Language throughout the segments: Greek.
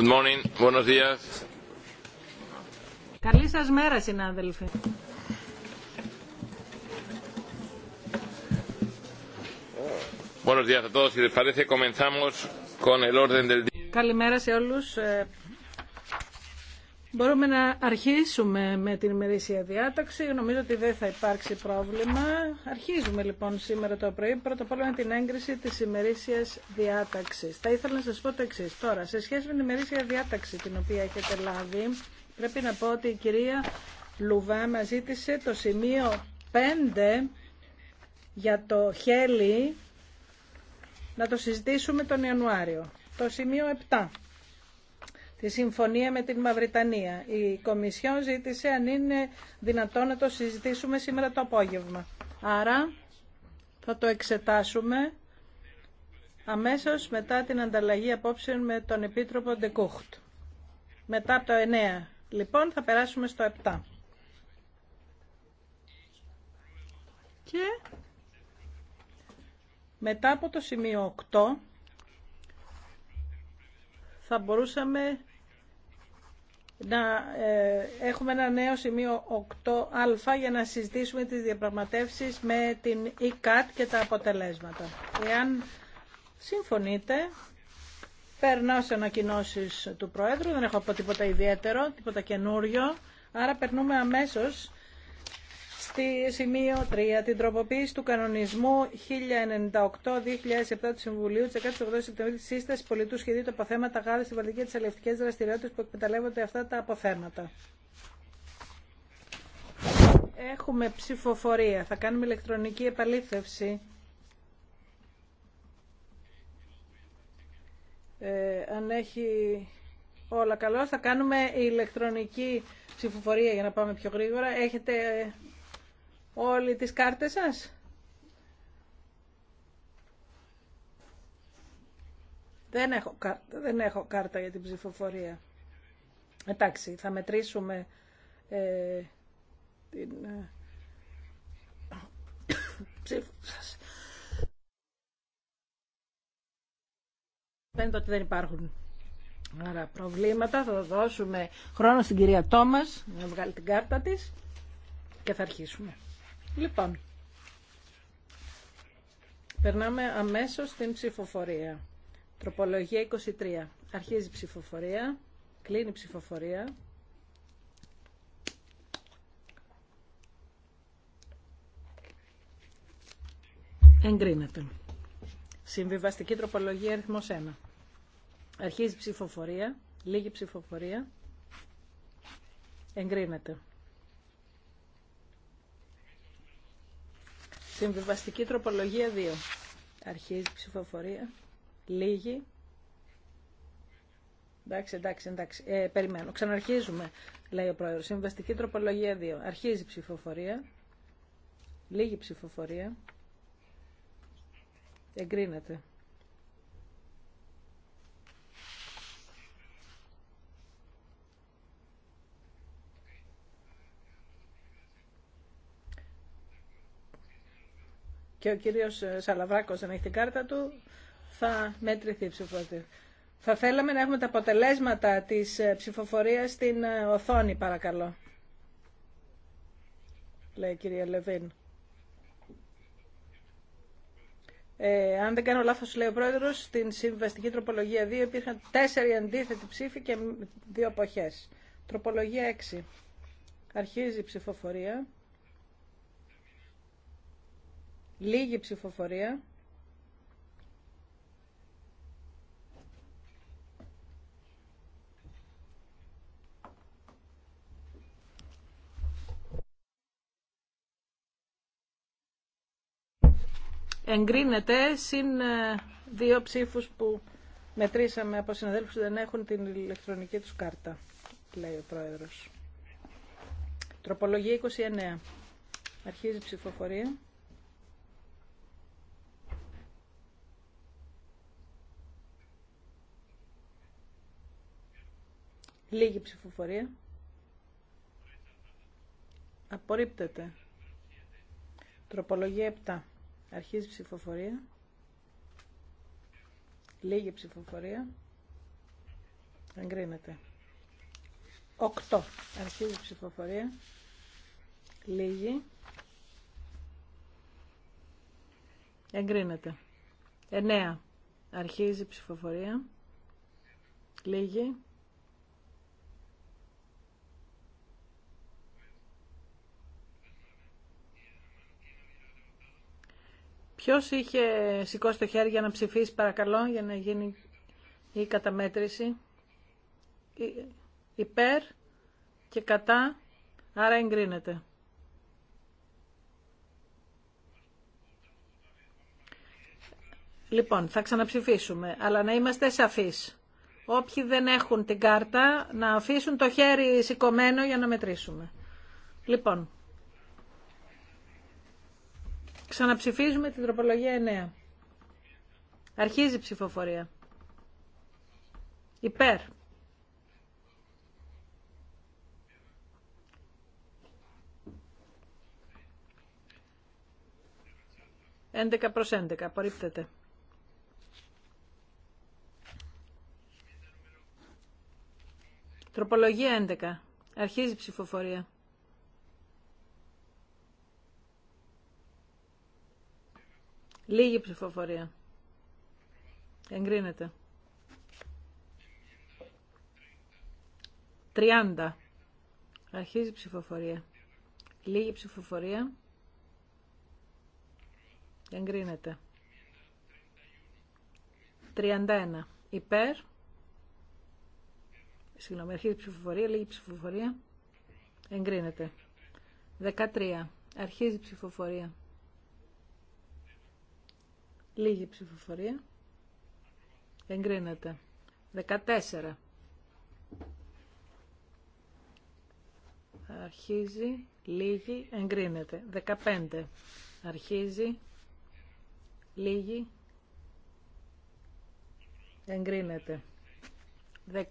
Good morning. Buenos días. Καλή σας μέρα, συνάδελφοι. Buenos días a todos. Si les parece, comenzamos con el orden del día. Καλημέρα σε όλους. Μπορούμε να αρχίσουμε με την ημερήσια διάταξη. Νομίζω ότι δεν θα υπάρξει πρόβλημα. Αρχίζουμε λοιπόν σήμερα το πρωί πρώτα απ' όλα με την έγκριση της ημερήσια διάταξη. Θα ήθελα να σα πω το εξή. Τώρα, σε σχέση με την ημερήσια διάταξη την οποία έχετε λάβει, πρέπει να πω ότι η κυρία Λουβά μα ζήτησε το σημείο 5 για το χέλι να το συζητήσουμε τον Ιανουάριο. Το σημείο 7 τη συμφωνία με την Μαυριτανία. Η Κομισιόν ζήτησε αν είναι δυνατόν να το συζητήσουμε σήμερα το απόγευμα. Άρα θα το εξετάσουμε αμέσως μετά την ανταλλαγή απόψεων με τον Επίτροπο Ντεκούχτ. Μετά το 9. Λοιπόν, θα περάσουμε στο 7. Και μετά από το σημείο 8 θα μπορούσαμε να ε, έχουμε ένα νέο σημείο 8α για να συζητήσουμε τις διαπραγματεύσεις με την ΙΚΑΤ και τα αποτελέσματα. Εάν συμφωνείτε, περνάω σε ανακοινώσει του Προέδρου, δεν έχω από τίποτα ιδιαίτερο, τίποτα καινούριο, άρα περνούμε αμέσως στη σημείο 3 την τροποποίηση του κανονισμού 1098-2007 του Συμβουλίου τη 18 Σεπτεμβρίου τη Σύσταση Πολιτού Σχεδίου του αποθέματα γάλα στην Βαλτική τη Αλευτική Δραστηριότητα που εκμεταλλεύονται αυτά τα αποθέματα. Έχουμε ψηφοφορία. Θα κάνουμε ηλεκτρονική επαλήθευση. Ε, αν έχει όλα καλώς, θα κάνουμε ηλεκτρονική ψηφοφορία για να πάμε πιο γρήγορα. Έχετε όλοι τις κάρτες σας. Δεν έχω, κάρτα, δεν έχω κάρτα για την ψηφοφορία. Εντάξει, θα μετρήσουμε ε, την ε, ψήφο σας. Φαίνεται ότι δεν υπάρχουν άρα προβλήματα. Θα δώσουμε χρόνο στην κυρία Τόμας να βγάλει την κάρτα της και θα αρχίσουμε. Λοιπόν, περνάμε αμέσως στην ψηφοφορία. Τροπολογία 23. Αρχίζει η ψηφοφορία, κλείνει η ψηφοφορία. Εγκρίνεται. Συμβιβαστική τροπολογία αριθμός 1. Αρχίζει η ψηφοφορία, λίγη ψηφοφορία. Εγκρίνεται. Συμβιβαστική τροπολογία 2. Αρχίζει η ψηφοφορία. Λίγη. Εντάξει, εντάξει, εντάξει. Ε, περιμένω. Ξαναρχίζουμε, λέει ο πρόεδρος. Συμβιβαστική τροπολογία 2. Αρχίζει η ψηφοφορία. Λίγη ψηφοφορία. Εγκρίνεται. και ο κύριος ε, Σαλαβράκος δεν έχει την κάρτα του, θα μέτρηθει η ψηφοφορία. Θα θέλαμε να έχουμε τα αποτελέσματα της ε, ψηφοφορίας στην ε, οθόνη, παρακαλώ. Λέει η κυρία Λεβίν. Ε, αν δεν κάνω λάθος, λέει ο πρόεδρος, στην συμβαστική τροπολογία 2 υπήρχαν τέσσερι αντίθετοι ψήφοι και δύο αποχές. Τροπολογία 6. Αρχίζει η ψηφοφορία. Λίγη ψηφοφορία. Εγκρίνεται συν ε, δύο ψήφους που μετρήσαμε από συναδέλφους που δεν έχουν την ηλεκτρονική τους κάρτα, λέει ο Πρόεδρος. Τροπολογία 29. Αρχίζει η ψηφοφορία. Λίγη ψηφοφορία. Απορρίπτεται. Τροπολογία 7. Αρχίζει ψηφοφορία. Λίγη ψηφοφορία. Εγκρίνεται. 8. Αρχίζει ψηφοφορία. Λίγη. Εγκρίνεται. 9. Αρχίζει ψηφοφορία. Λίγη. Ποιος είχε σηκώσει το χέρι για να ψηφίσει παρακαλώ για να γίνει η καταμέτρηση υπέρ και κατά, άρα εγκρίνεται. Λοιπόν, θα ξαναψηφίσουμε, αλλά να είμαστε σαφείς. Όποιοι δεν έχουν την κάρτα, να αφήσουν το χέρι σηκωμένο για να μετρήσουμε. Λοιπόν, Ξαναψηφίζουμε την τροπολογία 9. Αρχίζει η ψηφοφορία. Υπέρ. 11 προς έντεκα. Απορρίπτεται. Τροπολογία 11. Αρχίζει η ψηφοφορία. Λίγη ψηφοφορία. Εγκρίνεται. 30. Αρχίζει η ψηφοφορία. Λίγη ψηφοφορία. Εγκρίνεται. 31. Υπέρ. Συγγνώμη, αρχίζει η ψηφοφορία. Λίγη ψηφοφορία. Εγκρίνεται. 13. Αρχίζει η ψηφοφορία. Λίγη ψηφοφορία. Εγκρίνεται. 14. Αρχίζει, λίγη, εγκρίνεται. 15. Αρχίζει, λίγη, εγκρίνεται. 16.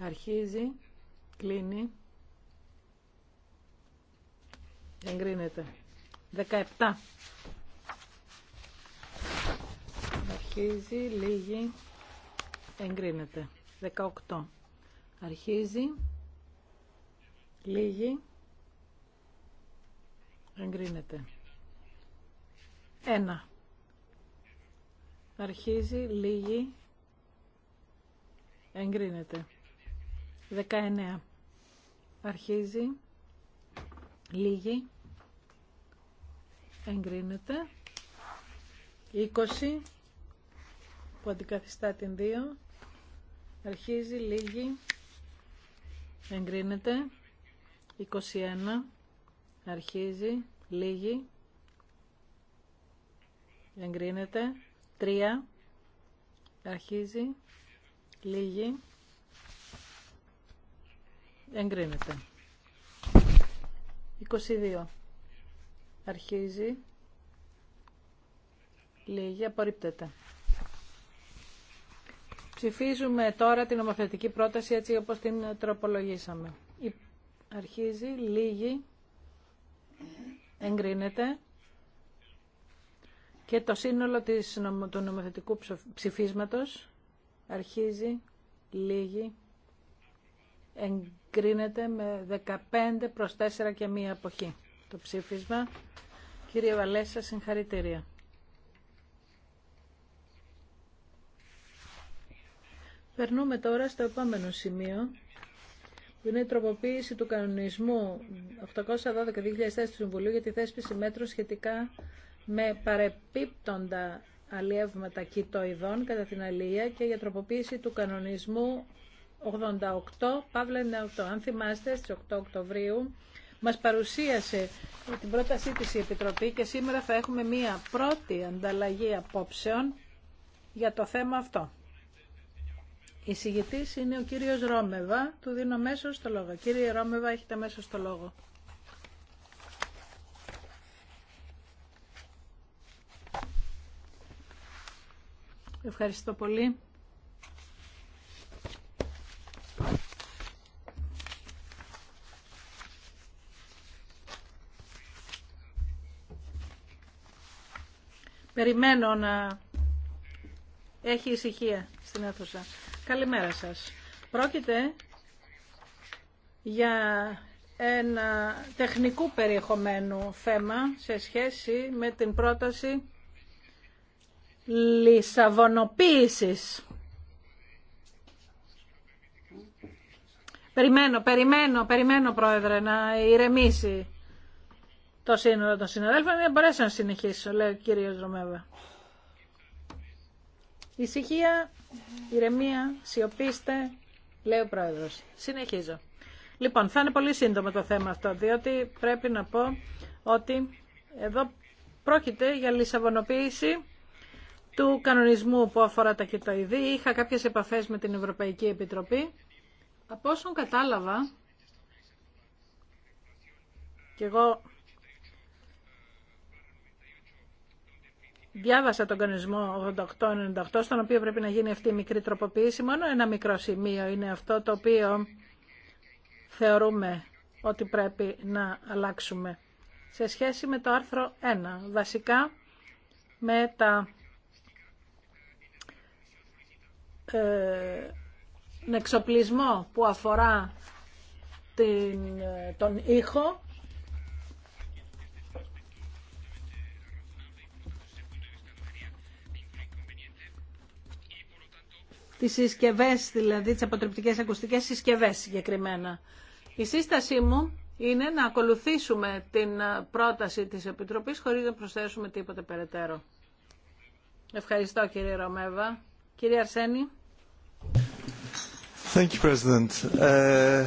Αρχίζει, κλείνει, εγκρίνεται. 17 αρχίζει, λίγη, εγκρίνεται. 18. Αρχίζει, λίγη, εγκρίνεται. 1. Αρχίζει, λίγη, εγκρίνεται. 19. Αρχίζει, λίγη, εγκρίνεται. 20 που αντικαθιστά την 2. Αρχίζει, λίγη, εγκρίνεται. 21, αρχίζει, λίγη, εγκρίνεται. 3, αρχίζει, λίγη, εγκρίνεται. 22, αρχίζει, λίγη, απορρίπτεται. Ψηφίζουμε τώρα την νομοθετική πρόταση έτσι όπως την τροπολογήσαμε. Αρχίζει, λίγη, εγκρίνεται και το σύνολο της, του νομοθετικού ψηφίσματος αρχίζει, λίγη, εγκρίνεται με 15 προς 4 και μία αποχή. Το ψήφισμα. Κύριε Βαλέσσα, συγχαρητήρια. Περνούμε τώρα στο επόμενο σημείο, που είναι η τροποποίηση του κανονισμού 812-2004 του Συμβουλίου για τη θέσπιση μέτρων σχετικά με παρεπίπτοντα αλλιεύματα κοιτοειδών κατά την αλληλεία και για τροποποίηση του κανονισμού 88 Παύλα 98. Αν θυμάστε, στις 8 Οκτωβρίου μας παρουσίασε την πρότασή της η Επιτροπή και σήμερα θα έχουμε μία πρώτη ανταλλαγή απόψεων για το θέμα αυτό. Η είναι ο κύριος Ρόμεβα. Του δίνω μέσο στο λόγο. Κύριε Ρόμεβα, έχετε μέσο στο λόγο. Ευχαριστώ πολύ. Περιμένω να έχει ησυχία στην αίθουσα. Καλημέρα σας. Πρόκειται για ένα τεχνικού περιεχομένου θέμα σε σχέση με την πρόταση λισαβονοποίησης. Περιμένω, περιμένω, περιμένω πρόεδρε να ηρεμήσει το σύνολο των συναδέλφων για να μπορέσω να συνεχίσω, λέει ο κύριος Ρωμέβα. Ησυχία, ηρεμία, σιωπήστε, λέει ο πρόεδρο. Συνεχίζω. Λοιπόν, θα είναι πολύ σύντομο το θέμα αυτό, διότι πρέπει να πω ότι εδώ πρόκειται για λισαβονοποίηση του κανονισμού που αφορά τα κοιτοειδή. Είχα κάποιες επαφές με την Ευρωπαϊκή Επιτροπή. Από όσον κατάλαβα, και εγώ Διάβασα τον κανονισμό 88-98, στον οποίο πρέπει να γίνει αυτή η μικρή τροποποίηση. Μόνο ένα μικρό σημείο είναι αυτό το οποίο θεωρούμε ότι πρέπει να αλλάξουμε. Σε σχέση με το άρθρο 1, βασικά με τα ε, εξοπλισμό που αφορά την, ε, τον ήχο τις συσκευές, δηλαδή τις αποτρεπτικέ ακουστικές συσκευές συγκεκριμένα. Η σύστασή μου είναι να ακολουθήσουμε την πρόταση της Επιτροπής χωρίς να προσθέσουμε τίποτε περαιτέρω. Ευχαριστώ κύριε Ρωμέβα. Κύριε Αρσένη. Thank you, President. Ε,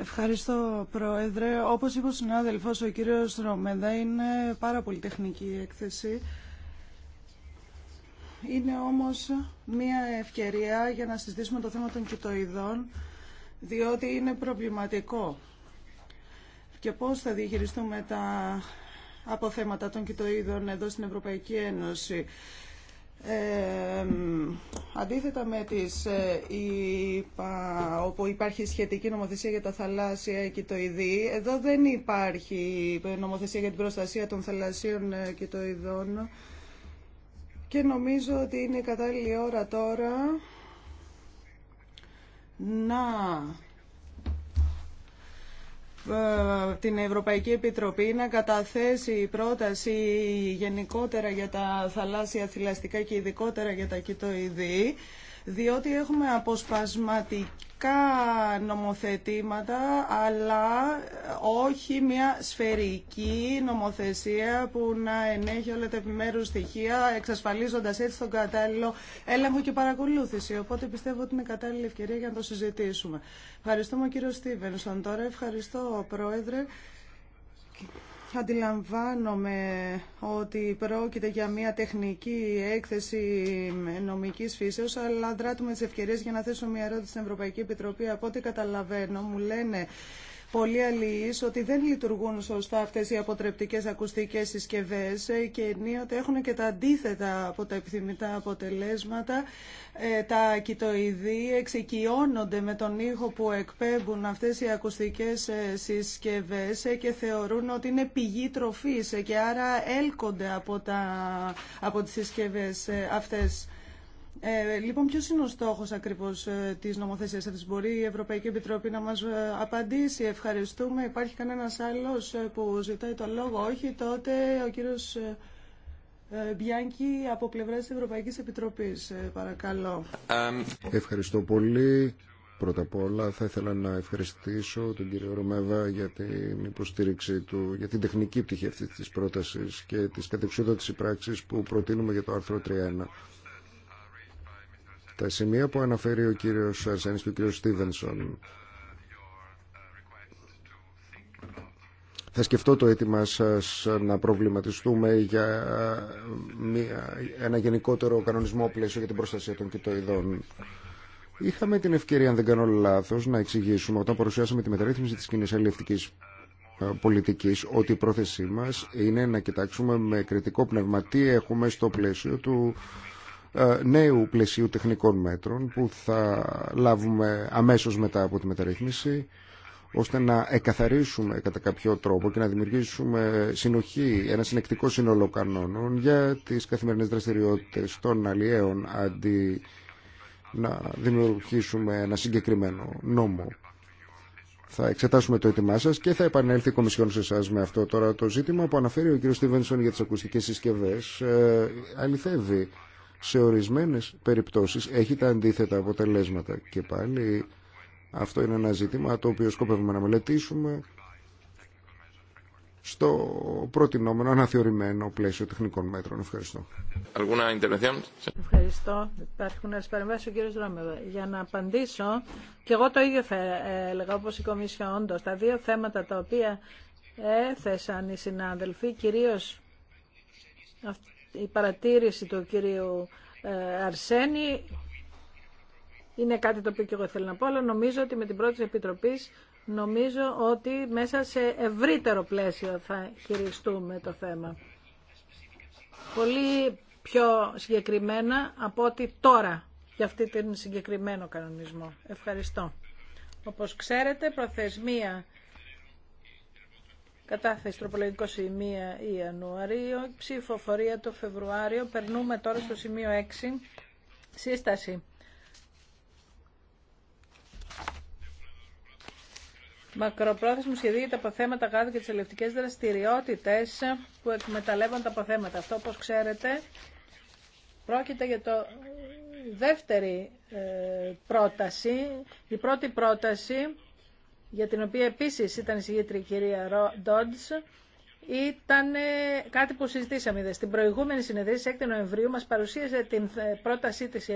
Ευχαριστώ Πρόεδρε. Όπως είπε ο συνάδελφος, ο κύριος Ρωμέδα είναι πάρα πολύ τεχνική η έκθεση. Είναι όμως μια ευκαιρία για να συζητήσουμε το θέμα των κοιτοειδών, διότι είναι προβληματικό. Και πώς θα διαχειριστούμε τα αποθέματα των κοιτοειδών εδώ στην Ευρωπαϊκή Ένωση. Ε, αντίθετα με τις ε, όπου υπάρχει σχετική νομοθεσία για τα θαλάσσια κοιτοειδή, εδώ δεν υπάρχει νομοθεσία για την προστασία των θαλασσίων ε, κοιτοειδών. Και νομίζω ότι είναι κατάλληλη ώρα τώρα να ε, την Ευρωπαϊκή Επιτροπή να καταθέσει πρόταση γενικότερα για τα θαλάσσια θηλαστικά και ειδικότερα για τα κοιτοειδή διότι έχουμε αποσπασματικά νομοθετήματα, αλλά όχι μια σφαιρική νομοθεσία που να ενέχει όλα τα επιμέρους στοιχεία, εξασφαλίζοντας έτσι τον κατάλληλο έλεγχο και παρακολούθηση. Οπότε πιστεύω ότι είναι κατάλληλη ευκαιρία για να το συζητήσουμε. Ευχαριστούμε κύριο Στίβενσον. Τώρα ευχαριστώ, Πρόεδρε αντιλαμβάνομαι ότι πρόκειται για μια τεχνική έκθεση νομικής φύσεως, αλλά δράτουμε τις ευκαιρίες για να θέσω μια ερώτηση στην Ευρωπαϊκή Επιτροπή. Από ό,τι καταλαβαίνω, μου λένε πολλοί αλληλείς ότι δεν λειτουργούν σωστά αυτές οι αποτρεπτικές ακουστικές συσκευές ε, και ενίοτε έχουν και τα αντίθετα από τα επιθυμητά αποτελέσματα. Ε, τα κοιτοειδή εξοικειώνονται με τον ήχο που εκπέμπουν αυτές οι ακουστικές ε, συσκευές και θεωρούν ότι είναι πηγή τροφής και άρα έλκονται από, τα, από τις συσκευές αυτές. Ε, λοιπόν, ποιος είναι ο στόχος ακριβώς ε, της νομοθεσίας αυτής. Μπορεί η Ευρωπαϊκή Επιτροπή να μας ε, απαντήσει. Ευχαριστούμε. Υπάρχει κανένας άλλος ε, που ζητάει το λόγο. Όχι, τότε ο κύριος Μπιάνκι από πλευρά της Ευρωπαϊκής Επιτροπής. Παρακαλώ. Ευχαριστώ πολύ. Πρώτα απ' όλα θα ήθελα να ευχαριστήσω τον κύριο Ρωμέβα για την υποστήριξη του, για την τεχνική πτυχή αυτή της πρότασης και της κατεξοδότησης πράξης που προτείνουμε για το άρθρο 31 τα σημεία που αναφέρει ο κύριος Αρσένης και ο κύριος Στίβενσον θα σκεφτώ το αίτημα σας να προβληματιστούμε για ένα γενικότερο κανονισμό πλαίσιο για την προστασία των κοιτοειδών. Είχαμε την ευκαιρία, αν δεν κάνω λάθος, να εξηγήσουμε όταν παρουσιάσαμε τη μεταρρύθμιση της κοινή αλληλευτικής ε, πολιτικής ότι η πρόθεσή μας είναι να κοιτάξουμε με κριτικό πνευμα τι έχουμε στο πλαίσιο του ε, νέου πλαισίου τεχνικών μέτρων που θα λάβουμε αμέσως μετά από τη μεταρρύθμιση ώστε να εκαθαρίσουμε κατά κάποιο τρόπο και να δημιουργήσουμε συνοχή, ένα συνεκτικό σύνολο κανόνων για τις καθημερινές δραστηριότητες των αλλιέων αντί να δημιουργήσουμε ένα συγκεκριμένο νόμο. Θα εξετάσουμε το έτοιμά σα και θα επανέλθει η Κομισιόν σε εσά με αυτό. Τώρα το ζήτημα που αναφέρει ο κ. Στίβενσον για τι ακουστικέ συσκευέ ε, αληθεύει σε ορισμένες περιπτώσεις έχει τα αντίθετα αποτελέσματα. Και πάλι αυτό είναι ένα ζήτημα το οποίο σκοπεύουμε να μελετήσουμε στο προτινόμενο αναθεωρημένο πλαίσιο τεχνικών μέτρων. Ευχαριστώ. Ευχαριστώ. Υπάρχουν άλλε παρεμβάσει. Ο κύριο Ρόμεβα. Για να απαντήσω, και εγώ το ίδιο θα έλεγα, όπω η Κομίσια, όντω, τα δύο θέματα τα οποία έθεσαν οι συνάδελφοι, κυρίω η παρατήρηση του κυρίου ε, Αρσένη είναι κάτι το οποίο και εγώ θέλω να πω, αλλά νομίζω ότι με την πρώτη επιτροπή νομίζω ότι μέσα σε ευρύτερο πλαίσιο θα χειριστούμε το θέμα. Πολύ πιο συγκεκριμένα από ότι τώρα για αυτή την συγκεκριμένο κανονισμό. Ευχαριστώ. Όπως ξέρετε, προθεσμία Κατάθεση τροπολογικό σημείο Ιανουαρίου, ψηφοφορία το Φεβρουάριο. Περνούμε τώρα στο σημείο 6, σύσταση. Μακροπρόθεσμο σχεδίο για τα αποθέματα γάδου και τι ελευτικέ δραστηριότητε που εκμεταλλεύονται τα αποθέματα. Αυτό, όπω ξέρετε, πρόκειται για το δεύτερη ε, πρόταση. Η πρώτη πρόταση για την οποία επίσης ήταν η κυρία Ντόντς, ήταν κάτι που συζητήσαμε. Στην προηγούμενη συνεδρίαση, 6 Νοεμβρίου, μας παρουσίασε την ε, πρότασή της η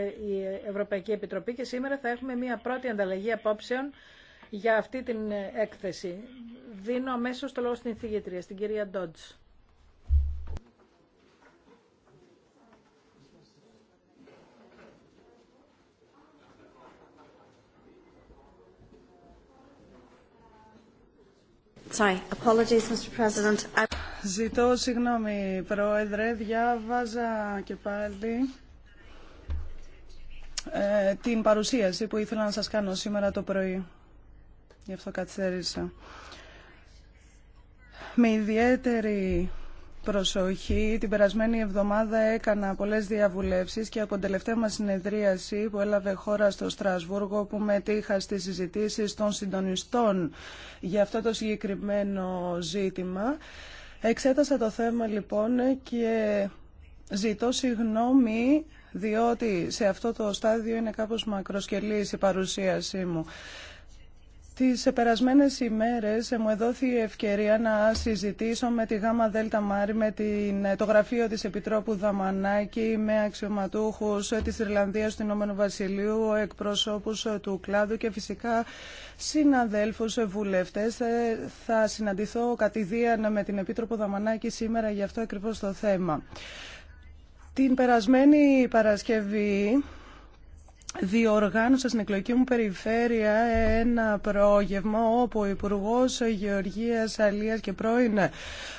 Ευρωπαϊκή Επιτροπή και σήμερα θα έχουμε μια πρώτη ανταλλαγή απόψεων για αυτή την ε, έκθεση. Δίνω αμέσως το λόγο στην εισηγήτρια, στην κυρία Ντόντς. Ζητώ συγγνώμη, Πρόεδρε. Διάβαζα και πάλι ε, την παρουσίαση που ήθελα να σας κάνω σήμερα το πρωί. Γι' αυτό καθυστέρησα. Με ιδιαίτερη προσοχή. Την περασμένη εβδομάδα έκανα πολλές διαβουλεύσεις και από την τελευταία μας συνεδρίαση που έλαβε χώρα στο Στρασβούργο που μετήχα στις συζητήσεις των συντονιστών για αυτό το συγκεκριμένο ζήτημα. Εξέτασα το θέμα λοιπόν και ζητώ συγγνώμη διότι σε αυτό το στάδιο είναι κάπως μακροσκελής η παρουσίασή μου. Τις περασμένες ημέρες μου εδόθη η ευκαιρία να συζητήσω με τη ΓΑΜΑ ΔΕΛΤΑ ΜΑΡΙ, με την, ε, το γραφείο της Επιτρόπου Δαμανάκη, με αξιωματούχους ε, της Ιρλανδίας του Ηνωμένου Βασιλείου, εκπροσώπους ε, του κλάδου και φυσικά συναδέλφους βουλευτές. Θα συναντηθώ κατηδίαν με την Επίτροπο Δαμανάκη σήμερα για αυτό ακριβώς το θέμα. Την περασμένη Παρασκευή διοργάνωσα στην εκλογική μου περιφέρεια ένα πρόγευμα όπου ο Υπουργό Γεωργία Αλία και πρώην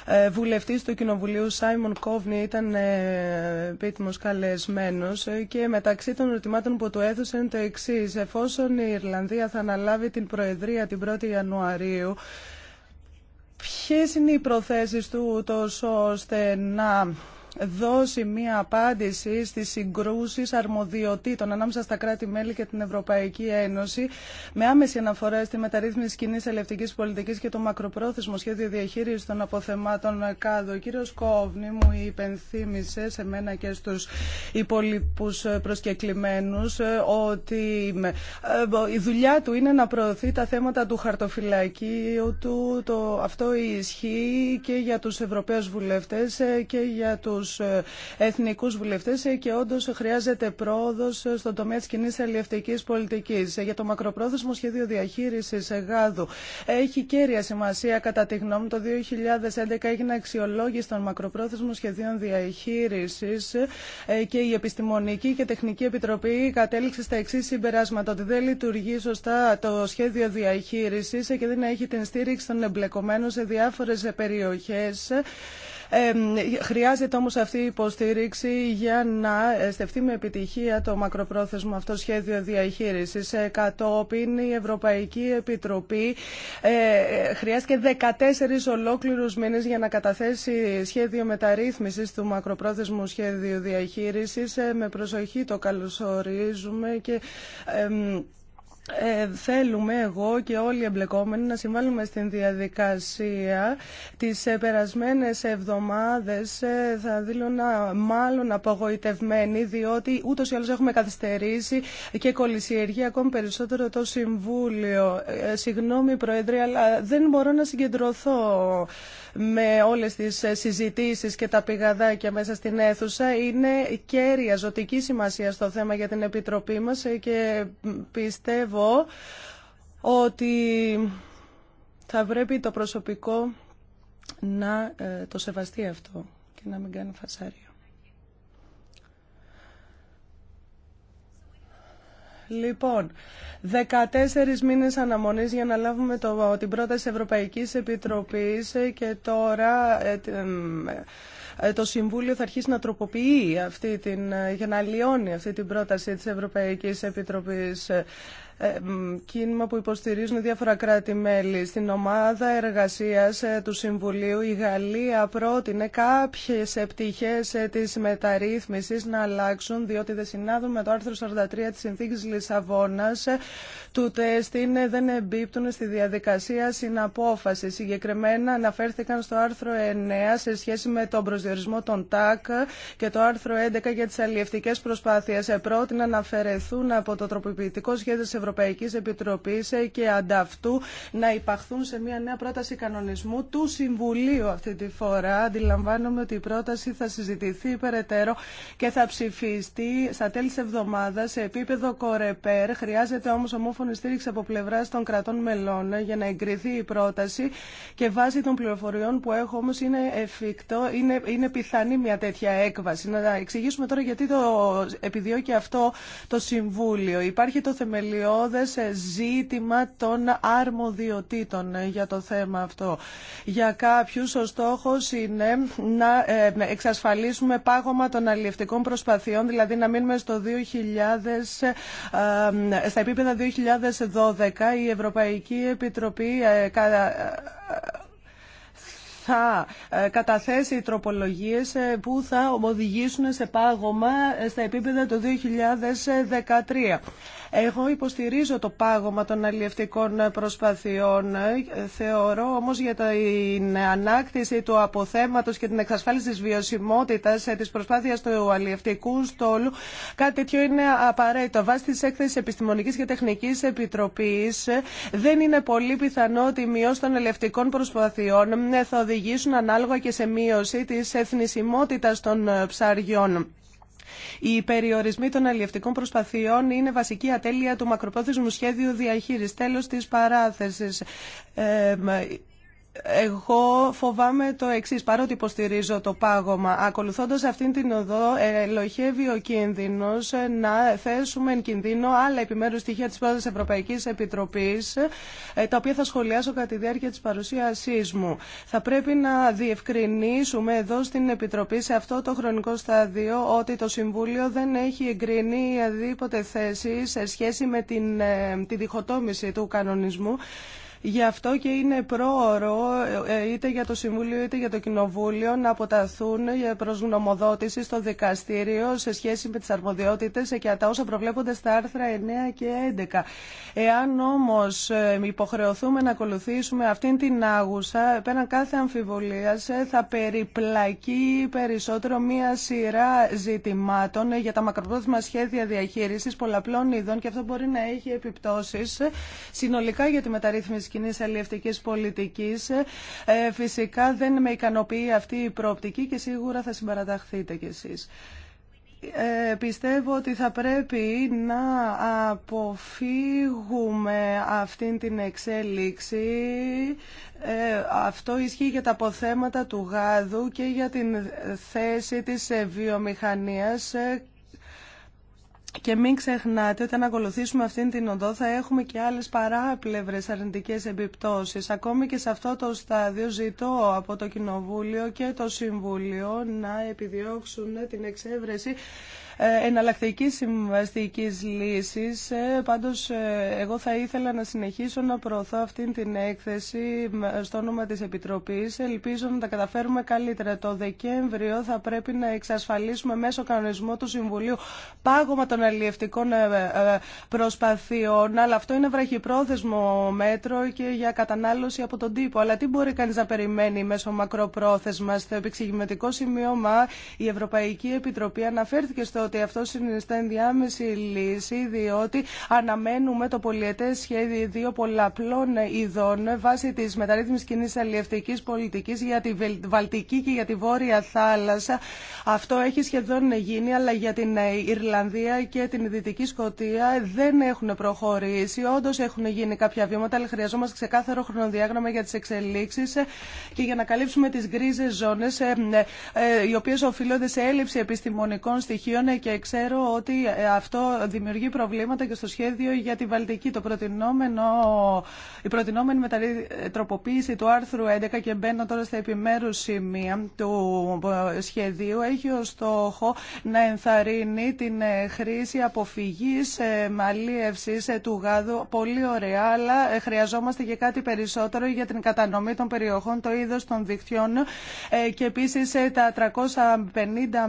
ε, βουλευτή του Κοινοβουλίου Σάιμον Κόβνη ήταν ε, επίτιμο καλεσμένο και μεταξύ των ερωτημάτων που του έθουσε είναι το εξή. Εφόσον η Ιρλανδία θα αναλάβει την Προεδρία την 1η Ιανουαρίου, ποιε είναι οι προθέσει του τόσο ώστε να δώσει μία απάντηση στις συγκρούσεις αρμοδιοτήτων ανάμεσα στα κράτη-μέλη και την Ευρωπαϊκή Ένωση με άμεση αναφορά στη μεταρρύθμιση κοινή ελευτικής πολιτικής και το μακροπρόθεσμο σχέδιο διαχείρισης των αποθεμάτων κάδο. Ο κύριος Κόβνη μου υπενθύμησε σε μένα και στους υπολοιπούς προσκεκλημένους ότι ε, η δουλειά του είναι να προωθεί τα θέματα του χαρτοφυλακίου του. αυτό ισχύει και για ε, και για Εθνικού εθνικούς βουλευτές ε, και όντω χρειάζεται πρόοδος ε, στον τομέα της κοινής αλληλευτικής πολιτικής. Ε, για το μακροπρόθεσμο σχέδιο διαχείρισης γάδου έχει κέρια σημασία κατά τη γνώμη το 2011 έγινε αξιολόγηση των μακροπρόθεσμων σχεδίων διαχείρισης και η Επιστημονική και Τεχνική Επιτροπή κατέληξε στα εξή συμπεράσματα ότι δεν λειτουργεί σωστά το σχέδιο διαχείρισης και δεν έχει την στήριξη των εμπλεκομένων σε διάφορες περιοχές Χρειάζεται όμως αυτή η υποστήριξη για να στεφτεί με επιτυχία το μακροπρόθεσμο αυτό σχέδιο διαχείρισης. Ε, κατόπιν η Ευρωπαϊκή Επιτροπή ε, χρειάστηκε 14 ολόκληρους μήνες για να καταθέσει σχέδιο μεταρρύθμισης του μακροπρόθεσμου σχέδιου διαχείρισης. Ε, με προσοχή το καλωσορίζουμε και ε, θέλουμε εγώ και όλοι οι εμπλεκόμενοι να συμβάλλουμε στην διαδικασία. Τις ε, περασμένες εβδομάδες ε, θα να μάλλον απογοητευμένοι διότι ούτως ή άλλως έχουμε καθυστερήσει και κολλησιεργεί ακόμη περισσότερο το Συμβούλιο. Ε, συγγνώμη Πρόεδρε, αλλά δεν μπορώ να συγκεντρωθώ με όλες τις συζητήσεις και τα πηγαδάκια μέσα στην αίθουσα είναι κέρια ζωτική σημασία στο θέμα για την Επιτροπή μας και πιστεύω ότι θα πρέπει το προσωπικό να ε, το σεβαστεί αυτό και να μην κάνει φασάρια. Λοιπόν, 14 μήνες αναμονής για να λάβουμε το, την πρόταση Ευρωπαϊκής Επιτροπής ε, και τώρα ε, ε, το Συμβούλιο θα αρχίσει να τροποποιεί αυτή την, για να λιώνει αυτή την πρόταση της Ευρωπαϊκής Επιτροπής. Ε, κίνημα που υποστηρίζουν διάφορα κράτη-μέλη. Στην ομάδα εργασίας ε, του Συμβουλίου η Γαλλία πρότεινε κάποιες επιτυχές ε, της μεταρρύθμισης να αλλάξουν διότι δεν συνάδουν με το άρθρο 43 της Συνθήκης Λισαβόνας του τεστ είναι, δεν εμπίπτουν στη διαδικασία συναπόφαση. Συγκεκριμένα αναφέρθηκαν στο άρθρο 9 σε σχέση με τον προσδιορισμό των ΤΑΚ και το άρθρο 11 για τι αλλιευτικέ προσπάθειε Πρότεινα να αφαιρεθούν από το τροποποιητικό σχέδιο τη Ευρωπαϊκή Επιτροπή και ανταυτού να υπαχθούν σε μια νέα πρόταση κανονισμού του Συμβουλίου αυτή τη φορά. Αντιλαμβάνομαι ότι η πρόταση θα συζητηθεί περαιτέρω και θα ψηφιστεί στα τέλη τη εβδομάδα σε επίπεδο κορεπέρ. Χρειάζεται όμω ομόφωνο σύμφωνη στήριξη από πλευρά των κρατών μελών για να εγκριθεί η πρόταση και βάσει των πληροφοριών που έχω όμω είναι εφικτό, είναι, είναι πιθανή μια τέτοια έκβαση. Να εξηγήσουμε τώρα γιατί το επιδιώκει αυτό το Συμβούλιο. Υπάρχει το θεμελιώδε ζήτημα των αρμοδιοτήτων για το θέμα αυτό. Για κάποιου ο στόχο είναι να ε, εξασφαλίσουμε πάγωμα των αλληλευτικών προσπαθειών, δηλαδή να μείνουμε στο 2000, ε, ε, στα επίπεδα 2012 η Ευρωπαϊκή Επιτροπή ε, ε, θα ε, καταθέσει τροπολογίες που θα οδηγήσουν σε πάγωμα στα επίπεδα το 2013. Εγώ υποστηρίζω το πάγωμα των αλλιευτικών προσπαθειών. Θεωρώ όμως για την ανάκτηση του αποθέματος και την εξασφάλιση της βιωσιμότητας ε, της προσπάθειας του αλλιευτικού στόλου κάτι τέτοιο είναι απαραίτητο. Βάσει της έκθεσης Επιστημονικής και Τεχνικής Επιτροπής ε, δεν είναι πολύ πιθανό ότι η μειώση των αλλιευτικών προσπαθειών ε, θα οδηγήσουν ανάλογα και σε μείωση της εθνισιμότητας των ψαριών. Οι περιορισμοί των αλλιευτικών προσπαθειών είναι βασική ατέλεια του μακροπρόθεσμου σχέδιου διαχείρισης. Τέλος της παράθεσης. Ε, εγώ φοβάμαι το εξή, παρότι υποστηρίζω το πάγωμα. Ακολουθώντας αυτήν την οδό, ελοχεύει ο κίνδυνο να θέσουμε εν κινδύνο άλλα επιμέρου στοιχεία τη πρώτη Ευρωπαϊκή Επιτροπή, ε, τα οποία θα σχολιάσω κατά τη διάρκεια τη παρουσίασή μου. Θα πρέπει να διευκρινίσουμε εδώ στην Επιτροπή, σε αυτό το χρονικό στάδιο, ότι το Συμβούλιο δεν έχει εγκρίνει αδίποτε θέση σε σχέση με την, ε, τη διχοτόμηση του κανονισμού Γι' αυτό και είναι πρόωρο ε, είτε για το Συμβούλιο είτε για το Κοινοβούλιο να αποταθούν ε, προ γνωμοδότηση στο δικαστήριο σε σχέση με τι αρμοδιότητε ε, και τα όσα προβλέπονται στα άρθρα 9 και 11. Εάν όμω υποχρεωθούμε να ακολουθήσουμε αυτήν την άγουσα, πέραν κάθε αμφιβολία, θα περιπλακεί περισσότερο μία σειρά ζητημάτων για τα μακροπρόθεσμα σχέδια διαχείριση πολλαπλών ειδών και αυτό μπορεί να έχει επιπτώσει συνολικά για τη μεταρρύθμιση κοινή πολιτική. πολιτικής. Ε, φυσικά δεν με ικανοποιεί αυτή η προοπτική και σίγουρα θα συμπαραταχθείτε κι εσείς. Ε, πιστεύω ότι θα πρέπει να αποφύγουμε αυτήν την εξέλιξη. Ε, αυτό ισχύει για τα αποθέματα του γάδου και για την θέση της βιομηχανίας και μην ξεχνάτε, όταν ακολουθήσουμε αυτήν την οδό θα έχουμε και άλλες παράπλευρες αρνητικές επιπτώσεις. Ακόμη και σε αυτό το στάδιο ζητώ από το Κοινοβούλιο και το Συμβούλιο να επιδιώξουν την εξέβρεση ε, εναλλακτική συμβαστική λύση. Ε, Πάντω, ε, εγώ θα ήθελα να συνεχίσω να προωθώ αυτήν την έκθεση στο όνομα τη Επιτροπή. Ελπίζω να τα καταφέρουμε καλύτερα. Το Δεκέμβριο θα πρέπει να εξασφαλίσουμε μέσω κανονισμού του Συμβουλίου πάγωμα των αλλιευτικών προσπαθειών. Αλλά αυτό είναι βραχυπρόθεσμο μέτρο και για κατανάλωση από τον τύπο. Αλλά τι μπορεί κανεί να περιμένει μέσω μακροπρόθεσμα. Στο επεξηγηματικό σημείωμα η Ευρωπαϊκή Επιτροπή αναφέρθηκε στο ότι αυτό συνιστά ενδιάμεση λύση, διότι αναμένουμε το πολιετέ σχέδιο δύο πολλαπλών ειδών βάσει τη μεταρρύθμιση κοινή αλλιευτική πολιτική για τη Βαλτική και για τη Βόρεια Θάλασσα. Αυτό έχει σχεδόν γίνει, αλλά για την Ιρλανδία και την Δυτική Σκοτία δεν έχουν προχωρήσει. Όντω έχουν γίνει κάποια βήματα, αλλά χρειαζόμαστε ξεκάθαρο χρονοδιάγραμμα για τι εξελίξει και για να καλύψουμε τι γκρίζε ζώνε, ε, ε, ε, οι οποίε οφείλονται σε έλλειψη επιστημονικών στοιχείων και ξέρω ότι ε, αυτό δημιουργεί προβλήματα και στο σχέδιο για τη Βαλτική. Το προτινόμενο, η προτινόμενη μετατροποποίηση του άρθρου 11 και μπαίνω τώρα στα επιμέρου σημεία του ε, σχεδίου έχει ως στόχο να ενθαρρύνει την ε, χρήση αποφυγής μαλίευσης του γάδου. Πολύ ωραία, αλλά χρειαζόμαστε και κάτι περισσότερο για την κατανομή των περιοχών, το είδος των δικτυών και επίσης τα 350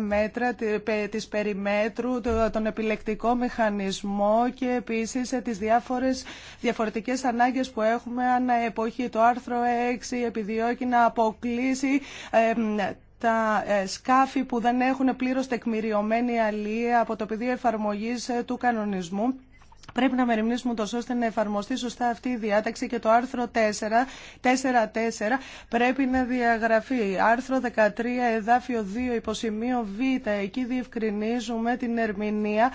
μέτρα της περιμένουμε τον επιλεκτικό μηχανισμό και επίσης ε, τις διάφορες διαφορετικές ανάγκες που έχουμε ανά εποχή. Το άρθρο 6 επιδιώκει να αποκλείσει τα ε, σκάφη που δεν έχουν πλήρως τεκμηριωμένη αλία από το πεδίο εφαρμογής ε, του κανονισμού Πρέπει να μεριμνήσουμε τόσο ώστε να εφαρμοστεί σωστά αυτή η διάταξη και το άρθρο 4, 4, πρέπει να διαγραφεί. Άρθρο 13, εδάφιο 2, υποσημείο Β. Εκεί διευκρινίζουμε την ερμηνεία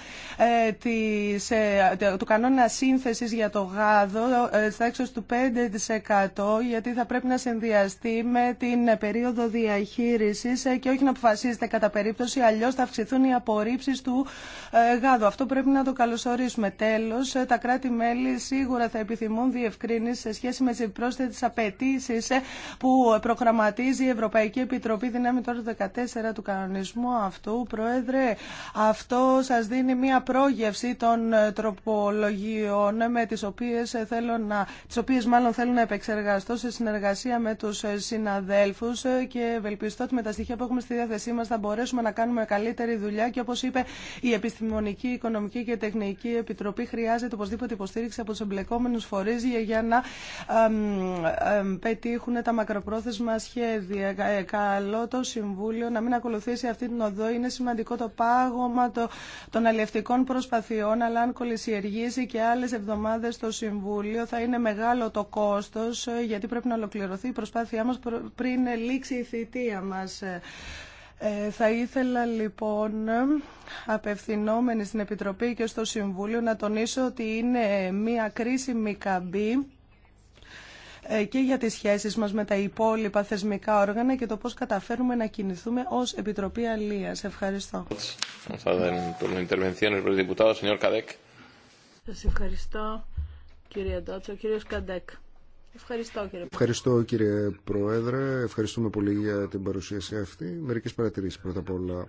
ε, της, ε, του κανόνα σύνθεσης για το γάδο ε, στα έξω του 5% γιατί θα πρέπει να συνδυαστεί με την περίοδο διαχείριση ε, και όχι να αποφασίζεται κατά περίπτωση, αλλιώς θα αυξηθούν οι απορρίψει του γάδου. Αυτό πρέπει να το καλωσορίσουμε. Τέλος, ε, τα κράτη-μέλη σίγουρα θα επιθυμούν διευκρίνηση σε σχέση με τις πρόσθετες απαιτήσει ε, που προγραμματίζει η Ευρωπαϊκή Επιτροπή δυνάμει τώρα 14 του κανονισμού αυτού. Πρόεδρε, αυτό σας δίνει μια πρόγευση των ε, τροπολογιών με τις οποίες, θέλω να, τις οποίες μάλλον θέλω να επεξεργαστώ σε συνεργασία με τους συναδέλφους και ευελπιστώ ότι με τα στοιχεία που έχουμε στη διάθεσή μας θα μπορέσουμε να κάνουμε καλύτερη δουλειά και όπως είπε η Επιστημονική, Οικονομική και Τεχνική Επιτροπή χρειάζεται οπωσδήποτε υποστήριξη από του εμπλεκόμενου φορεί για να πετύχουν τα μακροπρόθεσμα σχέδια. Ε, καλό το Συμβούλιο να μην ακολουθήσει αυτή την οδό. Είναι σημαντικό το πάγωμα των αλληλευτικών προσπαθειών, αλλά αν κολυσιεργήσει και άλλε εβδομάδε το Συμβούλιο θα είναι μεγάλο το κόστο, ε, γιατί πρέπει να ολοκληρωθεί η προσπάθειά μα πριν λήξει η θητεία μα. Ε, ε, θα ήθελα λοιπόν, απευθυνόμενη στην Επιτροπή και στο Συμβούλιο, να τονίσω ότι είναι μια κρίσιμη καμπή ε, και για τις σχέσεις μας με τα υπόλοιπα θεσμικά όργανα και το πώς καταφέρουμε να κινηθούμε ως Επιτροπή Αλίας. Ευχαριστώ. Σας ευχαριστώ κύριε Ντότσο. Κύριος Καντέκ. Ευχαριστώ κύριε. Ευχαριστώ κύριε Πρόεδρε. Ευχαριστούμε πολύ για την παρουσίαση αυτή. Μερικές παρατηρήσεις πρώτα απ' όλα.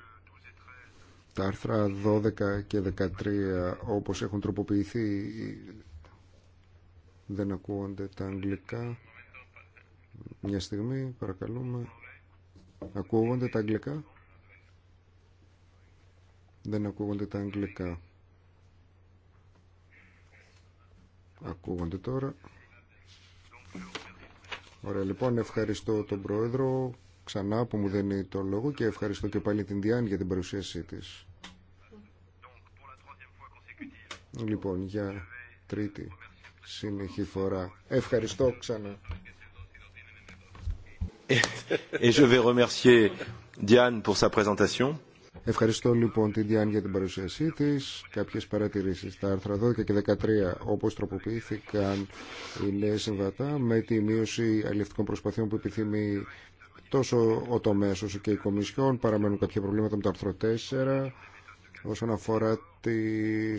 Τα άρθρα 12 και 13 όπως έχουν τροποποιηθεί δεν ακούγονται τα αγγλικά. Μια στιγμή παρακαλούμε. Ακούγονται τα αγγλικά. Δεν ακούγονται τα αγγλικά. Ακούγονται τώρα. Ωραία, λοιπόν, ευχαριστώ τον Πρόεδρο ξανά που μου δίνει το λόγο και ευχαριστώ και πάλι την Διάν για την παρουσίασή της. Λοιπόν, για τρίτη συνεχή φορά. Ευχαριστώ ξανά. Et je vais remercier Diane pour sa présentation. Ευχαριστώ λοιπόν την Διάν για την παρουσίασή τη. Κάποιε παρατηρήσει Τα άρθρα 12 και 13 όπω τροποποιήθηκαν οι είναι συμβατά με τη μείωση αλληλευτικών προσπαθειών που επιθυμεί τόσο ο τομέας όσο και η Κομισιόν. Παραμένουν κάποια προβλήματα με το άρθρο 4 όσον αφορά το ε,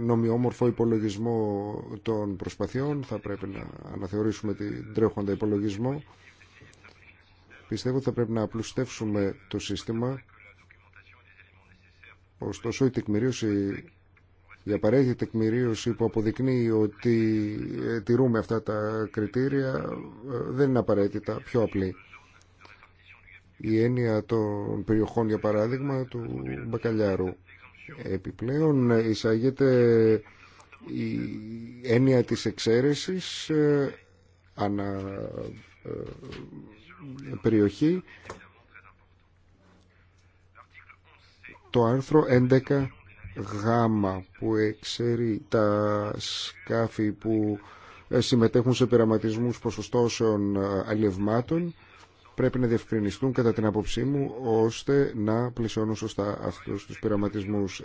νομιόμορφο υπολογισμό των προσπαθειών. Θα πρέπει να αναθεωρήσουμε την τρέχοντα υπολογισμό. Πιστεύω ότι θα πρέπει να απλουστεύσουμε το σύστημα Ωστόσο η τεκμηρίωση, η απαραίτητη τεκμηρίωση που αποδεικνύει ότι ε, τηρούμε αυτά τα κριτήρια ε, δεν είναι απαραίτητα πιο απλή. Η έννοια των περιοχών, για παράδειγμα, του μπακαλιάρου. Επιπλέον εισάγεται η έννοια της εξαίρεσης ε, ανα περιοχή το άρθρο 11 γάμα που εξαιρεί τα σκάφη που ε, συμμετέχουν σε πειραματισμούς ποσοστώσεων ε, αλλιευμάτων πρέπει να διευκρινιστούν κατά την άποψή μου ώστε να πλησιώνουν σωστά αυτούς τους πειραματισμούς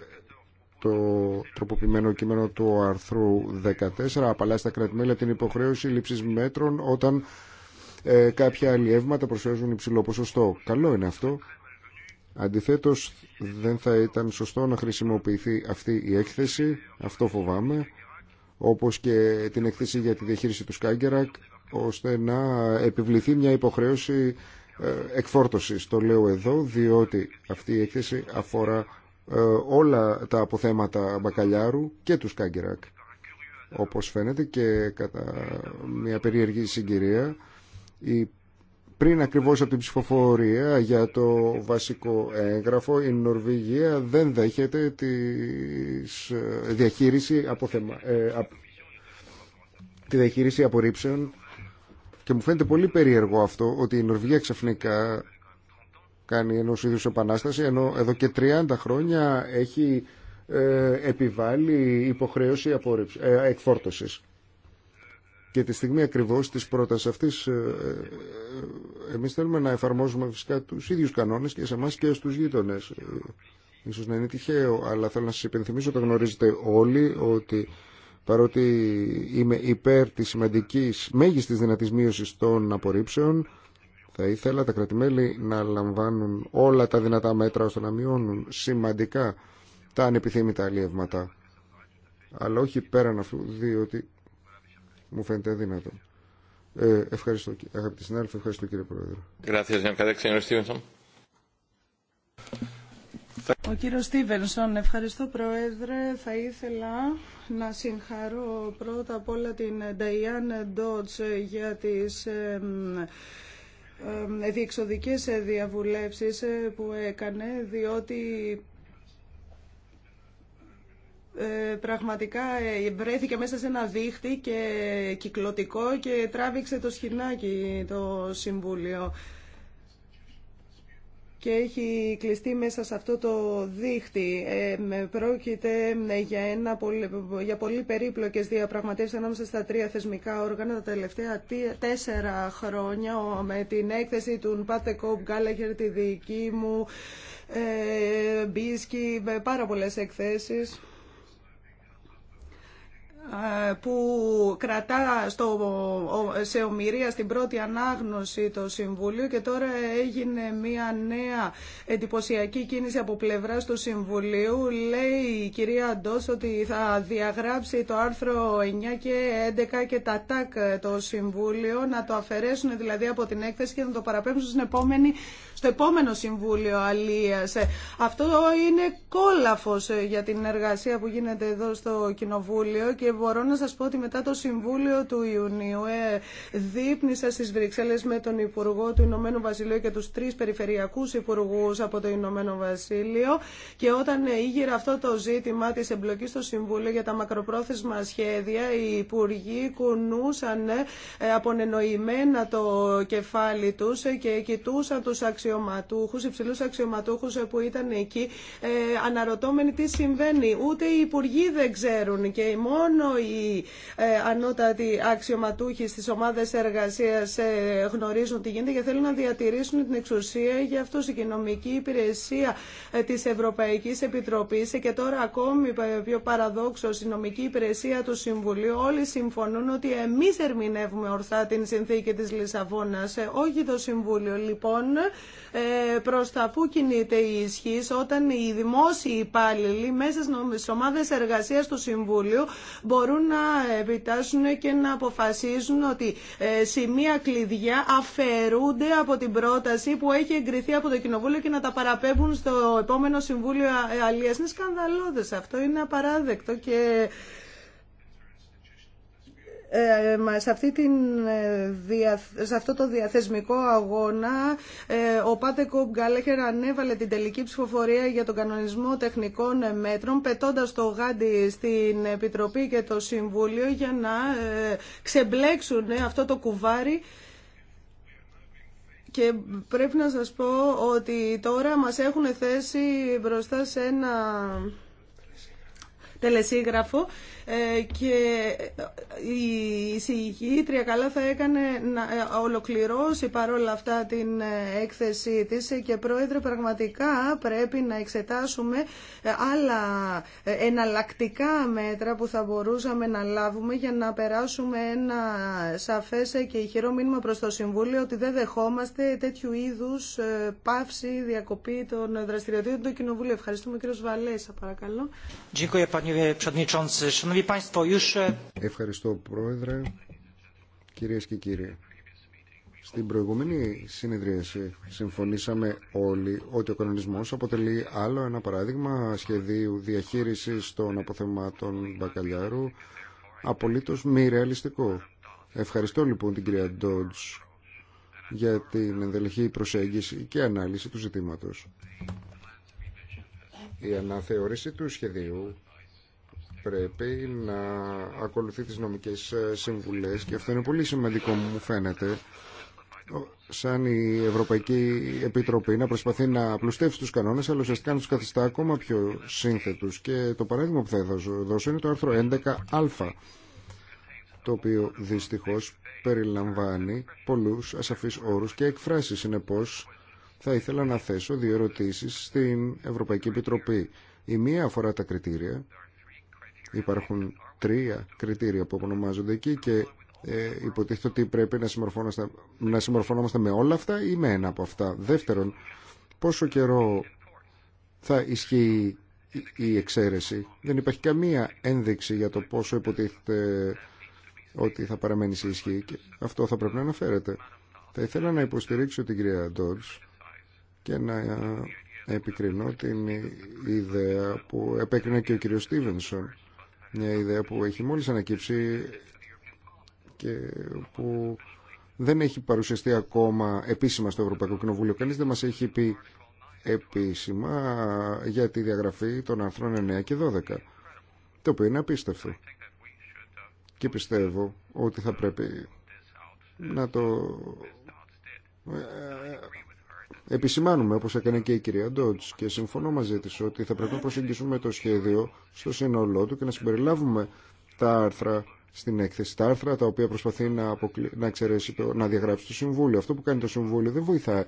το τροποποιημένο κείμενο του αρθρού 14 απαλά στα κρατημέλια την υποχρέωση λήψης μέτρων όταν ε, κάποια αλλιεύματα προσφέρουν υψηλό ποσοστό. Καλό είναι αυτό, Αντιθέτως δεν θα ήταν σωστό να χρησιμοποιηθεί αυτή η έκθεση, αυτό φοβάμαι, όπως και την έκθεση για τη διαχείριση του Σκάγκερακ, ώστε να επιβληθεί μια υποχρέωση ε, εκφόρτωσης. Το λέω εδώ, διότι αυτή η έκθεση αφορά ε, όλα τα αποθέματα μπακαλιάρου και του Σκάγκερακ. Όπως φαίνεται και κατά μια περίεργη συγκυρία, η πριν ακριβώς από την ψηφοφορία για το βασικό έγγραφο, η Νορβηγία δεν δέχεται ε, ε, τη διαχείριση, αποθεμα... τη απορρίψεων και μου φαίνεται πολύ περίεργο αυτό ότι η Νορβηγία ξαφνικά κάνει ενό είδου επανάσταση, ενώ εδώ και 30 χρόνια έχει ε, επιβάλει υποχρέωση απόρριψη, εκφόρτωσης. Και τη στιγμή ακριβώς της πρότασης αυτής ε, ε, ε, εμείς θέλουμε να εφαρμόζουμε φυσικά τους ίδιους κανόνες και σε εμά και στους γείτονες. Ίσως να είναι τυχαίο, αλλά θέλω να σας υπενθυμίσω, το γνωρίζετε όλοι, ότι παρότι είμαι υπέρ της σημαντικής μέγιστης δυνατής μείωσης των απορρίψεων, θα ήθελα τα κρατημέλη να λαμβάνουν όλα τα δυνατά μέτρα ώστε να μειώνουν σημαντικά τα ανεπιθύμητα αλλιεύματα. Αλλά όχι πέραν αυτού, διότι μου φαίνεται αδύνατο. Ε, ευχαριστώ, αγαπητοί συνάδελφοι, ευχαριστώ κύριε Πρόεδρε. Ο κύριο Στίβενσον, ευχαριστώ Πρόεδρε. Θα ήθελα να συγχαρώ πρώτα απ' όλα την Νταϊάν Ντότς για τις διεξοδικές διαβουλεύσεις που έκανε, διότι ε, πραγματικά ε, βρέθηκε μέσα σε ένα δίχτυ και κυκλωτικό και τράβηξε το σχοινάκι το Συμβούλιο και έχει κλειστεί μέσα σε αυτό το δίχτυ. Ε, πρόκειται ε, για, ένα, για πολύ περίπλοκες διαπραγματεύσεις ανάμεσα στα τρία θεσμικά όργανα τα τελευταία τέσσερα χρόνια με την έκθεση του Πάτε Κόμπ Γκάλαχερ, τη δική μου, ε, Μπίσκι, πάρα πολλές εκθέσεις. Ε, που κρατά στο, σε ομοιρία στην πρώτη ανάγνωση το Συμβούλιο και τώρα έγινε μια νέα εντυπωσιακή κίνηση από πλευρά του Συμβουλίου. Λέει η κυρία Αντό ότι θα διαγράψει το άρθρο 9 και 11 και τα ΤΑΚ το Συμβούλιο, να το αφαιρέσουν δηλαδή από την έκθεση και να το παραπέμψουν στην επόμενη στο επόμενο Συμβούλιο Αλίας. Ε, αυτό είναι κόλαφος ε, για την εργασία που γίνεται εδώ στο Κοινοβούλιο και μπορώ να σας πω ότι μετά το Συμβούλιο του Ιουνίου ε, δείπνησα στις Βρυξέλλες με τον Υπουργό του Ηνωμένου Βασιλείου και τους τρεις περιφερειακούς υπουργούς από το Ηνωμένο Βασίλειο και όταν ήγηρε αυτό το ζήτημα της εμπλοκής στο Συμβούλιο για τα μακροπρόθεσμα σχέδια οι υπουργοί κουνούσαν ε, απονενοημένα το κεφάλι τους και κοιτούσαν τους αξιωματούχους, υψηλούς αξιωματούχους που ήταν εκεί, ε, αναρωτώμενοι τι συμβαίνει. Ούτε οι υπουργοί δεν ξέρουν και μόνο οι ε, ανώτατοι αξιωματούχοι στις ομάδες εργασίας ε, γνωρίζουν τι γίνεται και θέλουν να διατηρήσουν την εξουσία για αυτό η κοινωνική υπηρεσία ε, της Ευρωπαϊκής Επιτροπής και τώρα ακόμη ε, πιο παραδόξως η νομική υπηρεσία του Συμβουλίου όλοι συμφωνούν ότι εμείς ερμηνεύουμε ορθά την συνθήκη της Λισαβόνας, ε, όχι το Συμβούλιο. Λοιπόν, ε, προς τα που κινείται η ισχύς όταν οι δημόσιοι υπάλληλοι μέσα στις ομάδες εργασίας του Συμβούλιο μπορούν να επιτάσσουν και να αποφασίζουν ότι ε, σημεία κλειδιά αφαιρούνται από την πρόταση που έχει εγκριθεί από το Κοινοβούλιο και να τα παραπέμπουν στο επόμενο Συμβούλιο αλλιώς Είναι σκανδαλώδες αυτό, είναι απαράδεκτο και ε, σε, αυτή την, ε, αυτό το διαθεσμικό αγώνα ε, ο Πάτε Γκάλεχερ ανέβαλε την τελική ψηφοφορία για τον κανονισμό τεχνικών μέτρων πετώντας το γάντι στην Επιτροπή και το Συμβούλιο για να ξεμπλέξουν αυτό το κουβάρι και πρέπει να σας πω ότι τώρα μας έχουν θέσει μπροστά σε ένα τελεσίγραφο ε, και η συγχύτρια καλά θα έκανε να ε, ολοκληρώσει παρόλα αυτά την ε, έκθεσή της και πρόεδρε πραγματικά πρέπει να εξετάσουμε άλλα εναλλακτικά μέτρα που θα μπορούσαμε να λάβουμε για να περάσουμε ένα σαφές και ηχηρό μήνυμα προς το Συμβούλιο ότι δεν δεχόμαστε τέτοιου είδους πάυση, διακοπή των δραστηριοτήτων του Κοινοβούλου. Ευχαριστούμε κύριο Βαλέσα παρακαλώ. E, Ευχαριστώ Πρόεδρε, κυρίες και κύριοι. Στην προηγούμενη συνεδρίαση συμφωνήσαμε όλοι ότι ο κανονισμός αποτελεί άλλο ένα παράδειγμα σχεδίου διαχείρισης των αποθεμάτων μπακαλιάρου απολύτως μη ρεαλιστικό. Ευχαριστώ λοιπόν την κυρία Ντότζ για την ενδελεχή προσέγγιση και ανάλυση του ζητήματος. Η αναθεώρηση του σχεδίου πρέπει να ακολουθεί τις νομικές ε, συμβουλές και αυτό είναι πολύ σημαντικό μου φαίνεται σαν η Ευρωπαϊκή Επιτροπή να προσπαθεί να απλουστεύσει τους κανόνες αλλά ουσιαστικά να τους καθιστά ακόμα πιο σύνθετους και το παράδειγμα που θα δώσω είναι το άρθρο 11α το οποίο δυστυχώς περιλαμβάνει πολλούς ασαφείς όρους και εκφράσεις συνεπώς θα ήθελα να θέσω δύο ερωτήσεις στην Ευρωπαϊκή Επιτροπή η μία αφορά τα κριτήρια Υπάρχουν τρία κριτήρια που απονομάζονται εκεί και ε, υποτίθεται ότι πρέπει να συμμορφωνόμαστε, να συμμορφωνόμαστε με όλα αυτά ή με ένα από αυτά. Δεύτερον, πόσο καιρό θα ισχύει η εξαίρεση. Δεν υπάρχει καμία ένδειξη για το πόσο υποτίθεται ότι θα παραμένει σε ισχύ και αυτό θα πρέπει να αναφέρεται. Θα ήθελα να υποστηρίξω την κυρία Ντότς και να επικρινώ την ιδέα που επέκρινε και ο κύριος Στίβενσον μια ιδέα που έχει μόλις ανακύψει και που δεν έχει παρουσιαστεί ακόμα επίσημα στο Ευρωπαϊκό Κοινοβούλιο. Κανείς δεν μας έχει πει επίσημα για τη διαγραφή των άρθρων 9 και 12, το οποίο είναι απίστευτο. Και πιστεύω ότι θα πρέπει να το ε, επισημάνουμε, όπω έκανε και η κυρία Ντότζ και συμφωνώ μαζί τη ότι θα πρέπει να προσεγγίσουμε το σχέδιο στο σύνολό του και να συμπεριλάβουμε τα άρθρα στην έκθεση, τα άρθρα τα οποία προσπαθεί να, να, εξαιρέσει το... να διαγράψει το Συμβούλιο. Αυτό που κάνει το Συμβούλιο δεν βοηθά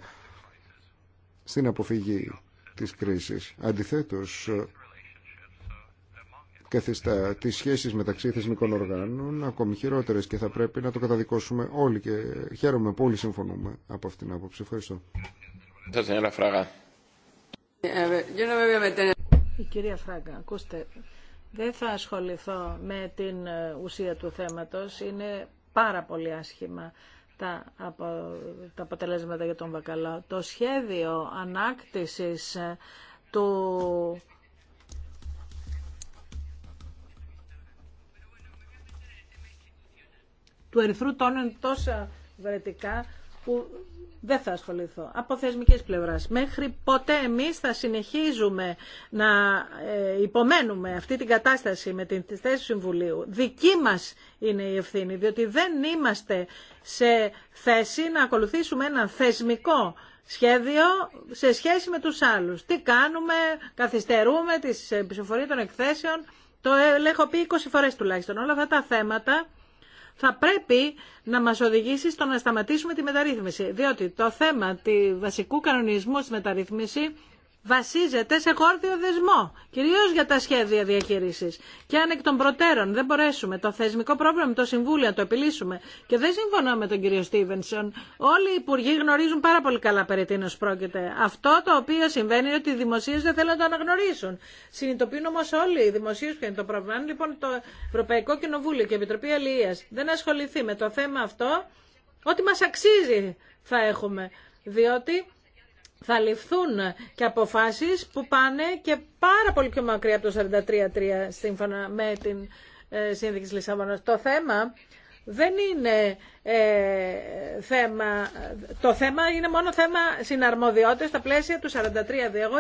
στην αποφυγή της κρίσης. Αντιθέτως, καθιστά τις σχέσεις μεταξύ θεσμικών οργάνων ακόμη χειρότερες και θα πρέπει να το καταδικώσουμε όλοι και χαίρομαι που όλοι συμφωνούμε από αυτήν την άποψη. Ευχαριστώ. Η κυρία Φράγκα, ακούστε, δεν θα ασχοληθώ με την ε, ουσία του θέματος. Είναι πάρα πολύ άσχημα τα, απο, τα αποτελέσματα για τον Βακαλό. Το σχέδιο ανάκτησης ε, του του ερυθρού τόνου είναι τόσο βρετικά που δεν θα ασχοληθώ. Από θεσμικής πλευράς. Μέχρι ποτέ εμείς θα συνεχίζουμε να ε, υπομένουμε αυτή την κατάσταση με την θέση του Συμβουλίου. Δική μας είναι η ευθύνη, διότι δεν είμαστε σε θέση να ακολουθήσουμε ένα θεσμικό σχέδιο σε σχέση με τους άλλους. Τι κάνουμε, καθυστερούμε τις ε, ψηφοφορία των εκθέσεων, το έχω πει 20 φορές τουλάχιστον. Όλα αυτά τα θέματα θα πρέπει να μας οδηγήσει στο να σταματήσουμε τη μεταρρύθμιση. Διότι το θέμα του βασικού κανονισμού στη μεταρρύθμιση βασίζεται σε χόρτιο δεσμό, κυρίως για τα σχέδια διαχείρισης. Και αν εκ των προτέρων δεν μπορέσουμε το θεσμικό πρόβλημα με το Συμβούλιο να το επιλύσουμε, και δεν συμφωνώ με τον κύριο Στίβενσον, όλοι οι υπουργοί γνωρίζουν πάρα πολύ καλά περί τίνος πρόκειται. Αυτό το οποίο συμβαίνει είναι ότι οι δημοσίες δεν θέλουν να το αναγνωρίσουν. Συνειδητοποιούν όμως όλοι οι δημοσίες που είναι το πρόβλημα. Αν λοιπόν το Ευρωπαϊκό Κοινοβούλιο και η Επιτροπή Αλληλείας δεν ασχοληθεί με το θέμα αυτό, ό,τι μας αξίζει θα έχουμε. Διότι θα ληφθούν και αποφάσεις που πάνε και πάρα πολύ πιο μακριά από το 43-3 σύμφωνα με την ε, σύνδεξη της Λισαβόνας. Το θέμα δεν είναι ε, θέμα... Το θέμα είναι μόνο θέμα συναρμοδιότητας στα πλαίσια του 43-2. Εγώ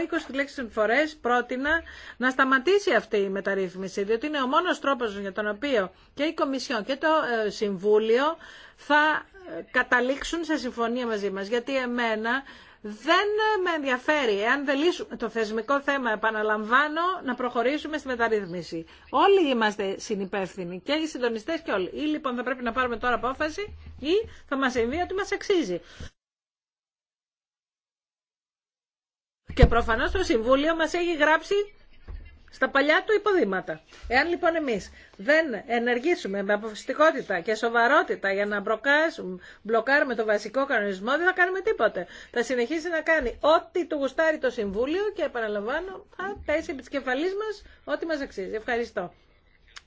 20 φορές πρότεινα να σταματήσει αυτή η μεταρρύθμιση, διότι είναι ο μόνος τρόπος για τον οποίο και η Κομισιόν και το ε, Συμβούλιο θα ε, καταλήξουν σε συμφωνία μαζί μας. Γιατί εμένα δεν με ενδιαφέρει, εάν δεν λύσουμε το θεσμικό θέμα, επαναλαμβάνω, να προχωρήσουμε στη μεταρρύθμιση. Όλοι είμαστε συνυπεύθυνοι και οι συντονιστέ και όλοι. Ή λοιπόν θα πρέπει να πάρουμε τώρα απόφαση ή θα μα συμβεί ότι μα αξίζει. Και προφανώς το Συμβούλιο μας έχει γράψει στα παλιά του υποδήματα. Εάν λοιπόν εμείς δεν ενεργήσουμε με αποφασιστικότητα και σοβαρότητα για να μπλοκάρουμε το βασικό κανονισμό, δεν θα κάνουμε τίποτε. Θα συνεχίσει να κάνει ό,τι του γουστάρει το Συμβούλιο και επαναλαμβάνω θα πέσει επί της κεφαλής μας ό,τι μας αξίζει. Ευχαριστώ.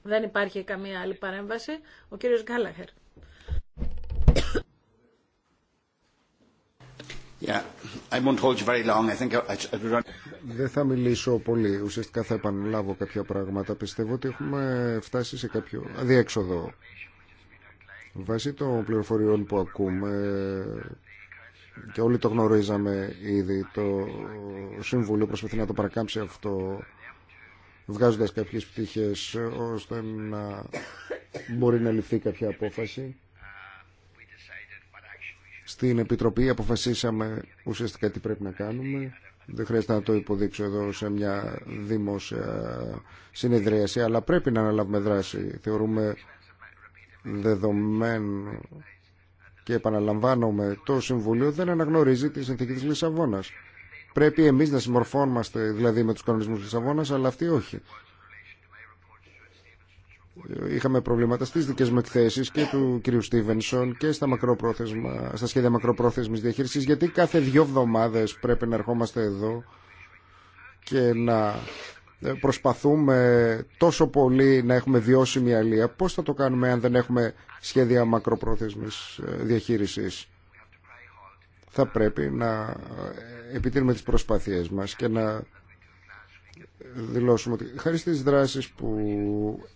Δεν υπάρχει καμία άλλη παρέμβαση. Ο κύριος Γκάλαχερ. Δεν θα μιλήσω πολύ. Ουσιαστικά θα επαναλάβω κάποια πράγματα. Πιστεύω ότι έχουμε φτάσει σε κάποιο αδιέξοδο. Βάσει των πληροφοριών που ακούμε και όλοι το γνωρίζαμε ήδη, το Σύμβουλο προσπαθεί να το παρακάμψει αυτό βγάζοντας κάποιες πτυχές ώστε να μπορεί να ληφθεί κάποια απόφαση στην Επιτροπή αποφασίσαμε ουσιαστικά τι πρέπει να κάνουμε. Δεν χρειάζεται να το υποδείξω εδώ σε μια δημόσια συνεδρίαση, αλλά πρέπει να αναλάβουμε δράση. Θεωρούμε δεδομένο και επαναλαμβάνομαι, το Συμβουλίο δεν αναγνωρίζει τη συνθήκη της Λισαβόνας. Πρέπει εμείς να συμμορφώνομαστε δηλαδή με τους κανονισμούς της Λισαβόνας, αλλά αυτοί όχι είχαμε προβλήματα στις δικές μου εκθέσει και του κυρίου Στίβενσον και στα, μακροπρόθεσμα, στα σχέδια μακροπρόθεσμης διαχείρισης γιατί κάθε δύο εβδομάδε πρέπει να ερχόμαστε εδώ και να ε, προσπαθούμε τόσο πολύ να έχουμε βιώσιμη αλία. Πώς θα το κάνουμε αν δεν έχουμε σχέδια μακροπρόθεσμης ε, διαχείρισης. Θα πρέπει να ε, επιτείνουμε τις προσπάθειές μας και να δηλώσουμε ότι χάρη στις δράσεις που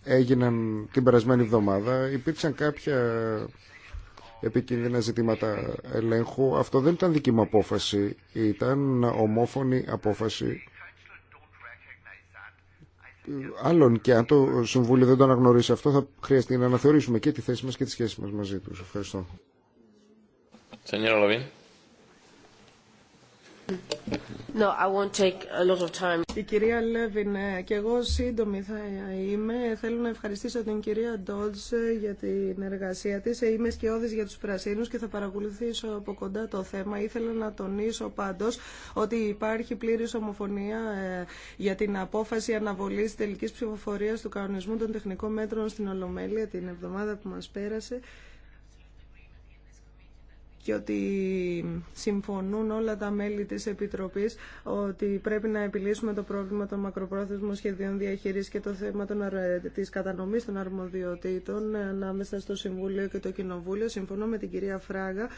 έγιναν την περασμένη εβδομάδα υπήρξαν κάποια επικίνδυνα ζητήματα ελέγχου. Αυτό δεν ήταν δική μου απόφαση, ήταν ομόφωνη απόφαση άλλον και αν το Συμβούλιο δεν το αναγνωρίσει αυτό θα χρειαστεί να αναθεωρήσουμε και τη θέση μας και τη σχέση μας μαζί τους. Ευχαριστώ. No, I won't take a lot of time. Η κυρία Λέβιν, ναι, και εγώ σύντομη θα είμαι. Θέλω να ευχαριστήσω την κυρία Ντότζ ε, για την εργασία της. Ε, είμαι σκιώδης για τους πρασίνους και θα παρακολουθήσω από κοντά το θέμα. Ήθελα να τονίσω πάντως ότι υπάρχει πλήρης ομοφωνία ε, για την απόφαση αναβολής τελικής ψηφοφορίας του κανονισμού των τεχνικών μέτρων στην Ολομέλεια την εβδομάδα που μας πέρασε και ότι συμφωνούν όλα τα μέλη της Επιτροπής ότι πρέπει να επιλύσουμε το πρόβλημα των μακροπρόθεσμων σχεδίων διαχείρισης και το θέμα των, της κατανομής των αρμοδιοτήτων ανάμεσα στο Συμβούλιο και το Κοινοβούλιο. Συμφωνώ με την κυρία Φράγα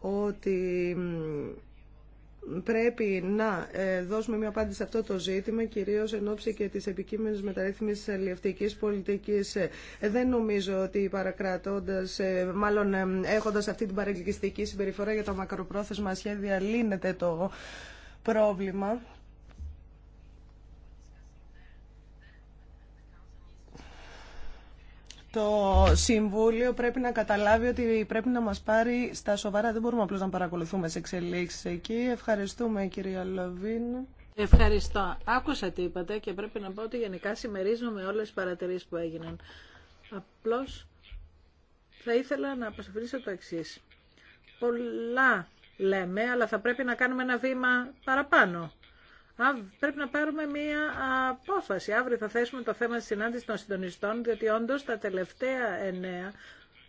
ότι πρέπει να ε, δώσουμε μια απάντηση σε αυτό το ζήτημα, κυρίως εν ώψη και της μεταρρύθμιση μεταρρύθμισης αλληλευτικής πολιτικής. Ε, δεν νομίζω ότι παρακρατώντας, ε, μάλλον έχοντας αυτή την παραγγελιστική συμπεριφορά για τα μακροπρόθεσμα σχέδια, λύνεται το πρόβλημα. Το Συμβούλιο πρέπει να καταλάβει ότι πρέπει να μας πάρει στα σοβαρά. Δεν μπορούμε απλώς να παρακολουθούμε σε εξελίξεις εκεί. Ευχαριστούμε κυρία Λοβίν. Ευχαριστώ. Άκουσα τι είπατε και πρέπει να πω ότι γενικά συμμερίζομαι όλες τις παρατηρήσεις που έγιναν. Απλώς θα ήθελα να αποσυμφωνήσω το εξή. Πολλά λέμε, αλλά θα πρέπει να κάνουμε ένα βήμα παραπάνω πρέπει να πάρουμε μία απόφαση. Αύριο θα θέσουμε το θέμα της συνάντηση των συντονιστών, διότι όντως τα τελευταία εννέα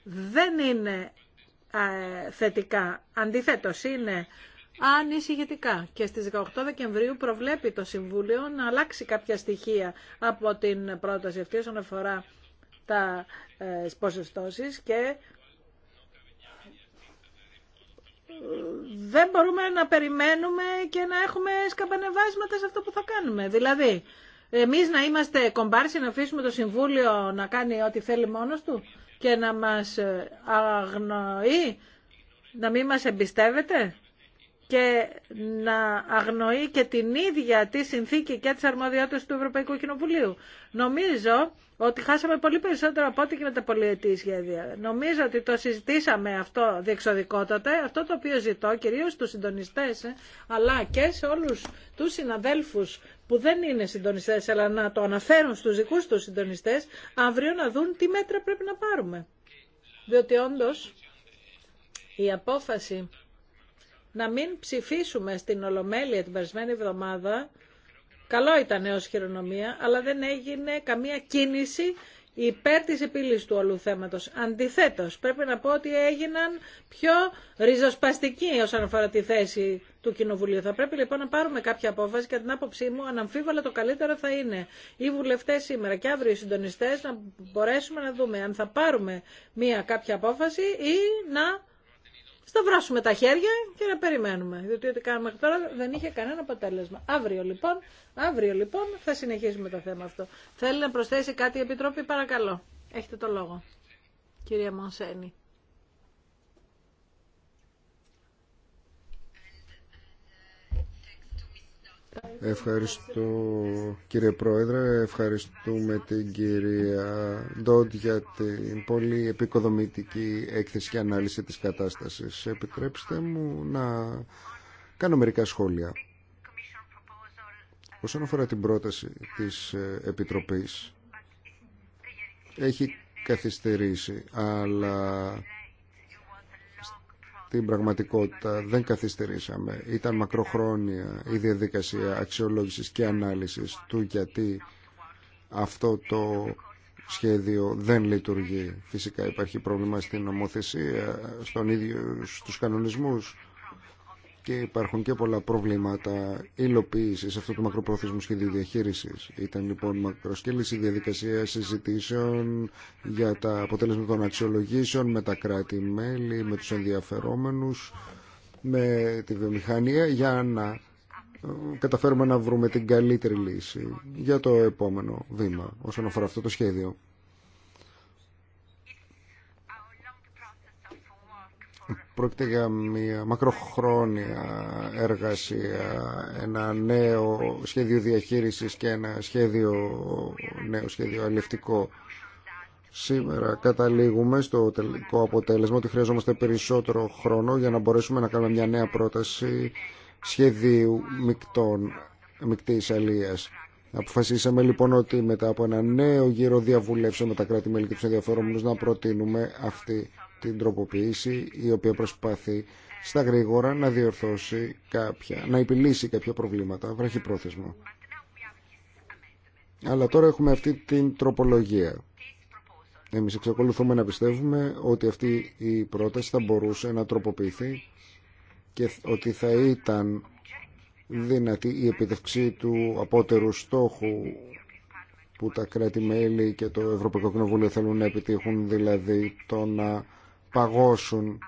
δεν είναι ε, θετικά. Αντιθέτως, είναι ανησυχητικά. Και στις 18 Δεκεμβρίου προβλέπει το Συμβούλιο να αλλάξει κάποια στοιχεία από την πρόταση αυτή όσον αφορά τα ε, και δεν μπορούμε να περιμένουμε και να έχουμε σκαμπανεβάσματα σε αυτό που θα κάνουμε. Δηλαδή, εμείς να είμαστε κομπάρσι, να αφήσουμε το Συμβούλιο να κάνει ό,τι θέλει μόνος του και να μας αγνοεί, να μην μας εμπιστεύεται και να αγνοεί και την ίδια τη συνθήκη και τις αρμοδιότητες του Ευρωπαϊκού Κοινοβουλίου. Νομίζω ότι χάσαμε πολύ περισσότερο από ό,τι και με τα πολυετή σχέδια. Νομίζω ότι το συζητήσαμε αυτό διεξοδικότατα, αυτό το οποίο ζητώ κυρίως στου συντονιστέ, ε, αλλά και σε όλους τους συναδέλφους που δεν είναι συντονιστέ, αλλά να το αναφέρουν στους δικού τους συντονιστές, αύριο να δουν τι μέτρα πρέπει να πάρουμε. Διότι όντω η απόφαση να μην ψηφίσουμε στην Ολομέλεια την περασμένη εβδομάδα. Καλό ήταν έως χειρονομία, αλλά δεν έγινε καμία κίνηση υπέρ της επίλυσης του όλου θέματος. Αντιθέτως, πρέπει να πω ότι έγιναν πιο ριζοσπαστικοί όσον αφορά τη θέση του Κοινοβουλίου. Θα πρέπει λοιπόν να πάρουμε κάποια απόφαση και την άποψή μου αναμφίβολα το καλύτερο θα είναι οι βουλευτέ σήμερα και αύριο οι συντονιστέ να μπορέσουμε να δούμε αν θα πάρουμε μία κάποια απόφαση ή να σταυράσουμε τα χέρια και να περιμένουμε. Διότι ό,τι κάναμε τώρα δεν είχε κανένα αποτέλεσμα. Αύριο λοιπόν, αύριο λοιπόν θα συνεχίσουμε το θέμα αυτό. Θέλει να προσθέσει κάτι η Επιτροπή, παρακαλώ. Έχετε το λόγο. Κυρία Μονσένη. Ευχαριστώ κύριε Πρόεδρε, ευχαριστούμε την κυρία Ντόντ για την πολύ επικοδομητική έκθεση και ανάλυση της κατάστασης. Επιτρέψτε μου να κάνω μερικά σχόλια. Όσον αφορά την πρόταση της ε, Επιτροπής, έχει καθυστερήσει, αλλά την πραγματικότητα δεν καθυστερήσαμε. Ήταν μακροχρόνια η διαδικασία αξιολόγησης και ανάλυσης του γιατί αυτό το σχέδιο δεν λειτουργεί. Φυσικά υπάρχει πρόβλημα στην νομοθεσία, στον ίδιο, στους κανονισμούς και υπάρχουν και πολλά προβλήματα υλοποίηση αυτού του μακροπροθεσμού σχεδίου διαχείριση. Ήταν λοιπόν μακροσκέληση διαδικασία συζητήσεων για τα αποτέλεσμα των αξιολογήσεων με τα κράτη-μέλη, με τους ενδιαφερόμενους, με τη βιομηχανία για να ε, καταφέρουμε να βρούμε την καλύτερη λύση για το επόμενο βήμα όσον αφορά αυτό το σχέδιο. Πρόκειται για μια μακροχρόνια εργασία, ένα νέο σχέδιο διαχείρισης και ένα σχέδιο, νέο σχέδιο αλληλευτικό. Σήμερα καταλήγουμε στο τελικό αποτέλεσμα ότι χρειαζόμαστε περισσότερο χρόνο για να μπορέσουμε να κάνουμε μια νέα πρόταση σχεδίου μεικτών, μεικτής αλίας. Αποφασίσαμε λοιπόν ότι μετά από ένα νέο γύρο διαβουλεύσεων με τα κράτη-μέλη και του ενδιαφερόμενου να προτείνουμε αυτή την τροποποίηση η οποία προσπαθεί στα γρήγορα να διορθώσει κάποια, να επιλύσει κάποια προβλήματα βραχυπρόθεσμα. Αλλά τώρα έχουμε αυτή την τροπολογία. Εμείς εξακολουθούμε να πιστεύουμε ότι αυτή η πρόταση θα μπορούσε να τροποποιηθεί και ότι θα ήταν δυνατή η επιτευξή του απότερου στόχου που τα κράτη-μέλη και το Ευρωπαϊκό Κοινοβούλιο θέλουν να επιτύχουν, δηλαδή το να παγώσουν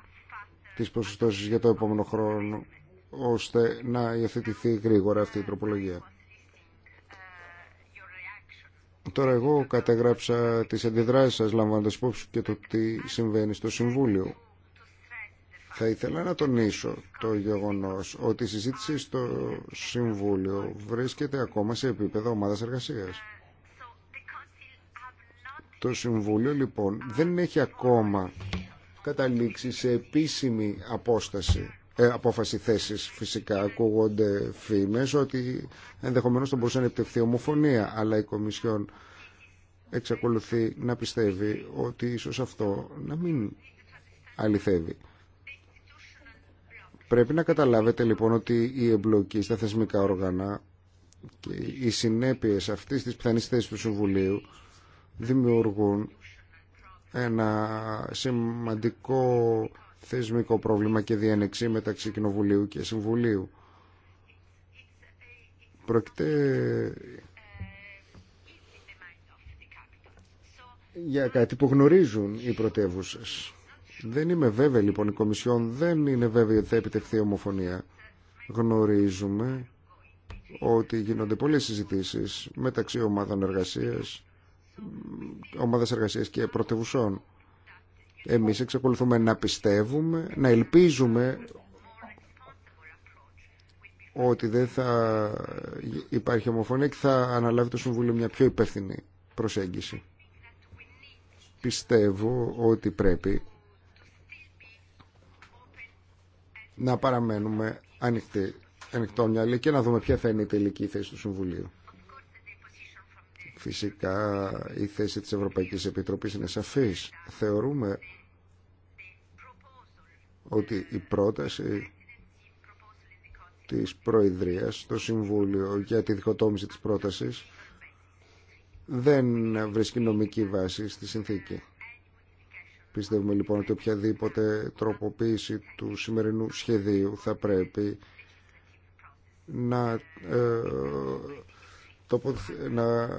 τις προσωστώσεις για το επόμενο χρόνο ώστε να υιοθετηθεί γρήγορα αυτή η τροπολογία. Τώρα εγώ κατεγράψα τις αντιδράσεις σας λαμβάνοντας υπόψη και το τι συμβαίνει στο Συμβούλιο. Θα ήθελα να τονίσω το γεγονός ότι η συζήτηση στο Συμβούλιο βρίσκεται ακόμα σε επίπεδο ομάδας εργασίας. Το Συμβούλιο λοιπόν δεν έχει ακόμα καταλήξει σε επίσημη απόσταση, ε, απόφαση θέσης φυσικά. Ακούγονται φήμες ότι ενδεχομένως θα μπορούσε να επιτευχθεί ομοφωνία, αλλά η Κομισιόν εξακολουθεί να πιστεύει ότι ίσως αυτό να μην αληθεύει. Πρέπει να καταλάβετε λοιπόν ότι η εμπλοκή στα θεσμικά όργανα και οι συνέπειες αυτής της πιθανής θέσης του Συμβουλίου δημιουργούν ένα σημαντικό θεσμικό πρόβλημα και διένεξη μεταξύ Κοινοβουλίου και Συμβουλίου. Πρόκειται για κάτι που γνωρίζουν οι πρωτεύουσες. Δεν είμαι βέβαιη λοιπόν η Κομισιόν, δεν είναι βέβαιη ότι θα επιτευχθεί ομοφωνία. Γνωρίζουμε ότι γίνονται πολλές συζητήσεις μεταξύ ομάδων εργασίας ομάδες εργασίας και πρωτευουσών. Εμείς εξακολουθούμε να πιστεύουμε, να ελπίζουμε ότι δεν θα υπάρχει ομοφωνία και θα αναλάβει το Συμβούλιο μια πιο υπεύθυνη προσέγγιση. Πιστεύω ότι πρέπει να παραμένουμε ανοιχτό μυαλί και να δούμε ποια θα είναι η τελική θέση του Συμβουλίου. Φυσικά η θέση της Ευρωπαϊκής Επιτροπής είναι σαφής. Θεωρούμε ότι η πρόταση της Προεδρίας στο Συμβούλιο για τη διχοτόμηση της πρότασης δεν βρίσκει νομική βάση στη συνθήκη. Πιστεύουμε λοιπόν ότι οποιαδήποτε τροποποίηση του σημερινού σχεδίου θα πρέπει να ε, να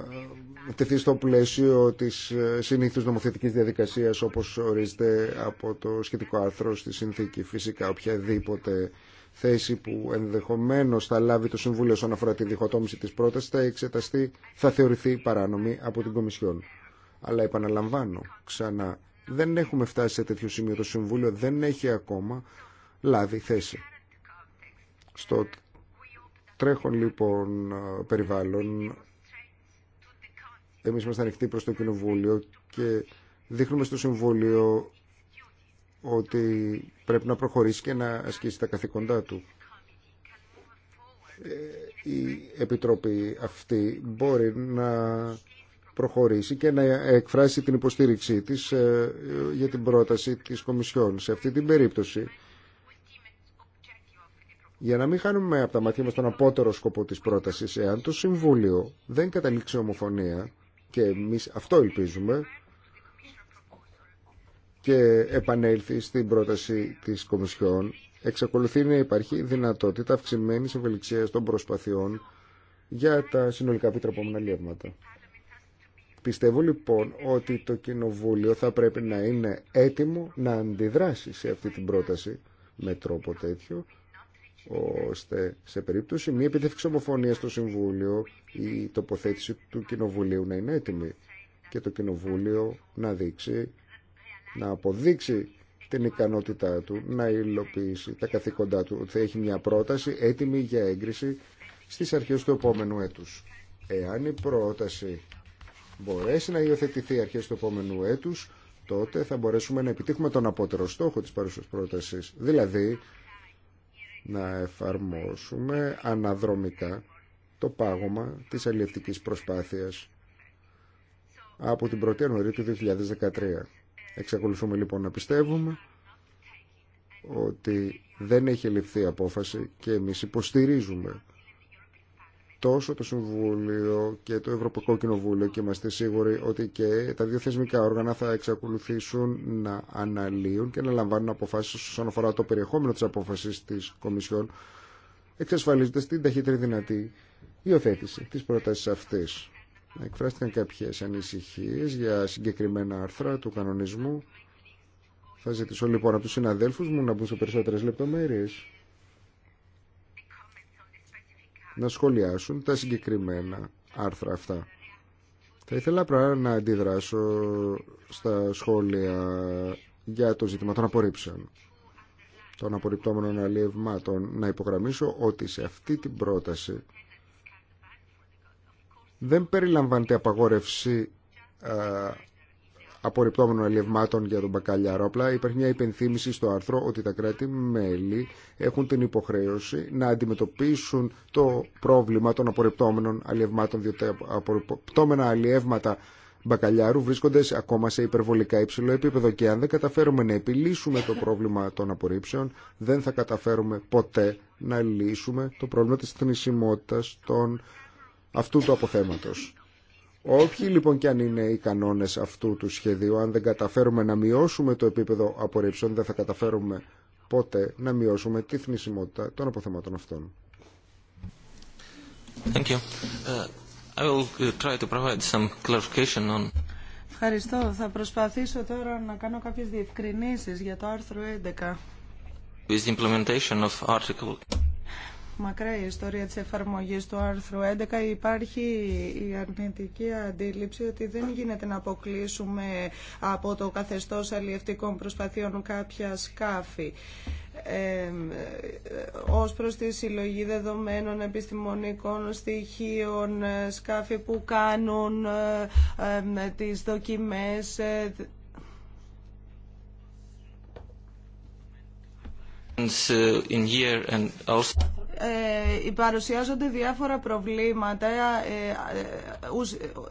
τεθεί στο πλαίσιο της ε, συνήθους νομοθετικής διαδικασίας όπως ορίζεται από το σχετικό άρθρο στη συνθήκη. Φυσικά οποιαδήποτε θέση που ενδεχομένως θα λάβει το Συμβούλιο όσον αφορά τη διχοτόμηση της πρότασης θα εξεταστεί, θα θεωρηθεί παράνομη από την Κομισιόν. Αλλά επαναλαμβάνω ξανά, δεν έχουμε φτάσει σε τέτοιο σημείο. Το Συμβούλιο δεν έχει ακόμα λάβει θέση. Στο τρέχον λοιπόν ε, περιβάλλον εμείς είμαστε ανοιχτοί προς το Κοινοβούλιο και δείχνουμε στο Συμβούλιο ότι πρέπει να προχωρήσει και να ασκήσει τα καθήκοντά του. Ε, η Επιτροπή αυτή μπορεί να προχωρήσει και να εκφράσει την υποστήριξή της ε, για την πρόταση της Κομισιόν. Σε αυτή την περίπτωση για να μην χάνουμε από τα μάτια μας τον απότερο σκοπό της πρότασης, εάν το Συμβούλιο δεν καταλήξει ομοφωνία, και εμείς αυτό ελπίζουμε, και επανέλθει στην πρόταση της Κομισιόν, εξακολουθεί να υπάρχει δυνατότητα αυξημένη ευελιξίας των προσπαθειών για τα συνολικά επιτρεπόμενα λιεύματα. Πιστεύω λοιπόν ότι το Κοινοβούλιο θα πρέπει να είναι έτοιμο να αντιδράσει σε αυτή την πρόταση με τρόπο τέτοιο, ώστε σε περίπτωση μη επίτευξη ομοφωνία στο Συμβούλιο η τοποθέτηση του Κοινοβουλίου να είναι έτοιμη και το Κοινοβούλιο να δείξει, να αποδείξει την ικανότητά του να υλοποιήσει τα καθήκοντά του, ότι θα έχει μια πρόταση έτοιμη για έγκριση στις αρχές του επόμενου έτους. Εάν η πρόταση μπορέσει να υιοθετηθεί αρχές του επόμενου έτους, τότε θα μπορέσουμε να επιτύχουμε τον απότερο στόχο της παρούσας πρότασης, δηλαδή να εφαρμόσουμε αναδρομικά το πάγωμα της αλληλευτικής προσπάθειας από την 1η Ιανουαρίου του 2013. Εξακολουθούμε λοιπόν να πιστεύουμε ότι δεν έχει ληφθεί απόφαση και εμείς υποστηρίζουμε τόσο το Συμβούλιο και το Ευρωπαϊκό Κοινοβούλιο και είμαστε σίγουροι ότι και τα δύο θεσμικά όργανα θα εξακολουθήσουν να αναλύουν και να λαμβάνουν αποφάσεις όσον αφορά το περιεχόμενο της απόφασης της Κομισιόν εξασφαλίζοντας την ταχύτερη δυνατή υιοθέτηση της πρότασης αυτής. Εκφράστηκαν κάποιες ανησυχίες για συγκεκριμένα άρθρα του κανονισμού. Θα ζητήσω λοιπόν από τους συναδέλφους μου να μπουν σε περισσότερες λεπτομέρειε να σχολιάσουν τα συγκεκριμένα άρθρα αυτά. Θα ήθελα πρώτα να αντιδράσω στα σχόλια για το ζήτημα των απορρίψεων των απορριπτόμενων αλλιευμάτων να υπογραμμίσω ότι σε αυτή την πρόταση δεν περιλαμβάνεται απαγόρευση απορριπτόμενων ελευμάτων για τον μπακαλιάρο. Απλά υπάρχει μια υπενθύμηση στο άρθρο ότι τα κράτη-μέλη έχουν την υποχρέωση να αντιμετωπίσουν το πρόβλημα των απορριπτόμενων αλλιευμάτων, διότι τα απορριπτόμενα αλλιεύματα μπακαλιάρου βρίσκονται ακόμα σε υπερβολικά υψηλό επίπεδο και αν δεν καταφέρουμε να επιλύσουμε το πρόβλημα των απορρίψεων δεν θα καταφέρουμε ποτέ να λύσουμε το πρόβλημα της θνησιμότητας των αυτού του αποθέματος. Όποιοι λοιπόν και αν είναι οι κανόνες αυτού του σχεδίου, αν δεν καταφέρουμε να μειώσουμε το επίπεδο απορρίψεων, δεν θα καταφέρουμε ποτέ να μειώσουμε τη θνησιμότητα των αποθεμάτων αυτών. Ευχαριστώ. Θα προσπαθήσω τώρα να κάνω κάποιες διευκρινήσεις για το άρθρο 11 μακρά η ιστορία της εφαρμογής του άρθρου 11 υπάρχει η αρνητική αντίληψη ότι δεν γίνεται να αποκλείσουμε από το καθεστώς αλλιευτικών προσπαθειών κάποια σκάφη. Ε, ως προς τη συλλογή δεδομένων επιστημονικών στοιχείων, σκάφη που κάνουν ε, τις δοκιμές, ε, in year and also ε, παρουσιάζονται διάφορα προβλήματα, ε, ε,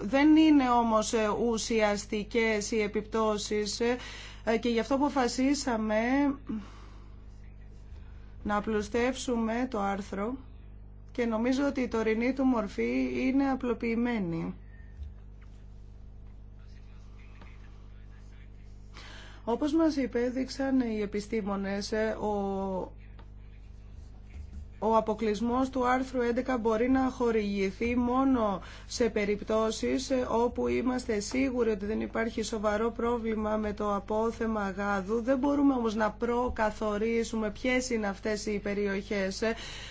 δεν είναι όμως ουσιαστικές οι επιπτώσεις και γι' αυτό αποφασίσαμε να απλουστεύσουμε το άρθρο και νομίζω ότι η τωρινή του μορφή είναι απλοποιημένη. Όπως μας υπέδειξαν οι επιστήμονες, ο ο αποκλεισμός του άρθρου 11 μπορεί να χορηγηθεί μόνο σε περιπτώσεις όπου είμαστε σίγουροι ότι δεν υπάρχει σοβαρό πρόβλημα με το απόθεμα γάδου. Δεν μπορούμε όμως να προκαθορίσουμε ποιες είναι αυτές οι περιοχές.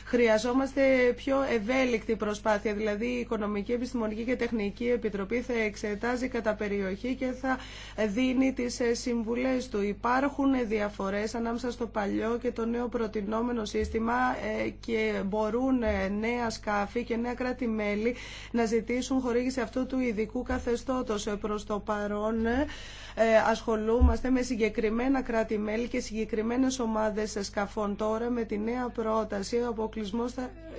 Χρειαζόμαστε πιο ευέλικτη προσπάθεια, δηλαδή η Οικονομική, Επιστημονική και Τεχνική Επιτροπή θα εξετάζει κατά περιοχή και θα δίνει τις συμβουλές του. Υπάρχουν διαφορές ανάμεσα στο παλιό και το νέο προτινόμενο σύστημα ε, και μπορούν ε, νέα σκάφη και νέα κράτη-μέλη να ζητήσουν χορήγηση αυτού του ειδικού καθεστώτος. Ε, προς το παρόν ε, ασχολούμαστε με συγκεκριμένα κράτη-μέλη και συγκεκριμένες ομάδες σκαφών. Τώρα με τη νέα πρόταση ο αποκλεισμό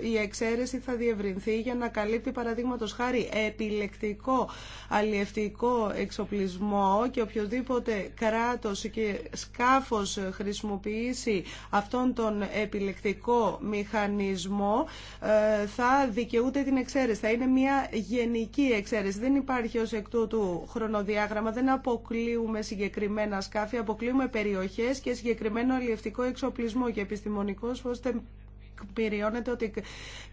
η εξαίρεση θα διευρυνθεί για να καλύπτει παραδείγματο χάρη επιλεκτικό αλλιευτικό εξοπλισμό και οποιοδήποτε κράτος και σκάφος χρησιμοποιήσει αυτόν τον επιλεκτικό μηχανισμό μηχανισμό ε, θα δικαιούται την εξαίρεση. Θα είναι μια γενική εξαίρεση. Δεν υπάρχει ω εκ τούτου χρονοδιάγραμμα. Δεν αποκλείουμε συγκεκριμένα σκάφη, αποκλείουμε περιοχές και συγκεκριμένο αλλιευτικό εξοπλισμό και επιστημονικό ώστε πυριώνεται ότι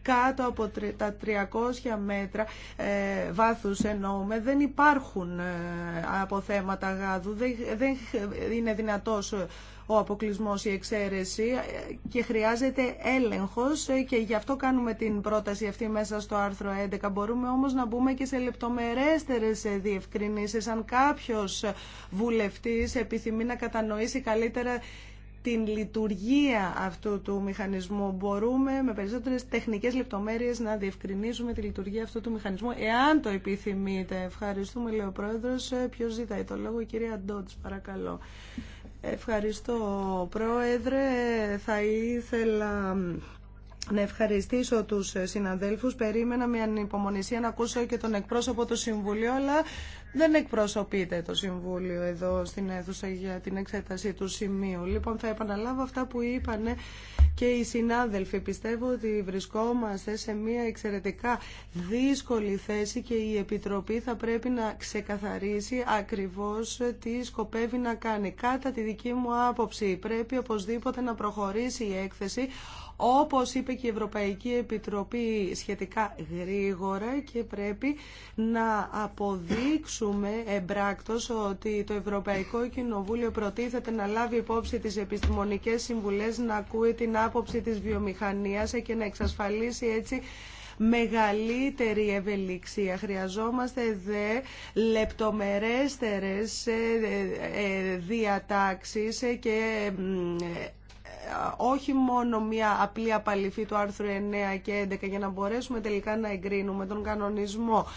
κάτω από τα 300 μέτρα ε, βάθους εννοούμε δεν υπάρχουν ε, αποθέματα γάδου, δεν, είναι δυνατός ε, ο αποκλεισμό, η εξαίρεση και χρειάζεται έλεγχο και γι' αυτό κάνουμε την πρόταση αυτή μέσα στο άρθρο 11. Μπορούμε όμω να μπούμε και σε λεπτομερέστερε διευκρινήσει. Αν κάποιο βουλευτή επιθυμεί να κατανοήσει καλύτερα την λειτουργία αυτού του μηχανισμού. Μπορούμε με περισσότερες τεχνικές λεπτομέρειες να διευκρινίσουμε τη λειτουργία αυτού του μηχανισμού, εάν το επιθυμείτε. Ευχαριστούμε, λέει ο Πρόεδρος. Ποιο ζητάει το λόγο, η κυρία Ντότς, παρακαλώ. Ευχαριστώ, Πρόεδρε. Θα ήθελα να ευχαριστήσω τους συναδέλφους. Περίμενα με ανυπομονησία να ακούσω και τον εκπρόσωπο του Συμβουλίου, αλλά δεν εκπροσωπείται το Συμβούλιο εδώ στην αίθουσα για την εξέταση του σημείου. Λοιπόν, θα επαναλάβω αυτά που είπαν και οι συνάδελφοι. Πιστεύω ότι βρισκόμαστε σε μια εξαιρετικά δύσκολη θέση και η Επιτροπή θα πρέπει να ξεκαθαρίσει ακριβώς τι σκοπεύει να κάνει. Κατά τη δική μου άποψη πρέπει οπωσδήποτε να προχωρήσει η έκθεση όπως είπε και η Ευρωπαϊκή Επιτροπή σχετικά γρήγορα και πρέπει να αποδείξουμε εμπράκτος ότι το Ευρωπαϊκό Κοινοβούλιο προτίθεται να λάβει υπόψη τις επιστημονικές συμβουλές, να ακούει την άποψη της βιομηχανίας και να εξασφαλίσει έτσι μεγαλύτερη ευελιξία. Χρειαζόμαστε δε λεπτομερέστερες ε, ε, ε, διατάξεις και όχι μόνο μια απλή απαλήφη του άρθρου 9 και 11 για να μπορέσουμε τελικά να εγκρίνουμε τον κανονισμό.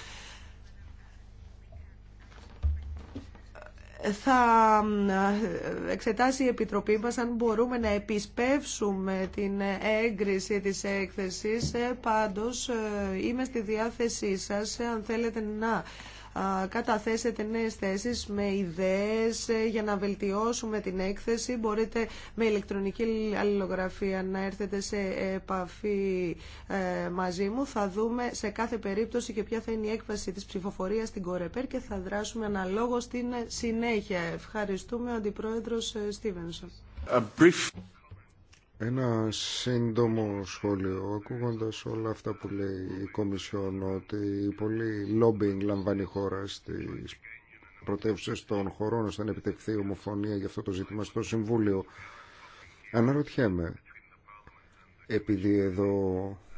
θα ε, εξετάσει η Επιτροπή μας αν μπορούμε να επισπεύσουμε την έγκριση της έκθεσης. Ε, πάντως ε, είμαι στη διάθεσή σας αν θέλετε να καταθέσετε νέες θέσεις με ιδέες ε, για να βελτιώσουμε την έκθεση. Μπορείτε με ηλεκτρονική αλληλογραφία να έρθετε σε επαφή ε, μαζί μου. Θα δούμε σε κάθε περίπτωση και ποια θα είναι η έκβαση της ψηφοφορίας στην Κορεπέρ και θα δράσουμε αναλόγως στην συνέχεια. Ευχαριστούμε ο Αντιπρόεδρος ε, Στίβενσον. Ένα σύντομο σχόλιο, ακούγοντα όλα αυτά που λέει η Κομισιόν, ότι πολύ λόμπινγκ λαμβάνει η χώρα στις πρωτεύουσε των χωρών ώστε να επιτευχθεί ομοφωνία για αυτό το ζήτημα στο Συμβούλιο. Αναρωτιέμαι, επειδή εδώ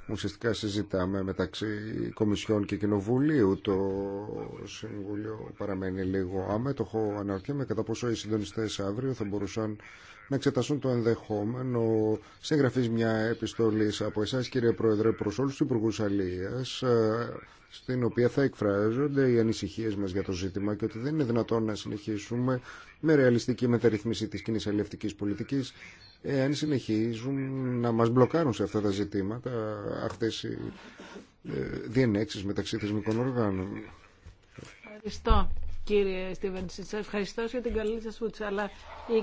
ουσιαστικά συζητάμε μεταξύ Κομισιόν και Κοινοβουλίου, το Συμβούλιο παραμένει λίγο άμετοχο Αναρωτιέμαι κατά πόσο οι συντονιστέ αύριο θα μπορούσαν να εξεταστούν το ενδεχόμενο συγγραφή μια επιστολή από εσά, κύριε Πρόεδρε, προ όλου του Υπουργού Αλία, ε, στην οποία θα εκφράζονται οι ανησυχίε μα για το ζήτημα και ότι δεν είναι δυνατόν να συνεχίσουμε με ρεαλιστική μεταρρύθμιση τη κοινή αλληλευτική πολιτική, εάν συνεχίζουν να μα μπλοκάρουν σε αυτά τα ζητήματα αυτέ οι ε, διενέξει μεταξύ θεσμικών οργάνων. Ευχαριστώ κύριε Στίβεν. Σας ευχαριστώ για την καλή σας φούτσα, αλλά 27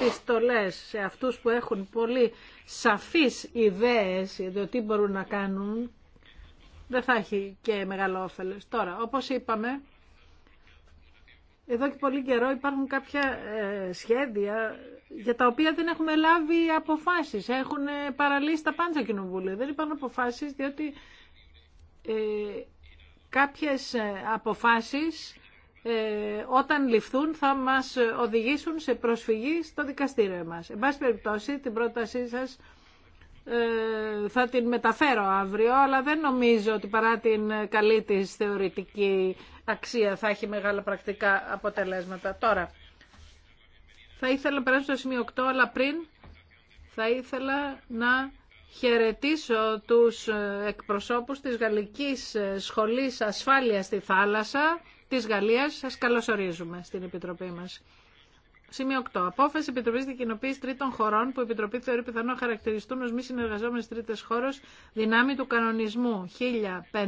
επιστολές σε αυτούς που έχουν πολύ σαφείς ιδέες για το τι μπορούν να κάνουν, δεν θα έχει και μεγάλο όφελος. Τώρα, όπως είπαμε, εδώ και πολύ καιρό υπάρχουν κάποια ε, σχέδια για τα οποία δεν έχουμε λάβει αποφάσεις. Έχουν παραλύσει τα πάντα κοινοβούλια. Δεν υπάρχουν αποφάσεις διότι ε, κάποιες ε, αποφάσεις ε, όταν ληφθούν θα μας οδηγήσουν σε προσφυγή στο δικαστήριο μας. Εν πάση περιπτώσει την πρότασή σας ε, θα την μεταφέρω αύριο, αλλά δεν νομίζω ότι παρά την καλή της θεωρητική αξία θα έχει μεγάλα πρακτικά αποτελέσματα. Τώρα, θα ήθελα να περάσω στο σημείο 8, αλλά πριν θα ήθελα να χαιρετήσω τους εκπροσώπους της Γαλλικής Σχολής Ασφάλειας στη Θάλασσα της Γαλλίας. Σας καλωσορίζουμε στην Επιτροπή μας. Σημείο 8. Απόφαση Επιτροπή Δικοινοποίηση Τρίτων Χωρών που η Επιτροπή θεωρεί πιθανό να χαρακτηριστούν ω μη συνεργαζόμενε τρίτε χώρε δυνάμει του κανονισμού 1005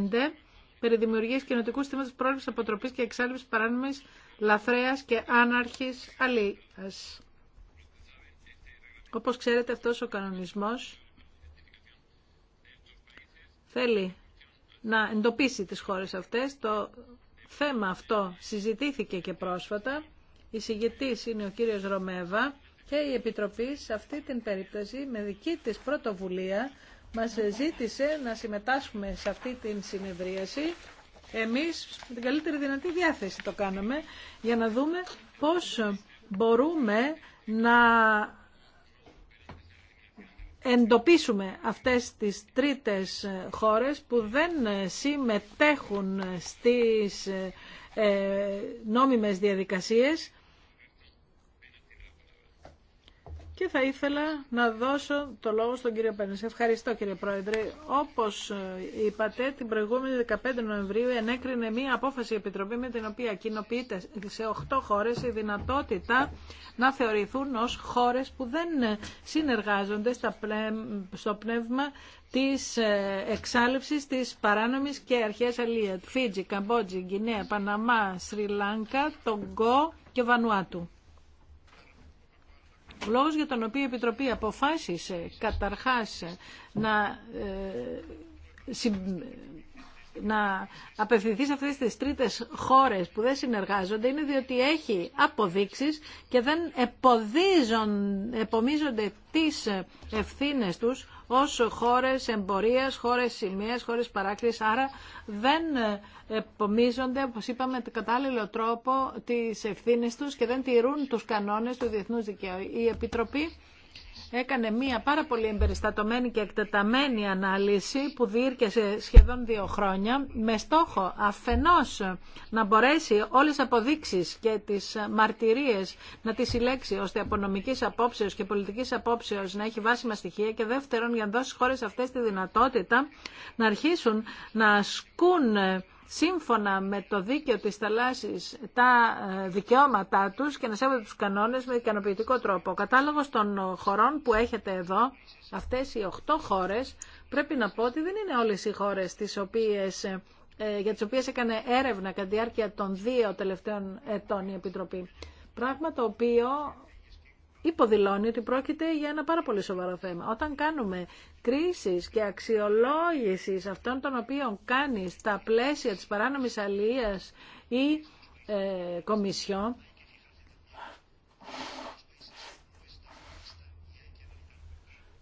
περί δημιουργία κοινοτικού συστήματο πρόληψη αποτροπή και εξάλληψη παράνομη λαθρέα και άναρχη αλήθεια. Όπω ξέρετε, αυτό ο κανονισμό θέλει να εντοπίσει τις χώρες αυτές. Το θέμα αυτό συζητήθηκε και πρόσφατα. Η συγγετής είναι ο κύριος Ρωμέβα και η Επιτροπή σε αυτή την περίπτωση με δική της πρωτοβουλία μας ζήτησε να συμμετάσχουμε σε αυτή την συνεδρίαση. Εμείς με την καλύτερη δυνατή διάθεση το κάναμε για να δούμε πώς μπορούμε να εντοπίσουμε αυτές τις τρίτες χώρες που δεν συμμετέχουν στις ε, ε, νόμιμες διαδικασίες Και θα ήθελα να δώσω το λόγο στον κύριο Πέρνης. Ευχαριστώ κύριε Πρόεδρε. Όπως ε, είπατε, την προηγούμενη 15 Νοεμβρίου ενέκρινε μία απόφαση η Επιτροπή με την οποία κοινοποιείται σε 8 χώρες η δυνατότητα να θεωρηθούν ως χώρες που δεν συνεργάζονται στο πνεύμα της ε, εξάλληψης της παράνομης και αρχές αλία. Φίτζι, Καμπότζη, Γκινέα, Παναμά, Σρι Λάνκα, Τονγκό και Βανουάτου λόγος για τον οποίο η Επιτροπή αποφάσισε καταρχάς να, ε, να απευθυνθεί σε αυτές τις τρίτες χώρες που δεν συνεργάζονται είναι διότι έχει αποδείξεις και δεν επομίζονται τις ευθύνες τους ως χώρες εμπορίας, χώρες σημείας, χώρες παράκλησης. Άρα δεν επομίζονται, όπως είπαμε, με κατάλληλο τρόπο τις ευθύνες τους και δεν τηρούν τους κανόνες του διεθνούς δικαίου. Η Επιτροπή έκανε μία πάρα πολύ εμπεριστατωμένη και εκτεταμένη ανάλυση που διήρκεσε σχεδόν δύο χρόνια με στόχο αφενός να μπορέσει όλες τις αποδείξεις και τις μαρτυρίες να τις συλλέξει ώστε από νομικής απόψεως και πολιτικής απόψεως να έχει βάσιμα στοιχεία και δεύτερον για να δώσει χώρες αυτές τη δυνατότητα να αρχίσουν να ασκούν σύμφωνα με το δίκαιο της θαλάσσης τα ε, δικαιώματά τους και να σέβονται τους κανόνες με ικανοποιητικό τρόπο. Ο κατάλογος των χωρών που έχετε εδώ, αυτές οι 8 χώρες, πρέπει να πω ότι δεν είναι όλες οι χώρες τις οποίες, ε, ε, για τις οποίες έκανε έρευνα κατά τη διάρκεια των δύο τελευταίων ετών η Επιτροπή. Πράγμα το οποίο υποδηλώνει ότι πρόκειται για ένα πάρα πολύ σοβαρό θέμα. Όταν κάνουμε κρίσεις και αξιολόγηση αυτών των οποίων κάνει στα πλαίσια της παράνομης αλληλείας ή ε,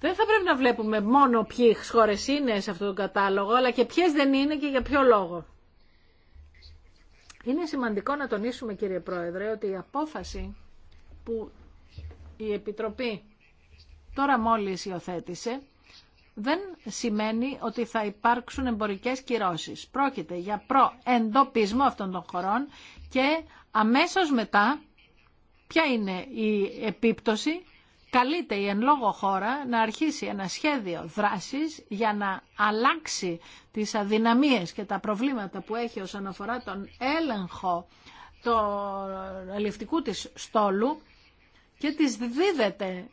δεν θα πρέπει να βλέπουμε μόνο ποιες χώρε είναι σε αυτόν τον κατάλογο, αλλά και ποιες δεν είναι και για ποιο λόγο. Είναι σημαντικό να τονίσουμε, κύριε Πρόεδρε, ότι η απόφαση που η Επιτροπή τώρα μόλις υιοθέτησε δεν σημαίνει ότι θα υπάρξουν εμπορικές κυρώσεις. Πρόκειται για προεντοπισμό αυτών των χωρών και αμέσως μετά ποια είναι η επίπτωση καλείται η εν λόγω χώρα να αρχίσει ένα σχέδιο δράσης για να αλλάξει τις αδυναμίες και τα προβλήματα που έχει όσον αφορά τον έλεγχο του ελευτικού της στόλου και της δίδεται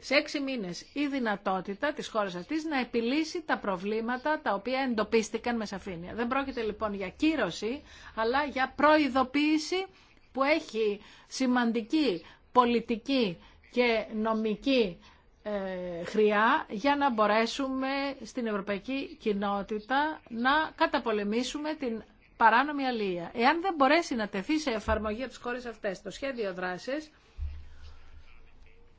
σε έξι μήνες η δυνατότητα της χώρας αυτής να επιλύσει τα προβλήματα τα οποία εντοπίστηκαν με σαφήνεια. Δεν πρόκειται λοιπόν για κύρωση, αλλά για προειδοποίηση που έχει σημαντική πολιτική και νομική ε, χρειά για να μπορέσουμε στην ευρωπαϊκή κοινότητα να καταπολεμήσουμε την παράνομη αλληλεία. Εάν δεν μπορέσει να τεθεί σε εφαρμογή από τις χώρες αυτές το σχέδιο δράσης,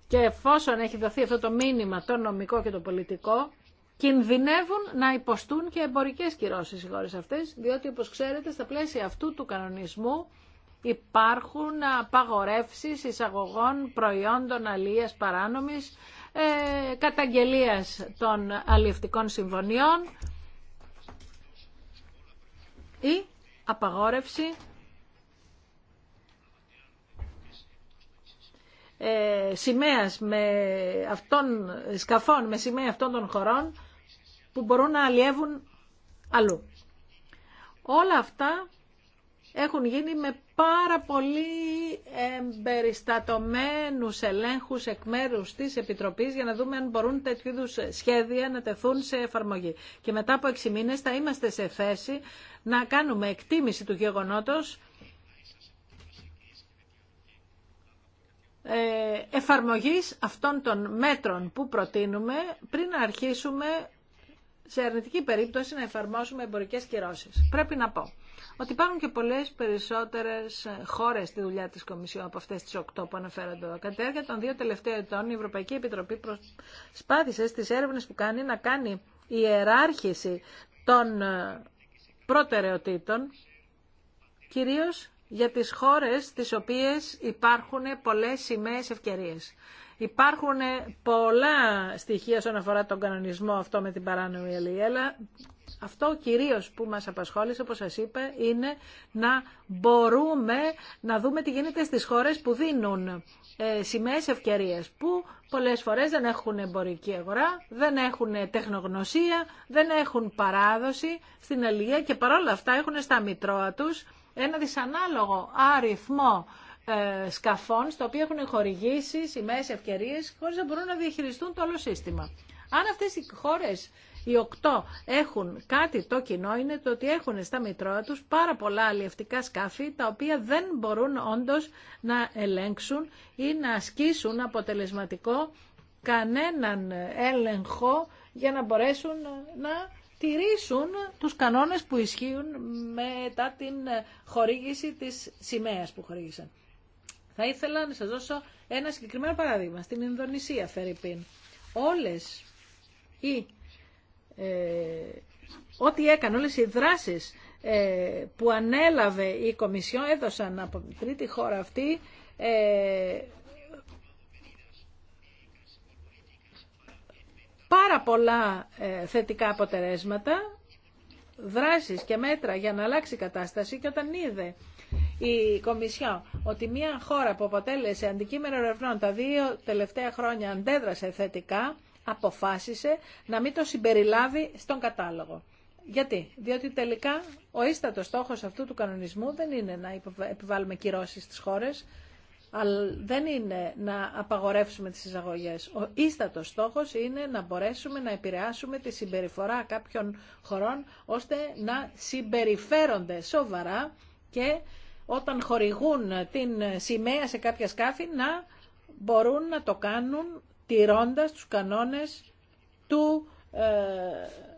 και εφόσον έχει δοθεί αυτό το μήνυμα το νομικό και το πολιτικό, κινδυνεύουν να υποστούν και εμπορικές κυρώσεις οι χώρες αυτές, διότι όπως ξέρετε στα πλαίσια αυτού του κανονισμού υπάρχουν απαγορεύσεις εισαγωγών προϊόντων αλίας παράνομης, ε, καταγγελίας των αλληλευτικών συμφωνιών ή απαγόρευση ε, με αυτών, σκαφών με σημαία αυτών των χωρών που μπορούν να αλλιεύουν αλλού. Όλα αυτά έχουν γίνει με πάρα πολύ εμπεριστατωμένους ελέγχους εκ μέρους της Επιτροπής για να δούμε αν μπορούν τέτοιου είδους σχέδια να τεθούν σε εφαρμογή. Και μετά από 6 μήνες θα είμαστε σε θέση να κάνουμε εκτίμηση του γεγονότος Ε, εφαρμογής αυτών των μέτρων που προτείνουμε πριν να αρχίσουμε σε αρνητική περίπτωση να εφαρμόσουμε εμπορικές κυρώσεις. Πρέπει να πω ότι υπάρχουν και πολλές περισσότερες χώρες στη δουλειά της Κομισιόν από αυτές τις οκτώ που αναφέρονται εδώ. Κατά έργα των δύο τελευταίων ετών η Ευρωπαϊκή Επιτροπή προσπάθησε στις έρευνες που κάνει να κάνει η ιεράρχηση των ε, προτεραιοτήτων κυρίως για τις χώρες τις οποίες υπάρχουν πολλές σημαίες ευκαιρίες. Υπάρχουν πολλά στοιχεία όσον αφορά τον κανονισμό αυτό με την παράνομη αλληλεία, αλλά αυτό κυρίως που μας απασχόλησε, όπως σας είπα, είναι να μπορούμε να δούμε τι γίνεται στις χώρες που δίνουν ε, σημαίες ευκαιρίες, που πολλές φορές δεν έχουν εμπορική αγορά, δεν έχουν τεχνογνωσία, δεν έχουν παράδοση στην αλληλεία και παρόλα αυτά έχουν στα μητρώα τους ένα δυσανάλογο αριθμό ε, σκαφών στο οποίο έχουν χορηγήσει σημαίες ευκαιρίε χωρίς να μπορούν να διαχειριστούν το όλο σύστημα. Αν αυτές οι χώρε οι οκτώ έχουν κάτι το κοινό είναι το ότι έχουν στα μητρώα τους πάρα πολλά αλλιευτικά σκάφη τα οποία δεν μπορούν όντω να ελέγξουν ή να ασκήσουν αποτελεσματικό κανέναν έλεγχο για να μπορέσουν να τηρήσουν τους κανόνες που ισχύουν μετά την χορήγηση της σημαίας που χορήγησαν. Θα ήθελα να σας δώσω ένα συγκεκριμένο παράδειγμα. Στην Ινδονησία, Φερρυπίν, όλες οι, ε, ό,τι έκανε, όλες οι δράσεις ε, που ανέλαβε η Κομισιόν έδωσαν από την τρίτη χώρα αυτή ε, πάρα πολλά ε, θετικά αποτελέσματα, δράσεις και μέτρα για να αλλάξει η κατάσταση και όταν είδε η Κομισιό ότι μια χώρα που αποτέλεσε αντικείμενο ερευνών τα δύο τελευταία χρόνια αντέδρασε θετικά, αποφάσισε να μην το συμπεριλάβει στον κατάλογο. Γιατί, διότι τελικά ο ίστατος στόχος αυτού του κανονισμού δεν είναι να επιβάλλουμε κυρώσεις στις χώρες, αλλά δεν είναι να απαγορεύσουμε τις εισαγωγές. Ο ίστατος στόχος είναι να μπορέσουμε να επηρεάσουμε τη συμπεριφορά κάποιων χωρών ώστε να συμπεριφέρονται σοβαρά και όταν χορηγούν την σημαία σε κάποια σκάφη να μπορούν να το κάνουν τηρώντας τους κανόνες του ε,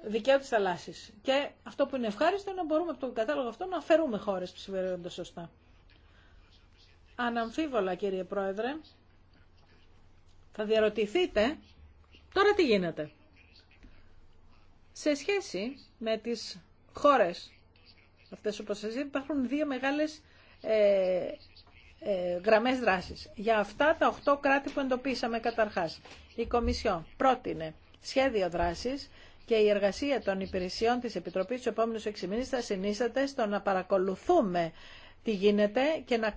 δικαίου της θαλάσσης. Και αυτό που είναι ευχάριστο είναι να μπορούμε από τον κατάλογο αυτό να αφαιρούμε χώρες που συμπεριφέρονται σωστά. Αναμφίβολα κύριε Πρόεδρε, θα διαρωτηθείτε τώρα τι γίνεται. Σε σχέση με τις χώρες αυτές όπως σας είπα, υπάρχουν δύο μεγάλες ε, ε, γραμμές δράσης. Για αυτά τα οχτώ κράτη που εντοπίσαμε καταρχάς, η Κομισιό πρότεινε σχέδιο δράσης και η εργασία των υπηρεσιών της Επιτροπής του επόμενους 6 μήνες θα συνίσταται στο να παρακολουθούμε τι γίνεται και να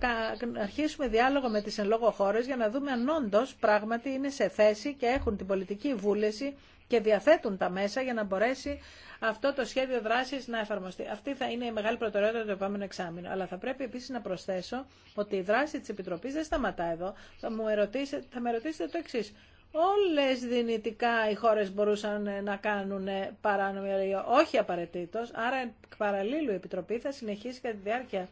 αρχίσουμε διάλογο με τις εν λόγω χώρες για να δούμε αν όντω πράγματι είναι σε θέση και έχουν την πολιτική βούληση και διαθέτουν τα μέσα για να μπορέσει αυτό το σχέδιο δράση να εφαρμοστεί. Αυτή θα είναι η μεγάλη προτεραιότητα του επόμενου εξάμεινου. Αλλά θα πρέπει επίση να προσθέσω ότι η δράση τη Επιτροπή δεν σταματά εδώ. Θα, μου ερωτήσετε, θα με ρωτήσετε το εξή. Όλε δυνητικά οι χώρε μπορούσαν να κάνουν παράνομη εργασία, όχι απαραίτητο. Άρα, παραλίλου η Επιτροπή θα συνεχίσει κατά τη διάρκεια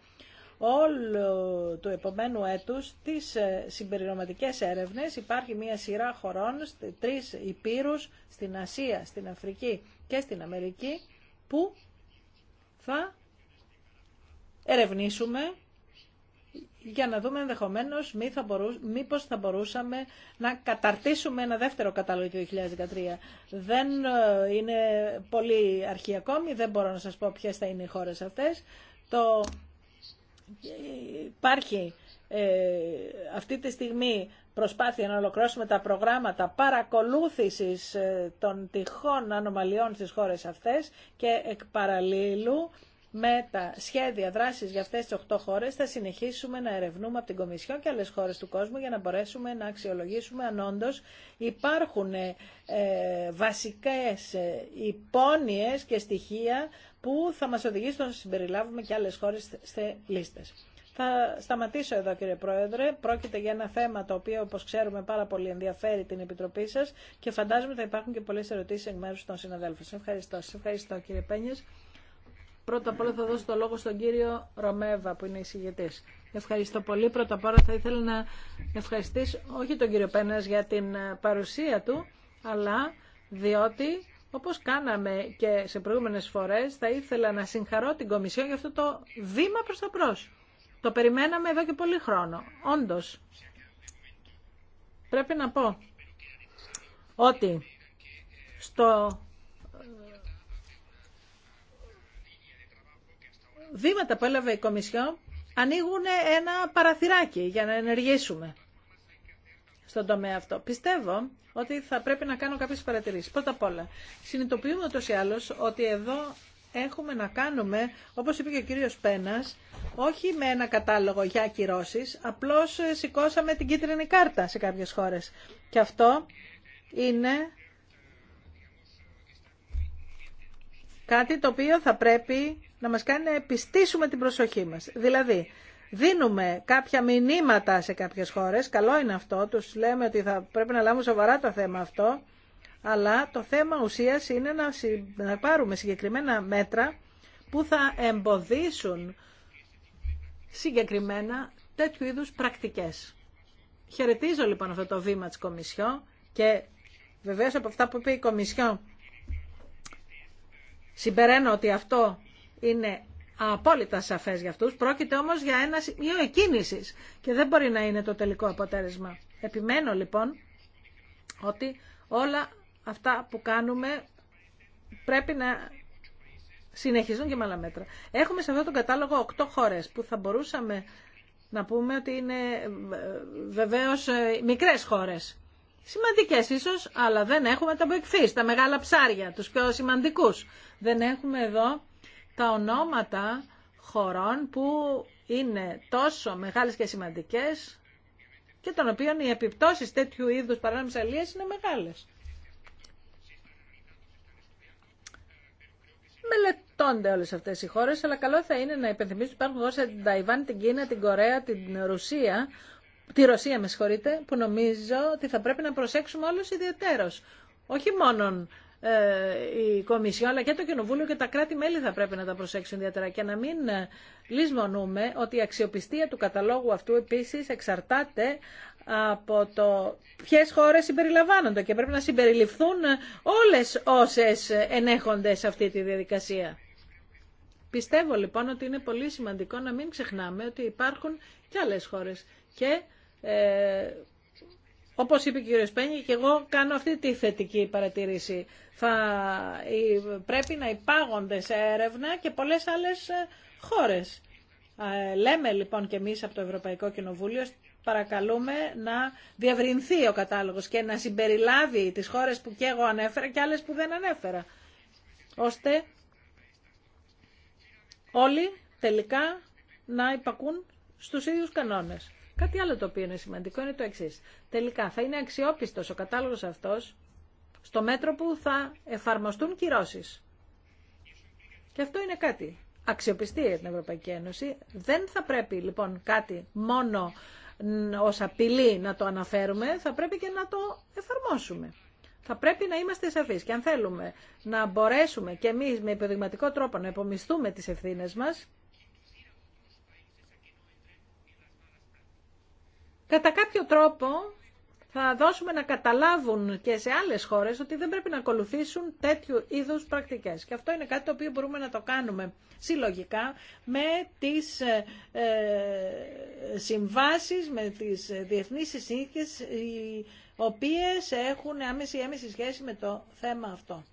όλου του επομένου έτους τις ε, συμπεριρωματικές έρευνες. Υπάρχει μια σειρά χωρών, τρεις υπήρους στην Ασία, στην Αφρική και στην Αμερική που θα ερευνήσουμε για να δούμε ενδεχομένως μήπως θα, μπορούσαμε, να καταρτήσουμε ένα δεύτερο κατάλογο του 2013. Δεν ε, είναι πολύ αρχή ακόμη, δεν μπορώ να σας πω ποιες θα είναι οι χώρες αυτές. Το υπάρχει ε, αυτή τη στιγμή προσπάθεια να ολοκληρώσουμε τα προγράμματα παρακολούθησης ε, των τυχών ανομαλιών στις χώρες αυτές και εκ με τα σχέδια δράσης για αυτές τις 8 χώρες θα συνεχίσουμε να ερευνούμε από την Κομισιόν και άλλες χώρες του κόσμου για να μπορέσουμε να αξιολογήσουμε αν όντω υπάρχουν ε, βασικές ε, υπόνοιες και στοιχεία που θα μας οδηγήσει να συμπεριλάβουμε και άλλες χώρες σε λίστες. Θα σταματήσω εδώ κύριε Πρόεδρε. Πρόκειται για ένα θέμα το οποίο όπως ξέρουμε πάρα πολύ ενδιαφέρει την Επιτροπή σας και φαντάζομαι θα υπάρχουν και πολλές ερωτήσεις εν μέρους των συναδέλφων. Σας ευχαριστώ. Σας ευχαριστώ κύριε Πένιες. Πρώτα απ' όλα θα δώσω το λόγο στον κύριο Ρωμέβα που είναι εισηγητής. Ευχαριστώ πολύ. Πρώτα απ' όλα θα ήθελα να ευχαριστήσω όχι τον κύριο Πένιες για την παρουσία του, αλλά διότι όπως κάναμε και σε προηγούμενες φορές, θα ήθελα να συγχαρώ την Κομισιόν για αυτό το βήμα προς τα πρός. Το περιμέναμε εδώ και πολύ χρόνο. Όντως, πρέπει να πω ότι στο ε, βήματα που έλαβε η Κομισιόν ανοίγουν ένα παραθυράκι για να ενεργήσουμε στον τομέα αυτό. Πιστεύω ότι θα πρέπει να κάνω κάποιες παρατηρήσεις. Πρώτα απ' όλα, συνειδητοποιούμε ούτως ή άλλως ότι εδώ έχουμε να κάνουμε, όπως είπε και ο κύριος Πένας, όχι με ένα κατάλογο για ακυρώσει, απλώς σηκώσαμε την κίτρινη κάρτα σε κάποιες χώρες. Και αυτό είναι κάτι το οποίο θα πρέπει να μας κάνει να επιστήσουμε την προσοχή μας. Δηλαδή, δίνουμε κάποια μηνύματα σε κάποιες χώρες, καλό είναι αυτό, τους λέμε ότι θα πρέπει να λάβουμε σοβαρά το θέμα αυτό, αλλά το θέμα ουσίας είναι να, να πάρουμε συγκεκριμένα μέτρα που θα εμποδίσουν συγκεκριμένα τέτοιου είδους πρακτικές. Χαιρετίζω λοιπόν αυτό το βήμα της Κομισιό και βεβαίως από αυτά που είπε η Κομισιό συμπεραίνω ότι αυτό είναι απόλυτα σαφές για αυτούς. Πρόκειται όμως για ένα σημείο εκκίνηση και δεν μπορεί να είναι το τελικό αποτέλεσμα. Επιμένω λοιπόν ότι όλα αυτά που κάνουμε πρέπει να συνεχίζουν και με άλλα μέτρα. Έχουμε σε αυτό τον κατάλογο 8 χώρες που θα μπορούσαμε να πούμε ότι είναι ε, βεβαίως ε, μικρές χώρες. Σημαντικές ίσω, αλλά δεν έχουμε τα fish, τα μεγάλα ψάρια, του πιο σημαντικού. Δεν έχουμε εδώ τα ονόματα χωρών που είναι τόσο μεγάλες και σημαντικές και των οποίων οι επιπτώσεις τέτοιου είδους παράνομης αλληλείας είναι μεγάλες. Μελετώνται όλες αυτές οι χώρες, αλλά καλό θα είναι να ότι υπάρχουν χώρες την Ταϊβάν, την Κίνα, την Κορέα, την Ρωσία, τη Ρωσία με συγχωρείτε, που νομίζω ότι θα πρέπει να προσέξουμε όλους ιδιαίτερος. Όχι μόνον ε, η Κομισιόν, αλλά και το Κοινοβούλιο και τα κράτη-μέλη θα πρέπει να τα προσέξουν ιδιαίτερα και να μην ε, λησμονούμε ότι η αξιοπιστία του καταλόγου αυτού επίσης εξαρτάται από το ποιες χώρες συμπεριλαμβάνονται και πρέπει να συμπεριληφθούν ε, όλες όσε ενέχονται σε αυτή τη διαδικασία. Πιστεύω λοιπόν ότι είναι πολύ σημαντικό να μην ξεχνάμε ότι υπάρχουν και άλλε χώρε. και ε, όπως είπε ο κύριος Πένι και εγώ κάνω αυτή τη θετική παρατήρηση. Θα, ε, πρέπει να υπάγονται σε έρευνα και πολλές άλλες ε, χώρες. Ε, λέμε λοιπόν και εμείς από το Ευρωπαϊκό Κοινοβούλιο παρακαλούμε να διευρυνθεί ο κατάλογος και να συμπεριλάβει τις χώρες που και εγώ ανέφερα και άλλες που δεν ανέφερα. Ώστε όλοι τελικά να υπακούν στους ίδιους κανόνες. Κάτι άλλο το οποίο είναι σημαντικό είναι το εξή. Τελικά θα είναι αξιόπιστος ο κατάλογος αυτός στο μέτρο που θα εφαρμοστούν κυρώσει. Και αυτό είναι κάτι Αξιοπιστή για την Ευρωπαϊκή Ένωση. Δεν θα πρέπει λοιπόν κάτι μόνο ω απειλή να το αναφέρουμε, θα πρέπει και να το εφαρμόσουμε. Θα πρέπει να είμαστε σαφεί. και αν θέλουμε να μπορέσουμε και εμεί με υποδειγματικό τρόπο να υπομισθούμε τι ευθύνε μα. Κατά κάποιο τρόπο θα δώσουμε να καταλάβουν και σε άλλες χώρες ότι δεν πρέπει να ακολουθήσουν τέτοιου είδους πρακτικές. Και αυτό είναι κάτι το οποίο μπορούμε να το κάνουμε συλλογικά με τις ε, ε συμβάσεις, με τις διεθνείς συνήθειες οι οποίες έχουν άμεση έμεση σχέση με το θέμα αυτό.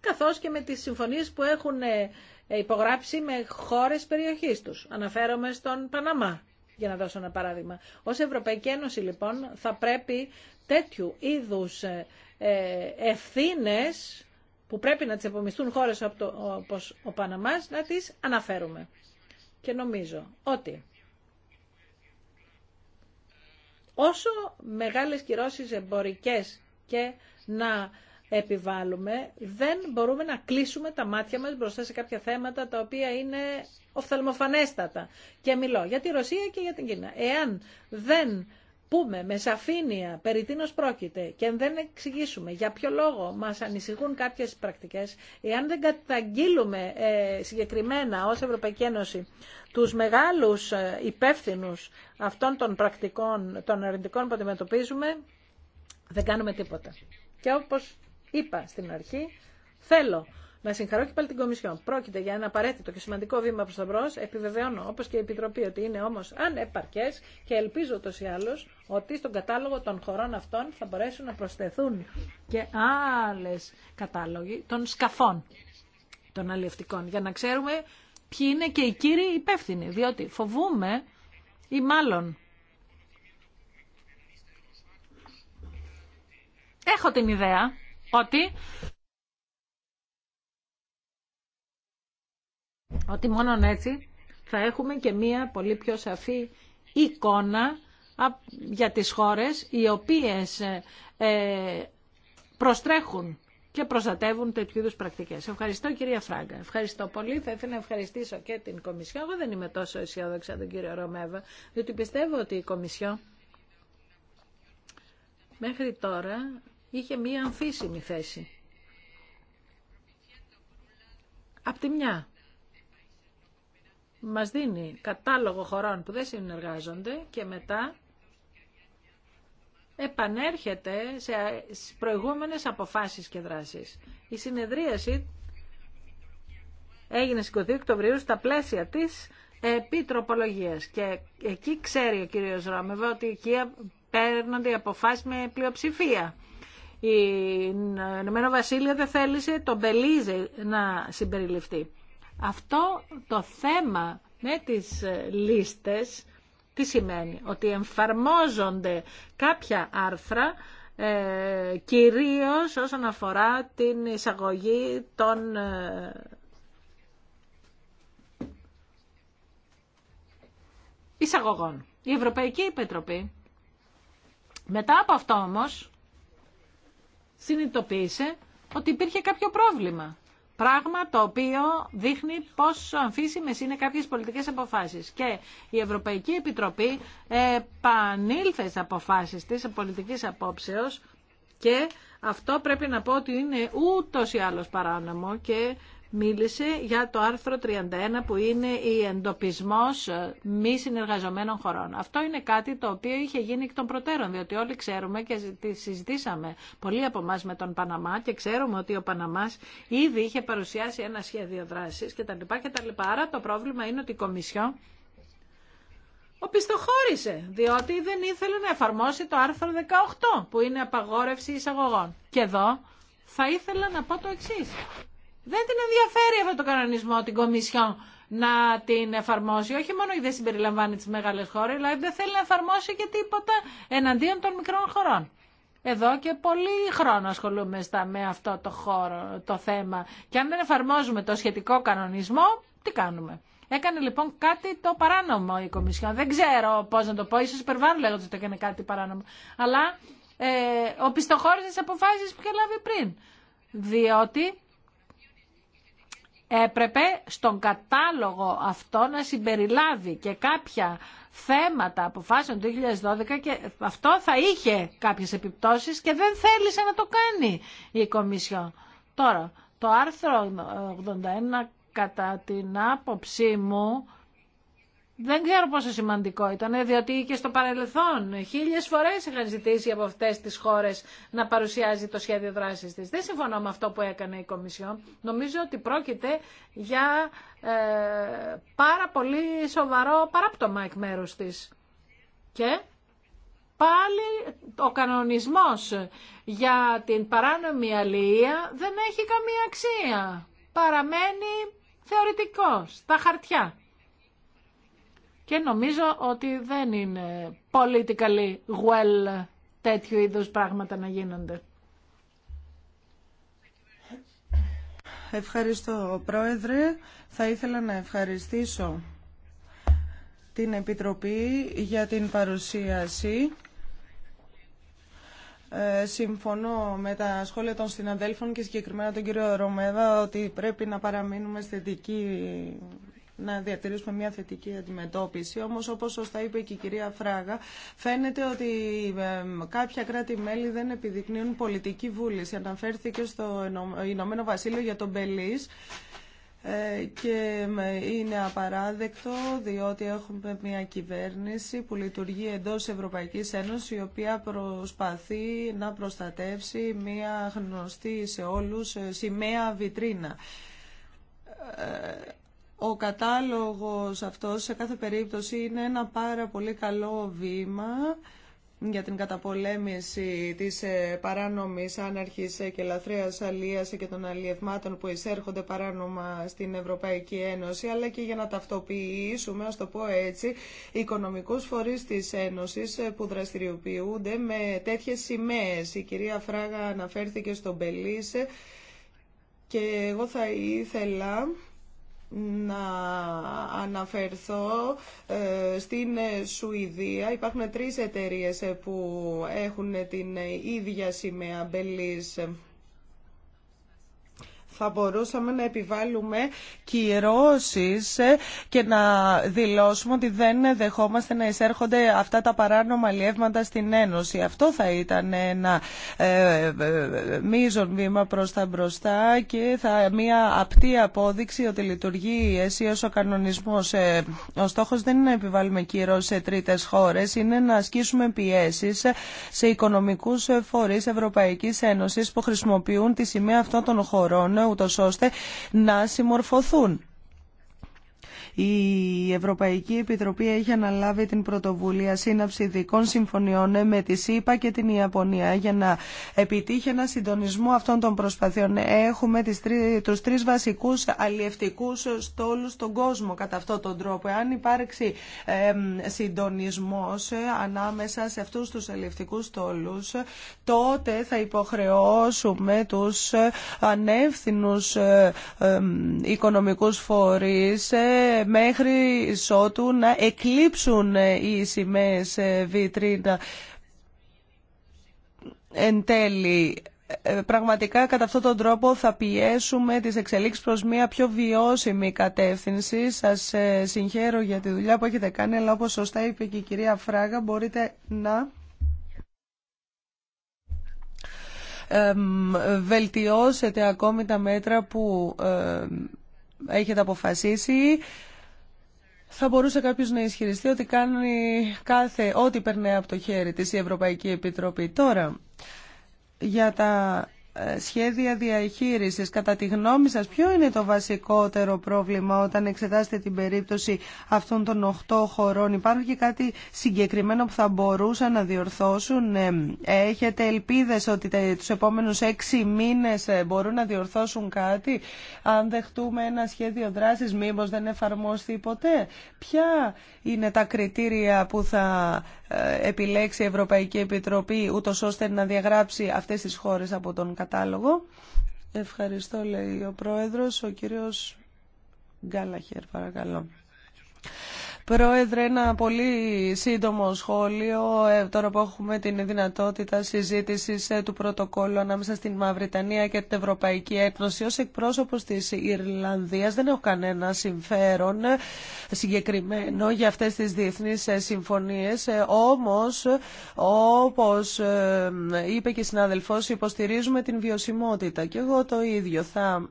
Καθώς και με τις συμφωνίες που έχουν ε, ε, υπογράψει με χώρες περιοχής τους. Αναφέρομαι στον Παναμά, για να δώσω ένα παράδειγμα. Ως Ευρωπαϊκή Ένωση, λοιπόν, θα πρέπει τέτοιου είδους ε, ε, ευθύνες που πρέπει να τις επομιστούν χώρες όπως ο Παναμάς, να τις αναφέρουμε. Και νομίζω ότι όσο μεγάλες κυρώσεις εμπορικές και να επιβάλλουμε, δεν μπορούμε να κλείσουμε τα μάτια μας μπροστά σε κάποια θέματα τα οποία είναι οφθαλμοφανέστατα. Και μιλώ για τη Ρωσία και για την Κίνα. Εάν δεν πούμε με σαφήνεια περί τίνος πρόκειται και δεν εξηγήσουμε για ποιο λόγο μας ανησυχούν κάποιες πρακτικές, εάν δεν καταγγείλουμε ε, συγκεκριμένα ως Ευρωπαϊκή Ένωση τους μεγάλους ε, υπεύθυνου αυτών των πρακτικών, των αρνητικών που αντιμετωπίζουμε, δεν κάνουμε τίποτα. Και όπως Είπα στην αρχή, θέλω να συγχαρώ και πάλι την Κομισιόν. Πρόκειται για ένα απαραίτητο και σημαντικό βήμα προ τα μπρο. Επιβεβαιώνω, όπω και η Επιτροπή, ότι είναι όμω ανεπαρκέ και ελπίζω ούτω ή άλλω ότι στον κατάλογο των χωρών αυτών θα μπορέσουν να προσθεθούν και άλλε κατάλογοι των σκαφών των αλληλευτικών για να ξέρουμε ποιοι είναι και οι κύριοι υπεύθυνοι. Διότι φοβούμε ή μάλλον. Έχω την ιδέα ότι... ότι μόνον έτσι θα έχουμε και μία πολύ πιο σαφή εικόνα για τις χώρες οι οποίες ε, προστρέχουν και προστατεύουν τέτοιου είδου πρακτικέ. Ευχαριστώ κυρία Φράγκα. Ευχαριστώ πολύ. Θα ήθελα να ευχαριστήσω και την Κομισιό. Εγώ δεν είμαι τόσο αισιόδοξη τον κύριο Ρωμέβα, διότι πιστεύω ότι η Κομισιό μέχρι τώρα είχε μία αμφίσιμη θέση. Απ' τη μια, μας δίνει κατάλογο χωρών που δεν συνεργάζονται και μετά επανέρχεται σε προηγούμενες αποφάσεις και δράσεις. Η συνεδρίαση έγινε στις 22 Οκτωβρίου στα πλαίσια της επιτροπολογίας και εκεί ξέρει ο κύριος Ρόμεβα ότι εκεί παίρνονται οι αποφάσεις με πλειοψηφία η Ηνωμένο Βασίλειο δεν θέλησε τον Μπελίζε να συμπεριληφθεί. Αυτό το θέμα με τις λίστες τι σημαίνει, ότι εμφαρμόζονται κάποια άρθρα ε, κυρίως όσον αφορά την εισαγωγή των ε, εισαγωγών. Η Ευρωπαϊκή Επιτροπή μετά από αυτό όμως συνειδητοποίησε ότι υπήρχε κάποιο πρόβλημα. Πράγμα το οποίο δείχνει πόσο αμφίσιμες είναι κάποιες πολιτικές αποφάσεις. Και η Ευρωπαϊκή Επιτροπή επανήλθε στις αποφάσεις της πολιτικής απόψεως και αυτό πρέπει να πω ότι είναι ούτως ή άλλως παράνομο και μίλησε για το άρθρο 31 που είναι η εντοπισμός ε, μη συνεργαζομένων χωρών. Αυτό είναι κάτι το οποίο είχε γίνει εκ των προτέρων, διότι όλοι ξέρουμε και συζητήσαμε πολλοί από εμά με τον Παναμά και ξέρουμε ότι ο Παναμάς ήδη είχε παρουσιάσει ένα σχέδιο δράσης κτλ. κτλ. Άρα το πρόβλημα είναι ότι η Κομισιό οπισθοχώρησε, διότι δεν ήθελε να εφαρμόσει το άρθρο 18 που είναι απαγόρευση εισαγωγών. Και εδώ θα ήθελα να πω το εξής. Δεν την ενδιαφέρει αυτό το κανονισμό την Κομισιόν να την εφαρμόσει. Όχι μόνο γιατί δεν συμπεριλαμβάνει τις μεγάλες χώρες, αλλά δεν θέλει να εφαρμόσει και τίποτα εναντίον των μικρών χωρών. Εδώ και πολύ χρόνο ασχολούμαστε με αυτό το, χώρο, το θέμα. Και αν δεν εφαρμόζουμε το σχετικό κανονισμό, τι κάνουμε. Έκανε λοιπόν κάτι το παράνομο η Κομισιόν. Δεν ξέρω πώ να το πω, σω υπερβάλλω λέγοντα ότι έκανε κάτι παράνομο. Αλλά ε, οπισθοχώρησε τι αποφάσει που είχε λάβει πριν. Διότι έπρεπε στον κατάλογο αυτό να συμπεριλάβει και κάποια θέματα αποφάσεων του 2012 και αυτό θα είχε κάποιες επιπτώσεις και δεν θέλησε να το κάνει η Κομίσιο. Τώρα, το άρθρο 81 κατά την άποψή μου δεν ξέρω πόσο σημαντικό ήταν, διότι και στο παρελθόν Χίλιε φορές είχαν ζητήσει από αυτέ τις χώρες να παρουσιάζει το σχέδιο δράση τη. Δεν συμφωνώ με αυτό που έκανε η Κομισιόν. Νομίζω ότι πρόκειται για ε, πάρα πολύ σοβαρό παράπτωμα εκ μέρου τη. Και πάλι ο κανονισμός για την παράνομη αλληλεία δεν έχει καμία αξία. Παραμένει θεωρητικό στα χαρτιά. Και νομίζω ότι δεν είναι politically well τέτοιου είδους πράγματα να γίνονται. Ευχαριστώ, Πρόεδρε. Θα ήθελα να ευχαριστήσω την Επιτροπή για την παρουσίαση. Ε, συμφωνώ με τα σχόλια των συναδέλφων και συγκεκριμένα τον κύριο Ρωμέδα ότι πρέπει να παραμείνουμε δική να διατηρήσουμε μια θετική αντιμετώπιση. Όμως, όπως σωστά είπε και η κυρία Φράγα, φαίνεται ότι κάποια κράτη-μέλη δεν επιδεικνύουν πολιτική βούληση. Αναφέρθηκε στο Ηνωμένο Βασίλειο για τον Μπελή. Ε, και είναι απαράδεκτο διότι έχουμε μια κυβέρνηση που λειτουργεί εντός Ευρωπαϊκής Ένωσης η οποία προσπαθεί να προστατεύσει μια γνωστή σε όλους ε, σημαία βιτρίνα. Ε, ο κατάλογος αυτός σε κάθε περίπτωση είναι ένα πάρα πολύ καλό βήμα για την καταπολέμηση της ε, παράνομης άναρχης και λαθρέας αλίας και των αλλιευμάτων που εισέρχονται παράνομα στην Ευρωπαϊκή Ένωση, αλλά και για να ταυτοποιήσουμε, ας το πω έτσι, οικονομικούς φορείς της Ένωσης ε, που δραστηριοποιούνται με τέτοιες σημαίες. Η κυρία Φράγα αναφέρθηκε στον Πελίσε και εγώ θα ήθελα να αναφερθώ ε, στην Σουηδία. Υπάρχουν τρεις εταιρείες ε, που έχουν την ε, ίδια σημαία Μπελής θα μπορούσαμε να επιβάλλουμε κυρώσεις και να δηλώσουμε ότι δεν δεχόμαστε να εισέρχονται αυτά τα παράνομα λιεύματα στην Ένωση. Αυτό θα ήταν ένα ε, ε μείζον βήμα προς τα μπροστά και θα μια απτή απόδειξη ότι λειτουργεί ω ο κανονισμός. Ε, ο στόχος δεν είναι να επιβάλλουμε κυρώσεις σε τρίτες χώρες, είναι να ασκήσουμε πιέσεις σε οικονομικούς φορείς Ευρωπαϊκής Ένωσης που χρησιμοποιούν τη σημαία αυτών των χωρών ούτως ώστε να συμμορφωθούν. Η Ευρωπαϊκή Επιτροπή έχει αναλάβει την πρωτοβουλία σύναψη ειδικών συμφωνιών με τη ΣΥΠΑ και την Ιαπωνία για να επιτύχει ένα συντονισμό αυτών των προσπαθειών. Έχουμε τις τρι, τους τρεις βασικούς αλλιευτικούς στόλους στον κόσμο κατά αυτόν τον τρόπο. Αν υπάρξει ε, συντονισμός ανάμεσα σε αυτούς τους αλλιευτικούς στόλους, τότε θα υποχρεώσουμε τους ε, ανεύθυνους ε, οικονομικούς φορείς ε, μέχρι σότου να εκλείψουν ε, οι σημαίες ε, βιτρίνα εν τέλει ε, πραγματικά κατά αυτόν τον τρόπο θα πιέσουμε τις εξελίξεις προς μια πιο βιώσιμη κατεύθυνση. Σας συγχαίρω για τη δουλειά που έχετε κάνει, αλλά όπως σωστά είπε και η κυρία Φράγα, μπορείτε να βελτιώσετε ακόμη τα μέτρα που έχετε αποφασίσει. Θα μπορούσε κάποιος να ισχυριστεί ότι κάνει κάθε ό,τι περνάει από το χέρι της η Ευρωπαϊκή Επιτροπή. Τώρα, για τα σχέδια διαχείρισης. Κατά τη γνώμη σας, ποιο είναι το βασικότερο πρόβλημα όταν εξετάσετε την περίπτωση αυτών των 8 χωρών. Υπάρχει κάτι συγκεκριμένο που θα μπορούσαν να διορθώσουν. Ε, έχετε ελπίδες ότι τους επόμενους 6 μήνες ε, μπορούν να διορθώσουν κάτι. Αν δεχτούμε ένα σχέδιο δράσης, μήπως δεν εφαρμόστηκε ποτέ. Ποια είναι τα κριτήρια που θα ε, επιλέξει η Ευρωπαϊκή Επιτροπή ούτω ώστε να διαγράψει αυτές τις χώρες από τον κατάλογο. Ευχαριστώ, λέει ο Πρόεδρος, ο κύριος Γκάλαχερ, παρακαλώ. Πρόεδρε, ένα πολύ σύντομο σχόλιο. Ε, τώρα που έχουμε την δυνατότητα συζήτηση ε, του πρωτοκόλλου ανάμεσα στην Μαυριτανία και την Ευρωπαϊκή Ένωση, ω εκπρόσωπο τη Ιρλανδία δεν έχω κανένα συμφέρον ε, συγκεκριμένο για αυτέ τι διεθνεί συμφωνίε. Όμω, όπω είπε και η συνάδελφό, υποστηρίζουμε την βιωσιμότητα. Και εγώ το ίδιο θα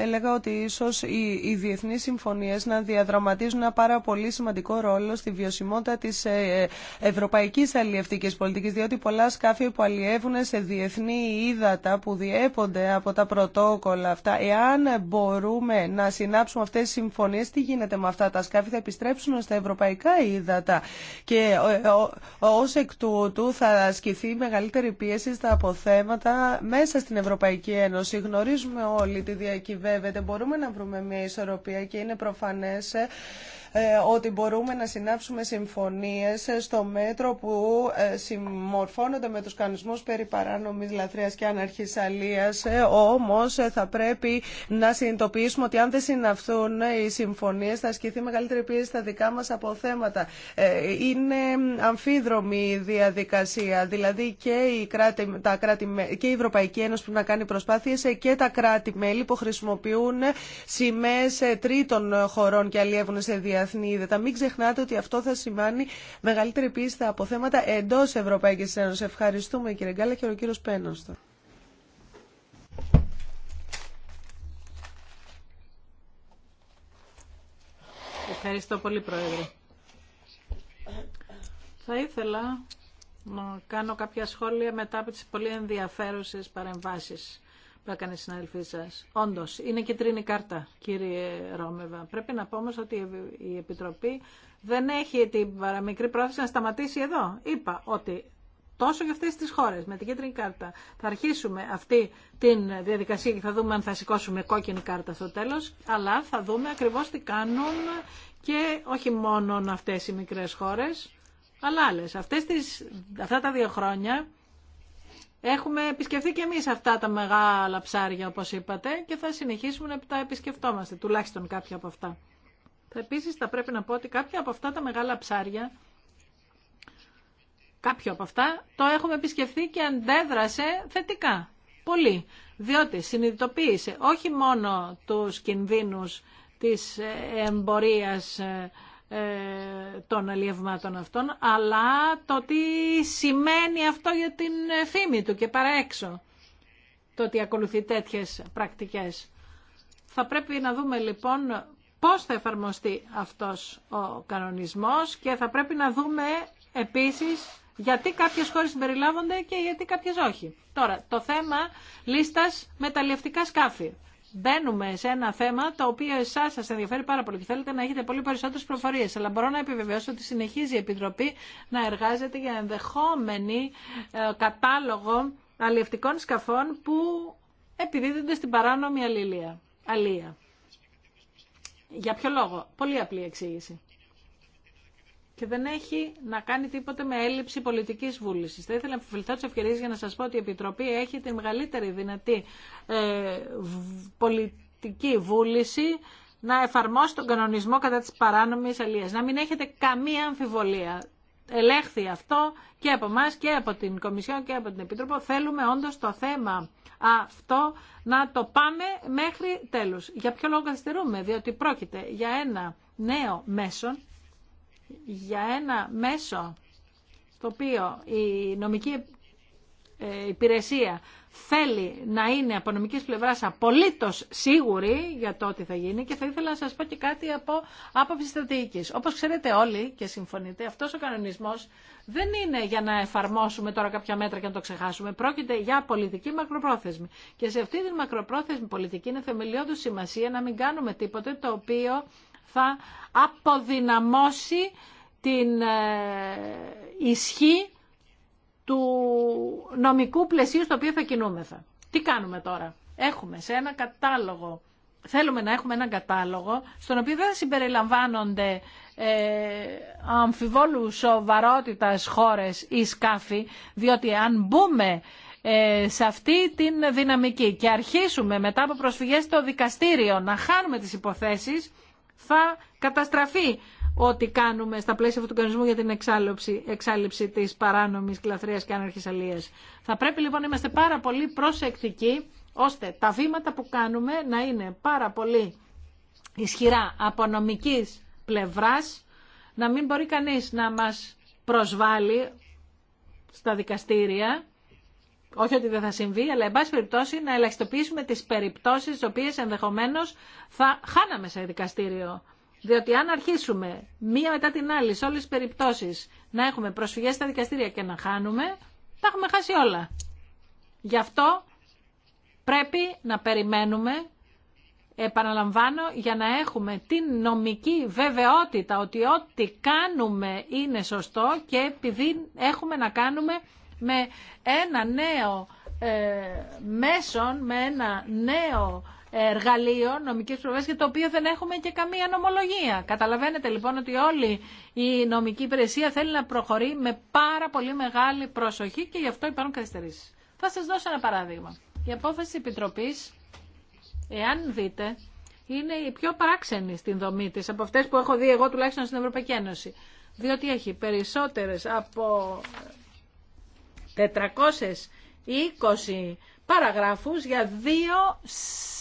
έλεγα ότι ίσως οι, οι διεθνείς συμφωνίες να διαδραματίζουν ένα πάρα πολύ σημαντικό ρόλο στη βιωσιμότητα της ε, ευρωπαϊκής αλλιευτικής πολιτικής, διότι πολλά σκάφη που αλλιεύουν σε διεθνή ύδατα που διέπονται από τα πρωτόκολλα αυτά, εάν μπορούμε να συνάψουμε αυτές τις συμφωνίες, τι γίνεται με αυτά τα σκάφη, θα επιστρέψουν στα ευρωπαϊκά ύδατα και ε, ως εκ τούτου θα ασκηθεί μεγαλύτερη πίεση στα αποθέματα μέσα στην Ευρωπαϊκή Ένωση. Γνωρίζουμε όλοι τη διακυβεύεται. Μπορούμε να βρούμε μια ισορροπία και είναι προφανές ε, ε, ότι μπορούμε να συνάψουμε συμφωνίες στο μέτρο που ε, συμμορφώνονται με τους κανονισμούς περί παράνομης λαθρείας και αναρχής αλίας. Ε, όμως θα πρέπει να συνειδητοποιήσουμε ότι αν δεν συναυθούν οι συμφωνίες θα ασκηθεί μεγαλύτερη πίεση στα δικά μας αποθέματα. Είναι αμφίδρομη η διαδικασία, δηλαδή και η, κράτη, τα κράτη, και Ευρωπαϊκή Ένωση που να κάνει προσπάθειες και τα κράτη-μέλη που χρησιμοποιούν σημαίες τρίτων χωρών και αλλιεύουν σε διαδικασία τα Μην ξεχνάτε ότι αυτό θα σημάνει μεγαλύτερη πίστα από θέματα εντό Ευρωπαϊκή Ένωση. Ευχαριστούμε κύριε Γκάλα και ο κύριο Πένοστο. Ευχαριστώ πολύ, Πρόεδρε. Θα ήθελα να κάνω κάποια σχόλια μετά από τις πολύ ενδιαφέρουσες παρεμβάσεις που έκανε η συναδελφή σα. Όντω, είναι κίτρινη κάρτα, κύριε Ρόμεβα. Πρέπει να πω όμω ότι η Επιτροπή δεν έχει την παραμικρή πρόθεση να σταματήσει εδώ. Είπα ότι τόσο για αυτέ τι χώρε με την κίτρινη κάρτα. Θα αρχίσουμε αυτή τη διαδικασία και θα δούμε αν θα σηκώσουμε κόκκινη κάρτα στο τέλο, αλλά θα δούμε ακριβώ τι κάνουν και όχι μόνο αυτέ οι μικρέ χώρε, αλλά άλλε Αυτές τις, αυτά τα δύο χρόνια Έχουμε επισκεφθεί και εμείς αυτά τα μεγάλα ψάρια, όπως είπατε, και θα συνεχίσουμε να τα επισκεφτόμαστε, τουλάχιστον κάποια από αυτά. Επίσης, θα πρέπει να πω ότι κάποια από αυτά τα μεγάλα ψάρια, κάποιο από αυτά, το έχουμε επισκεφθεί και αντέδρασε θετικά. Πολύ. Διότι συνειδητοποίησε όχι μόνο τους κινδύνους της ε, εμπορίας ε, ε, των αλλιευμάτων αυτών, αλλά το τι σημαίνει αυτό για την φήμη του και παραέξω το ότι ακολουθεί τέτοιες πρακτικές. Θα πρέπει να δούμε λοιπόν πώς θα εφαρμοστεί αυτός ο κανονισμός και θα πρέπει να δούμε επίσης γιατί κάποιες χώρες συμπεριλάβονται και γιατί κάποιες όχι. Τώρα, το θέμα λίστας με τα σκάφη μπαίνουμε σε ένα θέμα το οποίο εσά σα ενδιαφέρει πάρα πολύ και θέλετε να έχετε πολύ περισσότερε προφορίε. Αλλά μπορώ να επιβεβαιώσω ότι συνεχίζει η Επιτροπή να εργάζεται για ενδεχόμενη ε, κατάλογο αλλιευτικών σκαφών που επιδίδονται στην παράνομη αλληλεία. Αλία. Για ποιο λόγο. Πολύ απλή εξήγηση και δεν έχει να κάνει τίποτε με έλλειψη πολιτικής βούλησης. Θα ήθελα να επιβληθώ τις ευκαιρίες για να σας πω ότι η Επιτροπή έχει τη μεγαλύτερη δυνατή ε, πολιτική βούληση να εφαρμόσει τον κανονισμό κατά της παράνομης αλίας. Να μην έχετε καμία αμφιβολία. Ελέγχθη αυτό και από εμά και από την Κομισιόν και από την Επίτροπο. Θέλουμε όντως το θέμα αυτό να το πάμε μέχρι τέλους. Για ποιο λόγο καθυστερούμε, διότι πρόκειται για ένα νέο μέσον για ένα μέσο το οποίο η νομική ε, υπηρεσία θέλει να είναι από νομικής πλευράς απολύτως σίγουρη για το ότι θα γίνει και θα ήθελα να σας πω και κάτι από άποψη στρατηγικής. Όπως ξέρετε όλοι και συμφωνείτε, αυτός ο κανονισμός δεν είναι για να εφαρμόσουμε τώρα κάποια μέτρα και να το ξεχάσουμε. Πρόκειται για πολιτική μακροπρόθεσμη. Και σε αυτή την μακροπρόθεσμη πολιτική είναι θεμελιώδου σημασία να μην κάνουμε τίποτε το οποίο θα αποδυναμώσει την ε, ισχύ του νομικού πλαισίου στο οποίο θα κινούμεθα. Τι κάνουμε τώρα. Έχουμε σε ένα κατάλογο, θέλουμε να έχουμε ένα κατάλογο στον οποίο δεν συμπεριλαμβάνονται ε, αμφιβόλου σοβαρότητας χώρες ή σκάφη, διότι αν μπούμε ε, σε αυτή την δυναμική και αρχίσουμε μετά από προσφυγές στο δικαστήριο να χάνουμε τις υποθέσεις, θα καταστραφεί ό,τι κάνουμε στα πλαίσια αυτού του κανονισμού για την εξάλληψη, εξάλληψη της παράνομης κλαθρίας και άναρχη αλίας. Θα πρέπει λοιπόν να είμαστε πάρα πολύ προσεκτικοί ώστε τα βήματα που κάνουμε να είναι πάρα πολύ ισχυρά από νομική πλευράς, να μην μπορεί κανείς να μας προσβάλλει στα δικαστήρια όχι ότι δεν θα συμβεί, αλλά εν πάση περιπτώσει να ελαχιστοποιήσουμε τις περιπτώσεις τις οποίες ενδεχομένως θα χάναμε σε δικαστήριο. Διότι αν αρχίσουμε μία μετά την άλλη σε όλες τις περιπτώσεις να έχουμε προσφυγές στα δικαστήρια και να χάνουμε, τα έχουμε χάσει όλα. Γι' αυτό πρέπει να περιμένουμε, επαναλαμβάνω, για να έχουμε την νομική βεβαιότητα ότι ό,τι κάνουμε είναι σωστό και επειδή έχουμε να κάνουμε με ένα νέο ε, μέσον, με ένα νέο εργαλείο νομικής προβλήσης για το οποίο δεν έχουμε και καμία νομολογία. Καταλαβαίνετε λοιπόν ότι όλη η νομική υπηρεσία θέλει να προχωρεί με πάρα πολύ μεγάλη προσοχή και γι' αυτό υπάρχουν καθυστερήσεις. Θα σας δώσω ένα παράδειγμα. Η απόφαση της Επιτροπής, εάν δείτε, είναι η πιο παράξενη στην δομή της από αυτές που έχω δει εγώ τουλάχιστον στην Ευρωπαϊκή Ένωση. Διότι έχει περισσότερες από 420 παραγράφους για δύο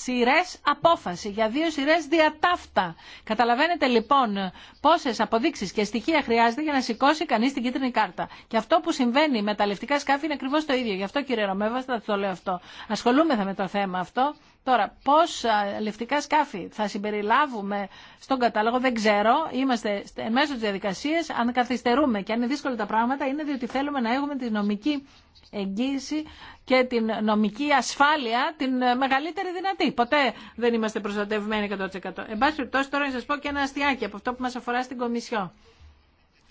σειρές απόφαση, για δύο σειρές διατάφτα. Καταλαβαίνετε λοιπόν πόσες αποδείξεις και στοιχεία χρειάζεται για να σηκώσει κανείς την κίτρινη κάρτα. Και αυτό που συμβαίνει με τα λεφτικά σκάφη είναι ακριβώς το ίδιο. Γι' αυτό κύριε Ρωμέβα θα το λέω αυτό. Ασχολούμεθα με το θέμα αυτό Τώρα, πόσα λευτικά σκάφη θα συμπεριλάβουμε στον κατάλογο δεν ξέρω. Είμαστε εν μέσω τη διαδικασία. Αν καθυστερούμε και αν είναι δύσκολα τα πράγματα, είναι διότι θέλουμε να έχουμε τη νομική εγγύηση και την νομική ασφάλεια την ε, μεγαλύτερη δυνατή. Ποτέ δεν είμαστε προστατευμένοι 100%. Εν περιπτώσει, τώρα να σα πω και ένα αστιάκι από αυτό που μα αφορά στην Κομισιό.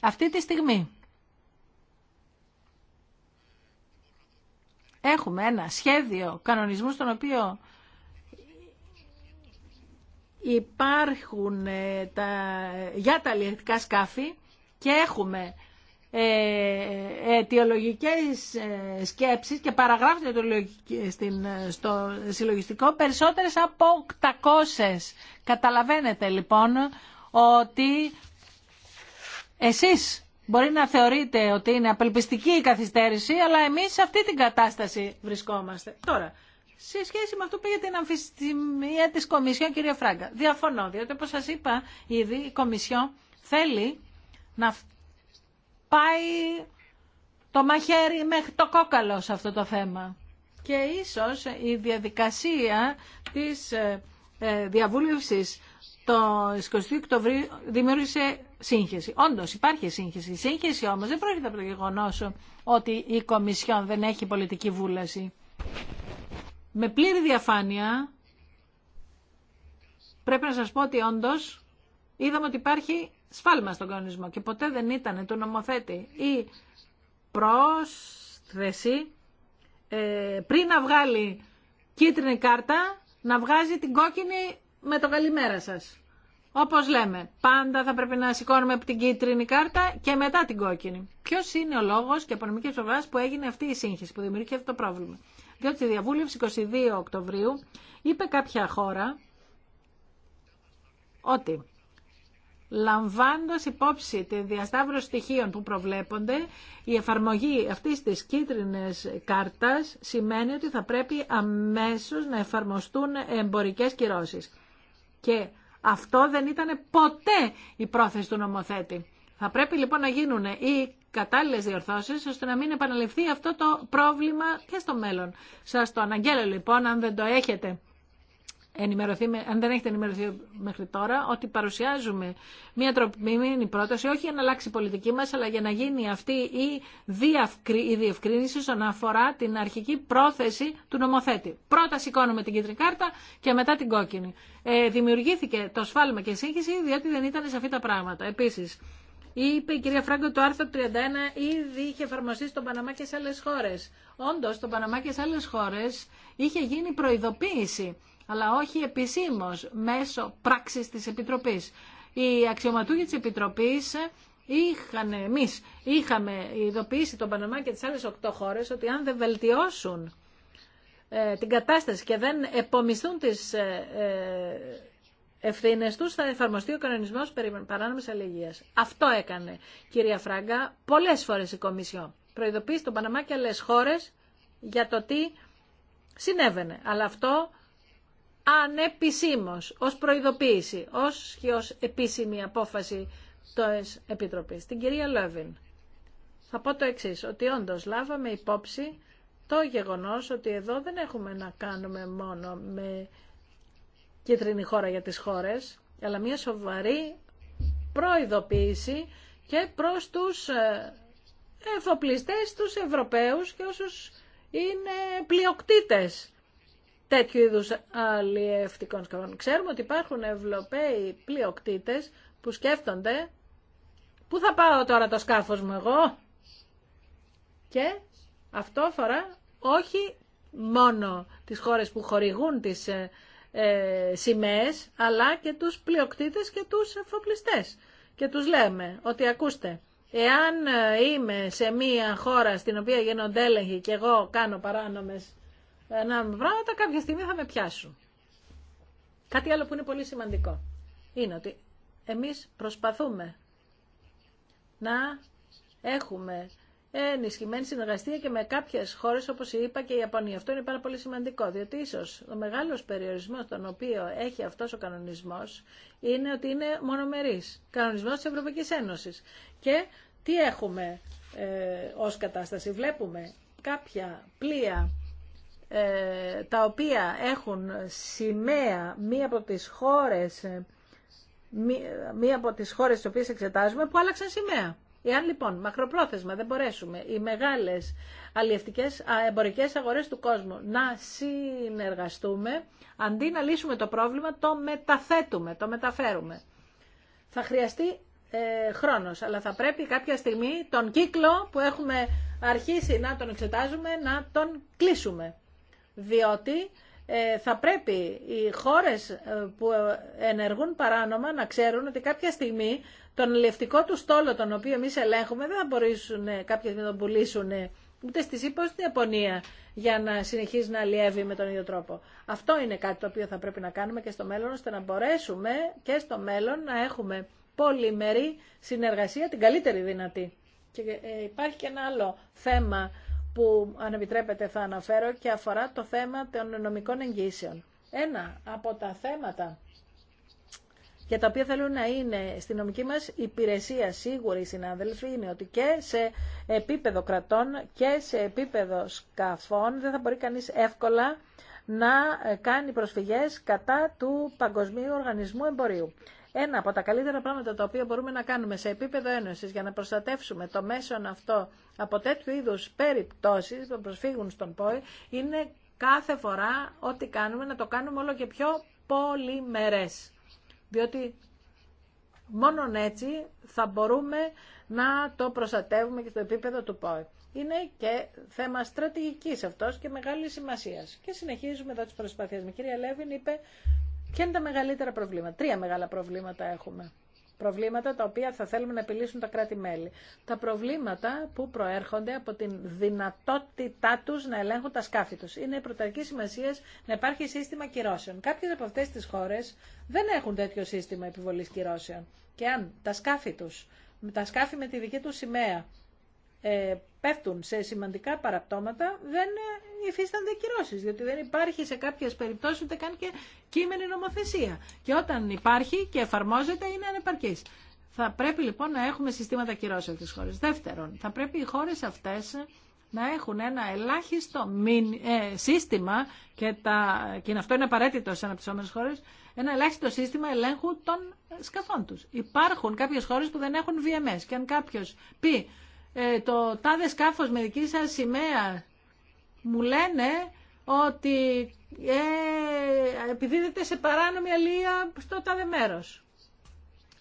Αυτή τη στιγμή έχουμε ένα σχέδιο κανονισμού στον οποίο υπάρχουν ε, τα, για τα αλληλεκτικά σκάφη και έχουμε ε, αιτιολογικές ε, σκέψεις και παραγράφεται ε, στην, στο συλλογιστικό περισσότερες από 800. Καταλαβαίνετε λοιπόν ότι εσείς μπορεί να θεωρείτε ότι είναι απελπιστική η καθυστέρηση, αλλά εμείς σε αυτή την κατάσταση βρισκόμαστε. Τώρα, σε σχέση με αυτό που για την αμφιστημία τη Κομισιόν, κυρία Φράγκα. Διαφωνώ, διότι όπω σα είπα ήδη, η Κομισιόν θέλει να πάει το μαχαίρι μέχρι το κόκαλο σε αυτό το θέμα. Και ίσως η διαδικασία της ε, ε, διαβούλευσης το 22 Οκτωβρίου δημιούργησε σύγχυση. Όντω υπάρχει σύγχυση. Η σύγχυση όμω δεν πρόκειται από το γεγονό ότι η Κομισιόν δεν έχει πολιτική βούλαση με πλήρη διαφάνεια, πρέπει να σας πω ότι όντως είδαμε ότι υπάρχει σφάλμα στον κανονισμό και ποτέ δεν ήταν του νομοθέτη η πρόσθεση ε, πριν να βγάλει κίτρινη κάρτα να βγάζει την κόκκινη με το καλημέρα σας. Όπως λέμε, πάντα θα πρέπει να σηκώνουμε από την κίτρινη κάρτα και μετά την κόκκινη. Ποιος είναι ο λόγος και από νομική που έγινε αυτή η σύγχυση που δημιουργήθηκε αυτό το πρόβλημα διότι στη διαβούλευση 22 Οκτωβρίου είπε κάποια χώρα ότι λαμβάνοντας υπόψη τη διασταύρωση στοιχείων που προβλέπονται, η εφαρμογή αυτής της κίτρινης κάρτας σημαίνει ότι θα πρέπει αμέσως να εφαρμοστούν εμπορικές κυρώσεις. Και αυτό δεν ήταν ποτέ η πρόθεση του νομοθέτη. Θα πρέπει λοιπόν να γίνουν οι κατάλληλε διορθώσει ώστε να μην επαναληφθεί αυτό το πρόβλημα και στο μέλλον. Σα το αναγγέλλω λοιπόν αν δεν το έχετε. Ενημερωθεί, δεν έχετε ενημερωθεί μέχρι τώρα, ότι παρουσιάζουμε μια τροπημένη πρόταση, όχι για να αλλάξει η πολιτική μας, αλλά για να γίνει αυτή η, διευκρίνηση διευκρίνηση όσον αφορά την αρχική πρόθεση του νομοθέτη. Πρώτα σηκώνουμε την κίτρινη κάρτα και μετά την κόκκινη. Ε, δημιουργήθηκε το σφάλμα και σύγχυση διότι δεν ήταν σαφή τα πράγματα. Επίσης, Είπε η κυρία Φράγκο το άρθρο 31 ήδη είχε εφαρμοστεί στον Παναμά και σε άλλες χώρες. Όντω στον Παναμά και σε άλλες χώρες είχε γίνει προειδοποίηση, αλλά όχι επισήμω μέσω πράξη τη Επιτροπής. Οι αξιωματούχοι τη Επιτροπής είχαν, εμείς είχαμε ειδοποιήσει τον Παναμά και τις άλλες 8 χώρες ότι αν δεν βελτιώσουν ε, την κατάσταση και δεν επομισθούν τις ε, ε, ευθύνε του θα εφαρμοστεί ο κανονισμό περί παράνομη Αυτό έκανε, κυρία Φράγκα, πολλέ φορέ η Κομισιό. Προειδοποίησε τον Παναμά και άλλε χώρε για το τι συνέβαινε. Αλλά αυτό ανεπισήμω, ω προειδοποίηση, ω και ω επίσημη απόφαση της Επιτροπής. Την κυρία Λόβιν. Θα πω το εξή, ότι όντω λάβαμε υπόψη το γεγονός ότι εδώ δεν έχουμε να κάνουμε μόνο με κίτρινη χώρα για τις χώρες, αλλά μια σοβαρή προειδοποίηση και προς τους εφοπλιστές, τους Ευρωπαίους και όσους είναι πλειοκτήτες τέτοιου είδους αλλιευτικών σκαφών. Ξέρουμε ότι υπάρχουν Ευρωπαίοι πλειοκτήτες που σκέφτονται «Πού θα πάω τώρα το σκάφος μου εγώ» και αυτό αφορά όχι μόνο τις χώρες που θα παω τωρα το σκαφος μου εγω και αυτο φορα οχι μονο τις ε, ε, αλλά και τους πλειοκτήτες και τους εφοπλιστές. Και τους λέμε ότι ακούστε, εάν ε, είμαι σε μία χώρα στην οποία γίνονται έλεγχοι και εγώ κάνω παράνομες πράγματα, ε, κάποια στιγμή θα με πιάσουν. Κάτι άλλο που είναι πολύ σημαντικό είναι ότι εμείς προσπαθούμε να έχουμε ενισχυμένη συνεργασία και με κάποιες χώρες όπως είπα και η Ιαπωνία. Αυτό είναι πάρα πολύ σημαντικό, διότι ίσως ο μεγάλο περιορισμό τον οποίο έχει αυτός ο κανονισμός είναι ότι είναι μονομερής. Κανονισμός τη ευρωπαϊκή Ένωση. Και τι έχουμε ε, ως κατάσταση. Βλέπουμε κάποια πλοία ε, τα οποία έχουν σημαία μία από τις χώρες ε, μία από τις χώρες τις οποίες εξετάζουμε που άλλαξαν σημαία. Εάν λοιπόν μακροπρόθεσμα δεν μπορέσουμε οι μεγάλες αλλιευτικές εμπορικές αγορές του κόσμου να συνεργαστούμε, αντί να λύσουμε το πρόβλημα το μεταθέτουμε, το μεταφέρουμε. Θα χρειαστεί ε, χρόνος, αλλά θα πρέπει κάποια στιγμή τον κύκλο που έχουμε αρχίσει να τον εξετάζουμε να τον κλείσουμε. Διότι ε, θα πρέπει οι χώρες ε, που ενεργούν παράνομα να ξέρουν ότι κάποια στιγμή τον αλλιευτικό του στόλο, τον οποίο εμεί ελέγχουμε, δεν θα μπορέσουν ε, κάποιοι να τον πουλήσουν ε, ούτε στη ΣΥΠΑ ούτε στην Ιαπωνία για να συνεχίζει να αλλιεύει με τον ίδιο τρόπο. Αυτό είναι κάτι το οποίο θα πρέπει να κάνουμε και στο μέλλον, ώστε να μπορέσουμε και στο μέλλον να έχουμε πολυμερή συνεργασία, την καλύτερη δυνατή. Και ε, υπάρχει και ένα άλλο θέμα που αν επιτρέπετε θα αναφέρω και αφορά το θέμα των νομικών εγγύσεων. Ένα από τα θέματα για τα οποία θέλουν να είναι στην νομική μας υπηρεσία σίγουροι οι συνάδελφοι είναι ότι και σε επίπεδο κρατών και σε επίπεδο σκαφών δεν θα μπορεί κανείς εύκολα να κάνει προσφυγές κατά του Παγκοσμίου Οργανισμού Εμπορίου. Ένα από τα καλύτερα πράγματα τα οποία μπορούμε να κάνουμε σε επίπεδο ένωσης για να προστατεύσουμε το μέσον αυτό από τέτοιου είδους περιπτώσεις που προσφύγουν στον ΠΟΗ είναι κάθε φορά ό,τι κάνουμε να το κάνουμε όλο και πιο πολυμερές διότι μόνον έτσι θα μπορούμε να το προστατεύουμε και στο επίπεδο του ΠΟΕ. Είναι και θέμα στρατηγική αυτό και μεγάλη σημασία. Και συνεχίζουμε εδώ τι προσπάθειες. Η κυρία Λέβιν είπε ποια είναι τα μεγαλύτερα προβλήματα. Τρία μεγάλα προβλήματα έχουμε προβλήματα τα οποία θα θέλουμε να επιλύσουν τα κράτη-μέλη. Τα προβλήματα που προέρχονται από την δυνατότητά τους να ελέγχουν τα σκάφη τους. Είναι πρωταρχική σημασία να υπάρχει σύστημα κυρώσεων. Κάποιες από αυτές τις χώρες δεν έχουν τέτοιο σύστημα επιβολής κυρώσεων. Και αν τα σκάφη τους, τα σκάφη με τη δική τους σημαία ε, πέφτουν σε σημαντικά παραπτώματα δεν ε, υφίστανται κυρώσει. διότι δεν υπάρχει σε κάποιε περιπτώσει ούτε καν και κείμενη νομοθεσία. Και όταν υπάρχει και εφαρμόζεται είναι ανεπαρκής. Θα πρέπει λοιπόν να έχουμε συστήματα κυρώσεων στι χώρε. Δεύτερον, θα πρέπει οι χώρε αυτέ να έχουν ένα ελάχιστο ε, σύστημα και, τα, και αυτό είναι απαραίτητο σε αναπτυσσόμενε χώρε, ένα ελάχιστο σύστημα ελέγχου των σκαφών του. Υπάρχουν κάποιε χώρε που δεν έχουν VMS και αν κάποιο πει ε, το τάδε σκάφος με δική σας σημαία μου λένε ότι ε, επιδίδεται σε παράνομη αλία στο τάδε μέρος.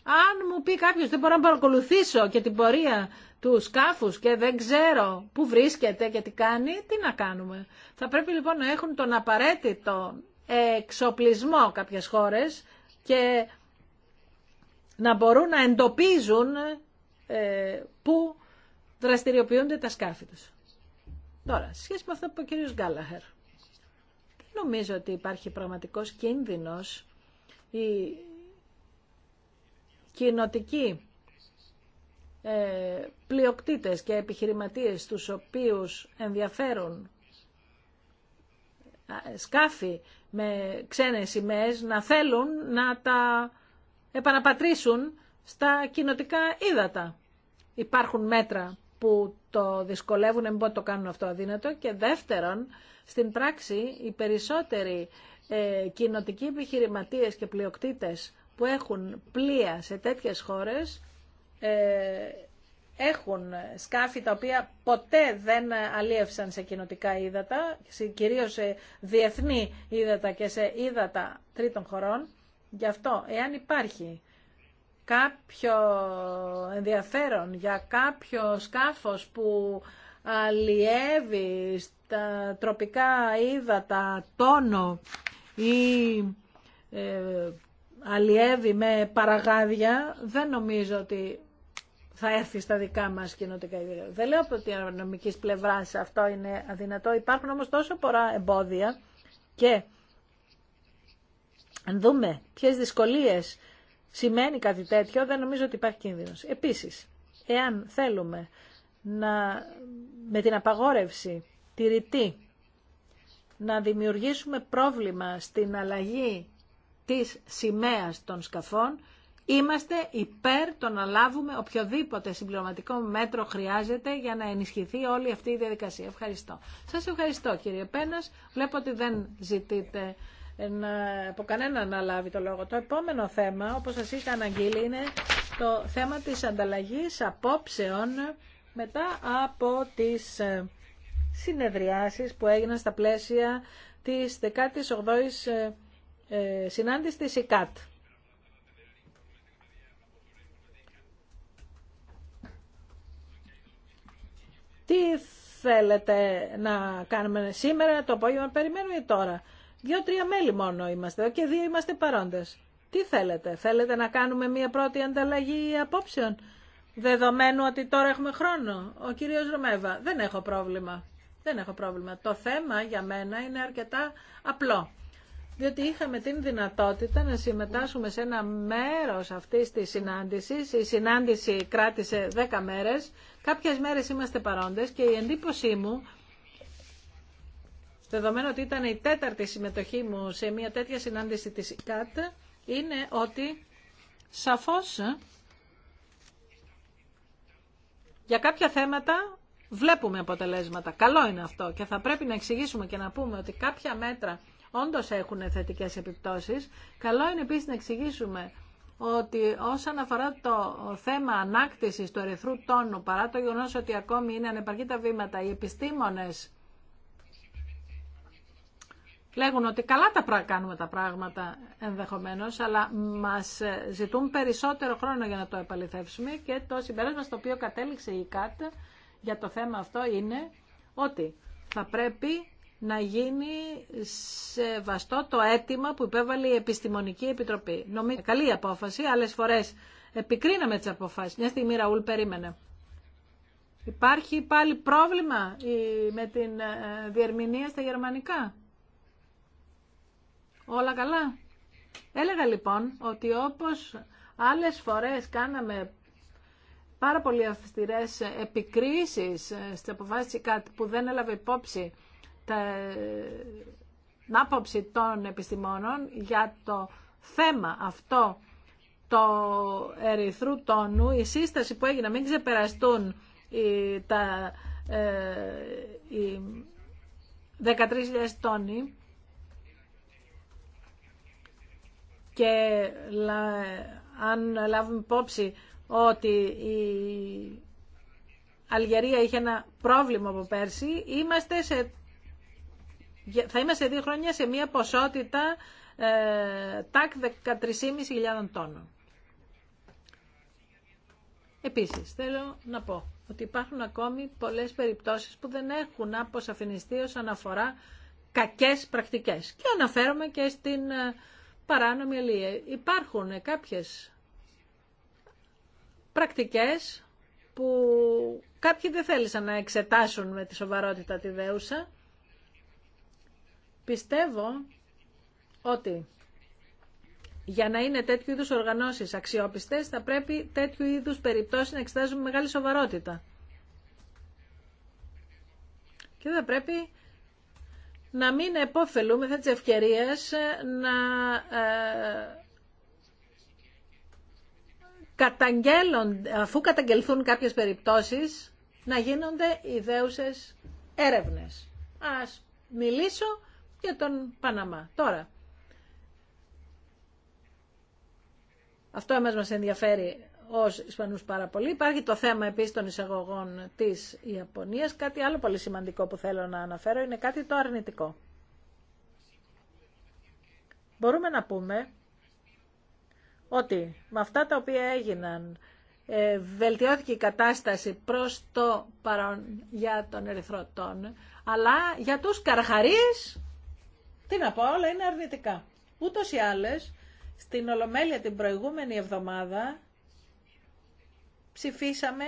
Αν μου πει κάποιος δεν μπορώ να παρακολουθήσω και την πορεία του σκάφους και δεν ξέρω πού βρίσκεται και τι κάνει, τι να κάνουμε. Θα πρέπει λοιπόν να έχουν τον απαραίτητο εξοπλισμό κάποιες χώρες και να μπορούν να εντοπίζουν ε, πού δραστηριοποιούνται τα σκάφη τους. Τώρα, σχέση με αυτό που είπε ο κ. Γκάλαχερ, νομίζω ότι υπάρχει πραγματικός κίνδυνος η κοινοτική ε, πλειοκτήτες και επιχειρηματίες τους οποίους ενδιαφέρουν ε, σκάφη με ξένες σημαίες να θέλουν να τα επαναπατρίσουν στα κοινοτικά ύδατα. Υπάρχουν μέτρα που το δυσκολεύουν, μην το κάνουν αυτό αδύνατο. Και δεύτερον, στην πράξη οι περισσότεροι ε, κοινοτικοί επιχειρηματίες και πλειοκτήτες που έχουν πλοία σε τέτοιες χώρες ε, έχουν σκάφη τα οποία ποτέ δεν αλίευσαν σε κοινοτικά ύδατα, κυρίως σε διεθνή ύδατα και σε ύδατα τρίτων χωρών. Γι' αυτό, εάν υπάρχει κάποιο ενδιαφέρον για κάποιο σκάφος που αλλιεύει στα τροπικά ύδατα τόνο ή ε, αλλιεύει με παραγάδια, δεν νομίζω ότι θα έρθει στα δικά μας κοινωτικά ιδέα. Δεν λέω από την νομικής πλευρά αυτό είναι αδυνατό. Υπάρχουν όμως τόσο πολλά εμπόδια και αν δούμε ποιες δυσκολίες σημαίνει κάτι τέτοιο, δεν νομίζω ότι υπάρχει κίνδυνος. Επίσης, εάν θέλουμε να, με την απαγόρευση τη ρητή, να δημιουργήσουμε πρόβλημα στην αλλαγή της σημαίας των σκαφών, είμαστε υπέρ το να λάβουμε οποιοδήποτε συμπληρωματικό μέτρο χρειάζεται για να ενισχυθεί όλη αυτή η διαδικασία. Ευχαριστώ. Σας ευχαριστώ κύριε Πένας. Βλέπω ότι δεν ζητείτε ε, να, από κανέναν να λάβει το λόγο. Το επόμενο θέμα, όπως σας είχα αναγγείλει, είναι το θέμα της ανταλλαγής απόψεων μετά από τις ε, συνεδριάσεις που έγιναν στα πλαίσια της 18ης ε, συνάντησης της ΙΚΑΤ. Τι θέλετε να κάνουμε σήμερα το απόγευμα, περιμένουμε τώρα. Δύο-τρία μέλη μόνο είμαστε εδώ και δύο είμαστε παρόντες. Τι θέλετε, θέλετε να κάνουμε μία πρώτη ανταλλαγή απόψεων, δεδομένου ότι τώρα έχουμε χρόνο. Ο κύριος Ρωμέβα, δεν έχω πρόβλημα. Δεν έχω πρόβλημα. Το θέμα για μένα είναι αρκετά απλό. Διότι είχαμε την δυνατότητα να συμμετάσχουμε σε ένα μέρος αυτής της συνάντησης. Η συνάντηση κράτησε δέκα μέρες. Κάποιες μέρες είμαστε παρόντες και η εντύπωσή μου δεδομένου ότι ήταν η τέταρτη συμμετοχή μου σε μια τέτοια συνάντηση της ΙΚΑΤ, είναι ότι σαφώς ε, για κάποια θέματα βλέπουμε αποτελέσματα. Καλό είναι αυτό και θα πρέπει να εξηγήσουμε και να πούμε ότι κάποια μέτρα όντως έχουν θετικές επιπτώσεις. Καλό είναι επίσης να εξηγήσουμε ότι όσον αφορά το θέμα ανάκτησης του ερυθρού τόνου, παρά το γεγονός ότι ακόμη είναι ανεπαρκή τα βήματα, οι επιστήμονες λέγουν ότι καλά τα κάνουμε τα πράγματα ενδεχομένως, αλλά μας ζητούν περισσότερο χρόνο για να το επαληθεύσουμε και το συμπέρασμα στο οποίο κατέληξε η ΚΑΤ για το θέμα αυτό είναι ότι θα πρέπει να γίνει σεβαστό το αίτημα που υπέβαλε η Επιστημονική Επιτροπή. Νομίζω καλή απόφαση, άλλες φορές επικρίναμε τις αποφάσεις. Μια στιγμή Ραούλ περίμενε. Υπάρχει πάλι πρόβλημα ε, με την ε, διερμηνία στα γερμανικά. Όλα καλά. Έλεγα λοιπόν ότι όπως άλλες φορές κάναμε πάρα πολύ αυστηρές επικρίσεις ε, στην αποφάση κάτι που δεν έλαβε υπόψη τα, ε, την άποψη των επιστημόνων για το θέμα αυτό το ερυθρού τόνου, η σύσταση που έγινε να μην ξεπεραστούν τα, ε, οι 13.000 τόνοι, και αν λάβουμε υπόψη ότι η Αλγερία είχε ένα πρόβλημα από πέρσι, είμαστε σε... θα είμαστε δύο χρόνια σε μια ποσότητα ε, τάκ 13.500 τόνων. Επίσης, θέλω να πω ότι υπάρχουν ακόμη πολλές περιπτώσεις που δεν έχουν αποσαφινιστεί όσον αφορά κακές πρακτικές. Και αναφέρομαι και στην ε, παράνομη αλληλεία. Υπάρχουν κάποιες πρακτικές που κάποιοι δεν θέλησαν να εξετάσουν με τη σοβαρότητα τη δέουσα. Πιστεύω ότι για να είναι τέτοιου είδους οργανώσεις αξιόπιστες θα πρέπει τέτοιου είδους περιπτώσεις να εξετάζουν μεγάλη σοβαρότητα. Και θα πρέπει να μην επωφελούμεθα τις ευκαιρίες ε, να ε, καταγγέλλονται, αφού καταγγελθούν κάποιες περιπτώσεις, να γίνονται ιδέουσες έρευνες. Ας μιλήσω για τον Παναμά. Τώρα, αυτό εμάς μας ενδιαφέρει ως Ισπανούς πάρα πολύ. Υπάρχει το θέμα επίση των εισαγωγών τη Ιαπωνία, Κάτι άλλο πολύ σημαντικό που θέλω να αναφέρω είναι κάτι το αρνητικό. Μπορούμε να πούμε ότι με αυτά τα οποία έγιναν ε, βελτιώθηκε η κατάσταση προς το παρόν για τον ερυθρότων, αλλά για τους καρχαρίες, τι να πω, όλα είναι αρνητικά. Ούτως ή άλλες, στην Ολομέλεια την προηγούμενη εβδομάδα ψηφίσαμε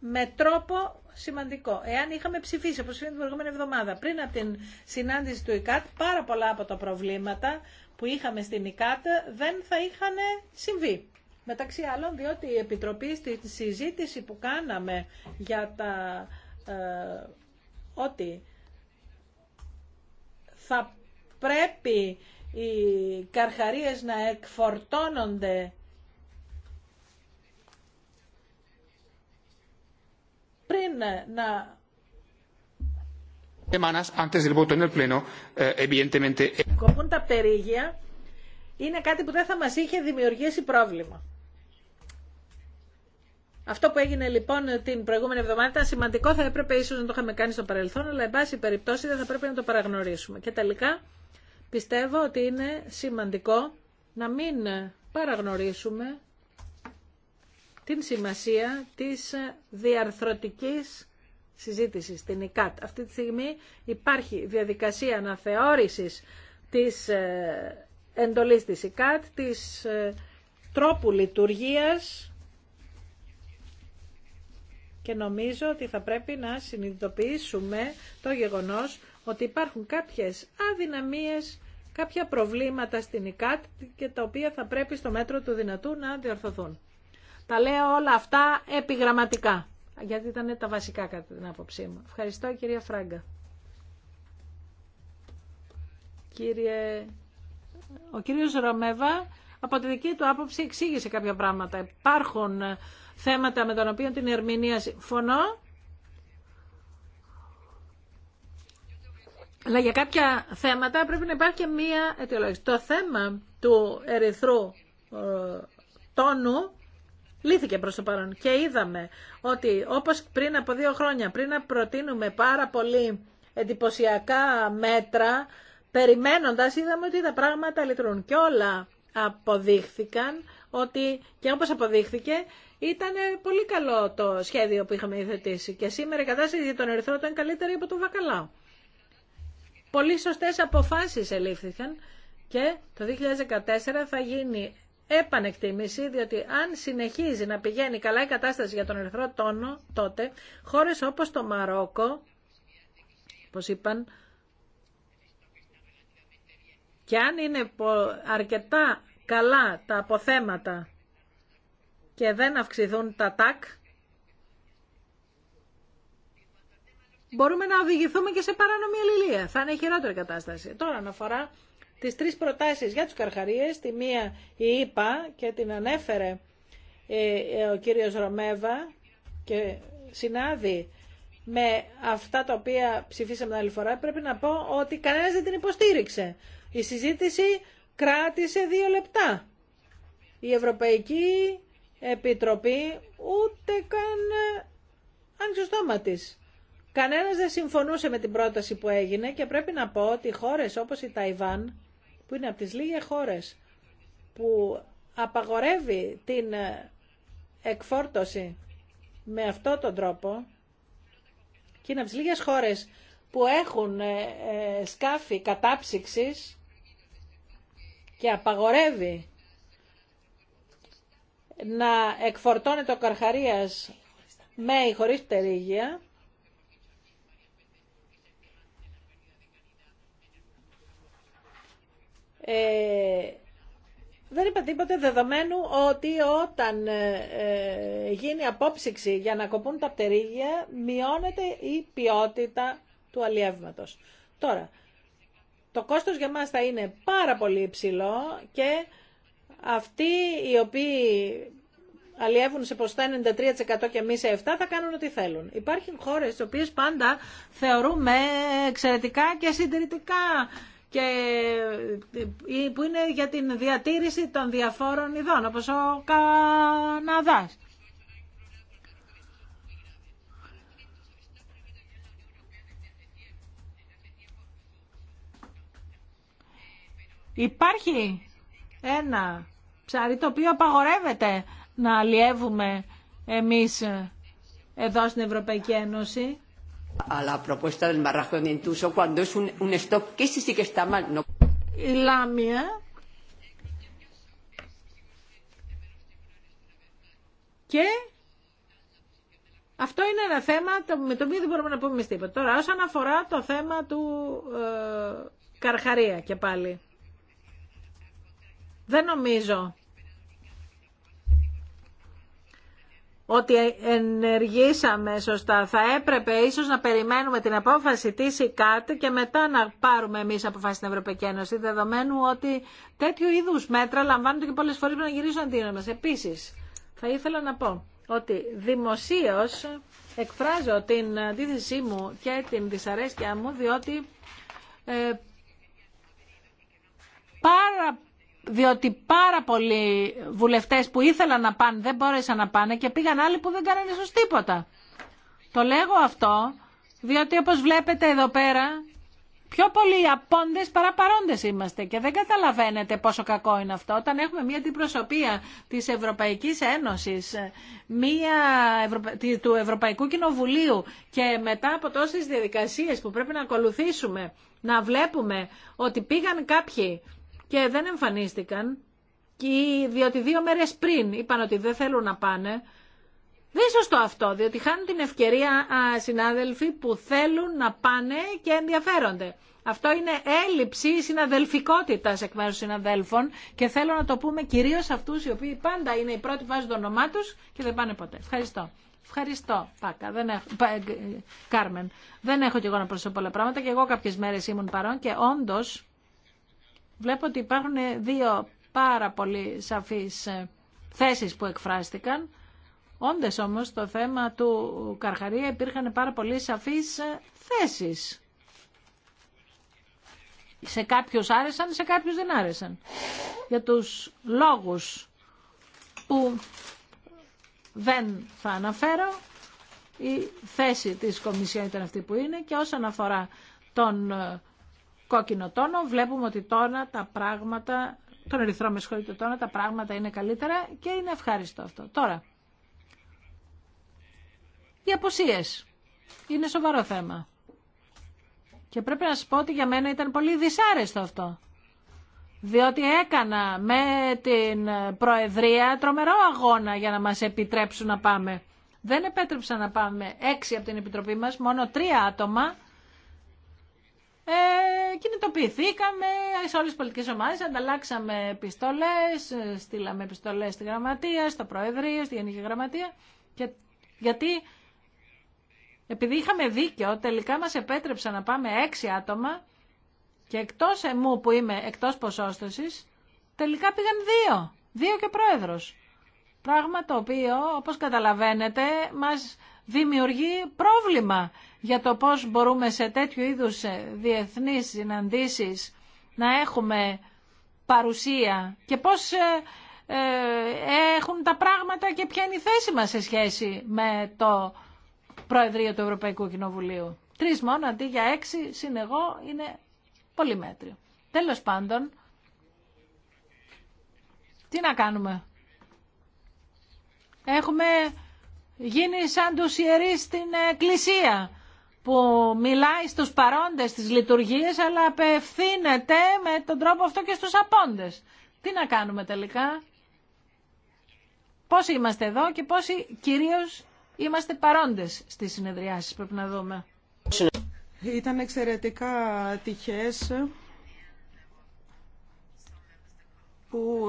με τρόπο σημαντικό. Εάν είχαμε ψηφίσει, όπως είναι την προηγούμενη εβδομάδα, πριν από την συνάντηση του ΙΚΑΤ, πάρα πολλά από τα προβλήματα που είχαμε στην ΙΚΑΤ δεν θα είχαν συμβεί. Μεταξύ άλλων, διότι η Επιτροπή στη συζήτηση που κάναμε για τα ε, ότι θα πρέπει οι καρχαρίες να εκφορτώνονται πριν ε, να semanas antes del voto en el Pleno, eh, evidentemente. τα περίγεια είναι κάτι που δεν θα μας είχε δημιουργήσει πρόβλημα. Αυτό που έγινε λοιπόν την προηγούμενη εβδομάδα ήταν σημαντικό, θα έπρεπε ίσως να το είχαμε κάνει στο παρελθόν, αλλά εν πάση περιπτώσει δεν θα πρέπει να το παραγνωρίσουμε. Και τελικά πιστεύω ότι είναι σημαντικό να μην παραγνωρίσουμε την σημασία της διαρθρωτικής συζήτησης, στην ΕΚΑΤ. Αυτή τη στιγμή υπάρχει διαδικασία αναθεώρησης της ε, εντολής της ΕΚΑΤ, της ε, τρόπου λειτουργίας και νομίζω ότι θα πρέπει να συνειδητοποιήσουμε το γεγονός ότι υπάρχουν κάποιες αδυναμίες, κάποια προβλήματα στην ΕΚΑΤ και τα οποία θα πρέπει στο μέτρο του δυνατού να διορθωθούν. Τα λέω όλα αυτά επιγραμματικά, γιατί ήταν τα βασικά κατά την άποψή μου. Ευχαριστώ κυρία Φράγκα. Κύριε... Ο κύριος Ρωμέβα από τη δική του άποψη εξήγησε κάποια πράγματα. Υπάρχουν ε, θέματα με τον οποίο την ερμηνεία συμφωνώ. Αλλά για κάποια θέματα πρέπει να υπάρχει και μία αιτιολόγηση. Το θέμα του ερυθρού ε, τόνου λύθηκε προς το παρόν. Και είδαμε ότι όπως πριν από δύο χρόνια, πριν να προτείνουμε πάρα πολύ εντυπωσιακά μέτρα, περιμένοντας είδαμε ότι τα πράγματα λειτουργούν και όλα αποδείχθηκαν ότι και όπως αποδείχθηκε ήταν πολύ καλό το σχέδιο που είχαμε υιοθετήσει και σήμερα η κατάσταση για τον ερυθρό ήταν καλύτερη από τον Βακαλάο. Πολύ σωστές αποφάσεις ελήφθηκαν και το 2014 θα γίνει επανεκτίμηση, διότι αν συνεχίζει να πηγαίνει καλά η κατάσταση για τον ερυθρό τόνο, τότε χώρες όπως το Μαρόκο, όπως είπαν, και αν είναι αρκετά καλά τα αποθέματα και δεν αυξηθούν τα τάκ, μπορούμε να οδηγηθούμε και σε παρανομή Θα είναι χειρότερη κατάσταση. Τώρα αναφορά τις τρεις προτάσεις για τους καρχαρίες, τη μία η ΕΠΑ και την ανέφερε ε, ε, ο κύριος Ρωμέβα και συνάδει με αυτά τα οποία ψηφίσαμε την άλλη φορά, πρέπει να πω ότι κανένας δεν την υποστήριξε. Η συζήτηση κράτησε δύο λεπτά. Η Ευρωπαϊκή Επιτροπή ούτε καν ε, άνοιξε στόμα της. Κανένας δεν συμφωνούσε με την πρόταση που έγινε και πρέπει να πω ότι χώρες όπως η Ταϊβάν που είναι από τις λίγες χώρες που απαγορεύει την ε, εκφόρτωση με αυτό τον τρόπο και είναι από τις λίγες χώρες που έχουν ε, ε, σκάφη κατάψυξης και απαγορεύει να εκφορτώνεται ο Καρχαρίας με ή χωρίς πτερήγια, Ε, δεν είπα τίποτε δεδομένου ότι όταν ε, ε, γίνει απόψυξη για να κοπούν τα πτερίγια μειώνεται η ποιότητα του αλλιεύματος. Τώρα, το κόστος για μας θα είναι πάρα πολύ υψηλό και αυτοί οι οποίοι αλλιεύουν σε ποστά 93% και εμεί σε 7% θα κάνουν ό,τι θέλουν. Υπάρχουν χώρες τις οποίες πάντα θεωρούμε εξαιρετικά και συντηρητικά και ε, ε, που είναι για την διατήρηση των διαφόρων ειδών, όπως ο Καναδάς. Υπάρχει ένα ψάρι το οποίο απαγορεύεται να αλλιεύουμε εμείς εδώ στην Ευρωπαϊκή Ένωση η Λάμια και αυτό είναι ένα θέμα με το οποίο δεν μπορούμε να πούμε τίποτα. Τώρα, όσον αφορά το θέμα του ε, Καρχαρία και πάλι. Δεν νομίζω ότι ενεργήσαμε σωστά. Θα έπρεπε ίσως να περιμένουμε την απόφαση της ΙΚΑΤ και μετά να πάρουμε εμείς αποφάση στην Ευρωπαϊκή Ένωση, δεδομένου ότι τέτοιου είδους μέτρα λαμβάνονται και πολλές φορές πρέπει να γυρίσουν αντίον μας. Επίσης, θα ήθελα να πω ότι δημοσίως εκφράζω την αντίθεσή μου και την δυσαρέσκεια μου, διότι ε, πάρα διότι πάρα πολλοί βουλευτές που ήθελαν να πάνε δεν μπόρεσαν να πάνε και πήγαν άλλοι που δεν κάνανε ίσως τίποτα. Το λέγω αυτό διότι όπως βλέπετε εδώ πέρα πιο πολλοί απόντες παρά παρόντες είμαστε και δεν καταλαβαίνετε πόσο κακό είναι αυτό όταν έχουμε μια την προσωπία της Ευρωπαϊκής Ένωσης, μια του Ευρωπαϊκού Κοινοβουλίου και μετά από τόσες διαδικασίες που πρέπει να ακολουθήσουμε να βλέπουμε ότι πήγαν κάποιοι και δεν εμφανίστηκαν και διότι δύο μέρες πριν είπαν ότι δεν θέλουν να πάνε. Δεν είναι σωστό αυτό, διότι χάνουν την ευκαιρία συνάδελφοι που θέλουν να πάνε και ενδιαφέρονται. Αυτό είναι έλλειψη συναδελφικότητα εκ μέρου συναδέλφων και θέλω να το πούμε κυρίω αυτού οι οποίοι πάντα είναι οι πρώτοι που βάζουν το όνομά του και δεν πάνε ποτέ. Ευχαριστώ. Ευχαριστώ, Πάκα. Δεν έχω... Πα... Κάρμεν. Δεν έχω κι εγώ να προσθέσω πολλά πράγματα και εγώ κάποιε μέρε ήμουν παρόν και όντω Βλέπω ότι υπάρχουν δύο πάρα πολύ σαφείς ε, θέσεις που εκφράστηκαν. Όντες όμως το θέμα του Καρχαρία υπήρχαν πάρα πολύ σαφείς ε, θέσεις. Σε κάποιους άρεσαν, σε κάποιους δεν άρεσαν. Για τους λόγους που δεν θα αναφέρω, η θέση της Κομισιόν ήταν αυτή που είναι και όσον αφορά τον ε, κόκκινο τόνο. Βλέπουμε ότι τώρα τα πράγματα, τον ερυθρό με συγχωρείτε τα πράγματα είναι καλύτερα και είναι ευχάριστο αυτό. Τώρα, οι αποσίες είναι σοβαρό θέμα. Και πρέπει να σας πω ότι για μένα ήταν πολύ δυσάρεστο αυτό. Διότι έκανα με την Προεδρία τρομερό αγώνα για να μας επιτρέψουν να πάμε. Δεν επέτρεψαν να πάμε έξι από την Επιτροπή μας, μόνο τρία άτομα. Ε, κινητοποιηθήκαμε σε όλες τις πολιτικές ομάδες, ανταλλάξαμε επιστολές, ε, στείλαμε επιστολές στη γραμματεία, στο Προεδρείο, στη Γενική Γραμματεία. γιατί επειδή είχαμε δίκιο, τελικά μας επέτρεψαν να πάμε έξι άτομα και εκτός εμού που είμαι εκτός ποσόστοσης, τελικά πήγαν δύο. Δύο και πρόεδρος. Πράγμα το οποίο, όπως καταλαβαίνετε, μας δημιουργεί πρόβλημα για το πώς μπορούμε σε τέτοιου είδους ε, διεθνείς συναντήσεις να έχουμε παρουσία και πώς ε, ε, έχουν τα πράγματα και ποια είναι η θέση μας σε σχέση με το Προεδρείο του Ευρωπαϊκού Κοινοβουλίου. Τρεις μόνο αντί για έξι συνεγώ είναι πολύ μέτριο. Τέλος πάντων, τι να κάνουμε. Έχουμε γίνει σαν τους ιερείς στην εκκλησία που μιλάει στους παρόντες της λειτουργίας αλλά απευθύνεται με τον τρόπο αυτό και στους απόντες. Τι να κάνουμε τελικά. Πόσοι είμαστε εδώ και πόσοι κυρίως είμαστε παρόντες στις συνεδριάσεις πρέπει να δούμε. Ήταν εξαιρετικά τυχές που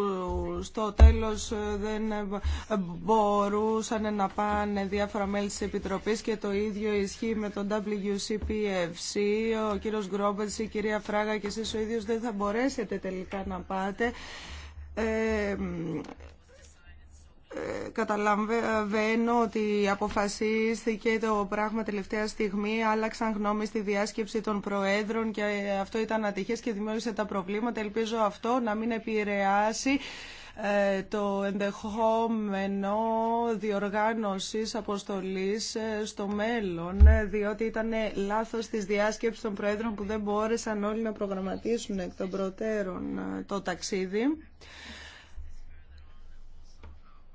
στο τέλος ε, δεν ε, ε, μπορούσαν να πάνε διάφορα μέλη της Επιτροπής και το ίδιο ισχύει με τον WCPFC. Ο κύριος Γκρόμπετς, η κυρία Φράγα και εσείς ο ίδιος δεν θα μπορέσετε τελικά να πάτε καταλαβαίνω ότι αποφασίστηκε το πράγμα τελευταία στιγμή, άλλαξαν γνώμη στη διάσκεψη των προέδρων και αυτό ήταν ατυχές και δημιούργησε τα προβλήματα. Ελπίζω αυτό να μην επηρεάσει ε, το ενδεχόμενο διοργάνωσης αποστολής ε, στο μέλλον, ε, διότι ήταν λάθος της διάσκεψης των Προέδρων που δεν μπόρεσαν όλοι να προγραμματίσουν εκ των προτέρων το ταξίδι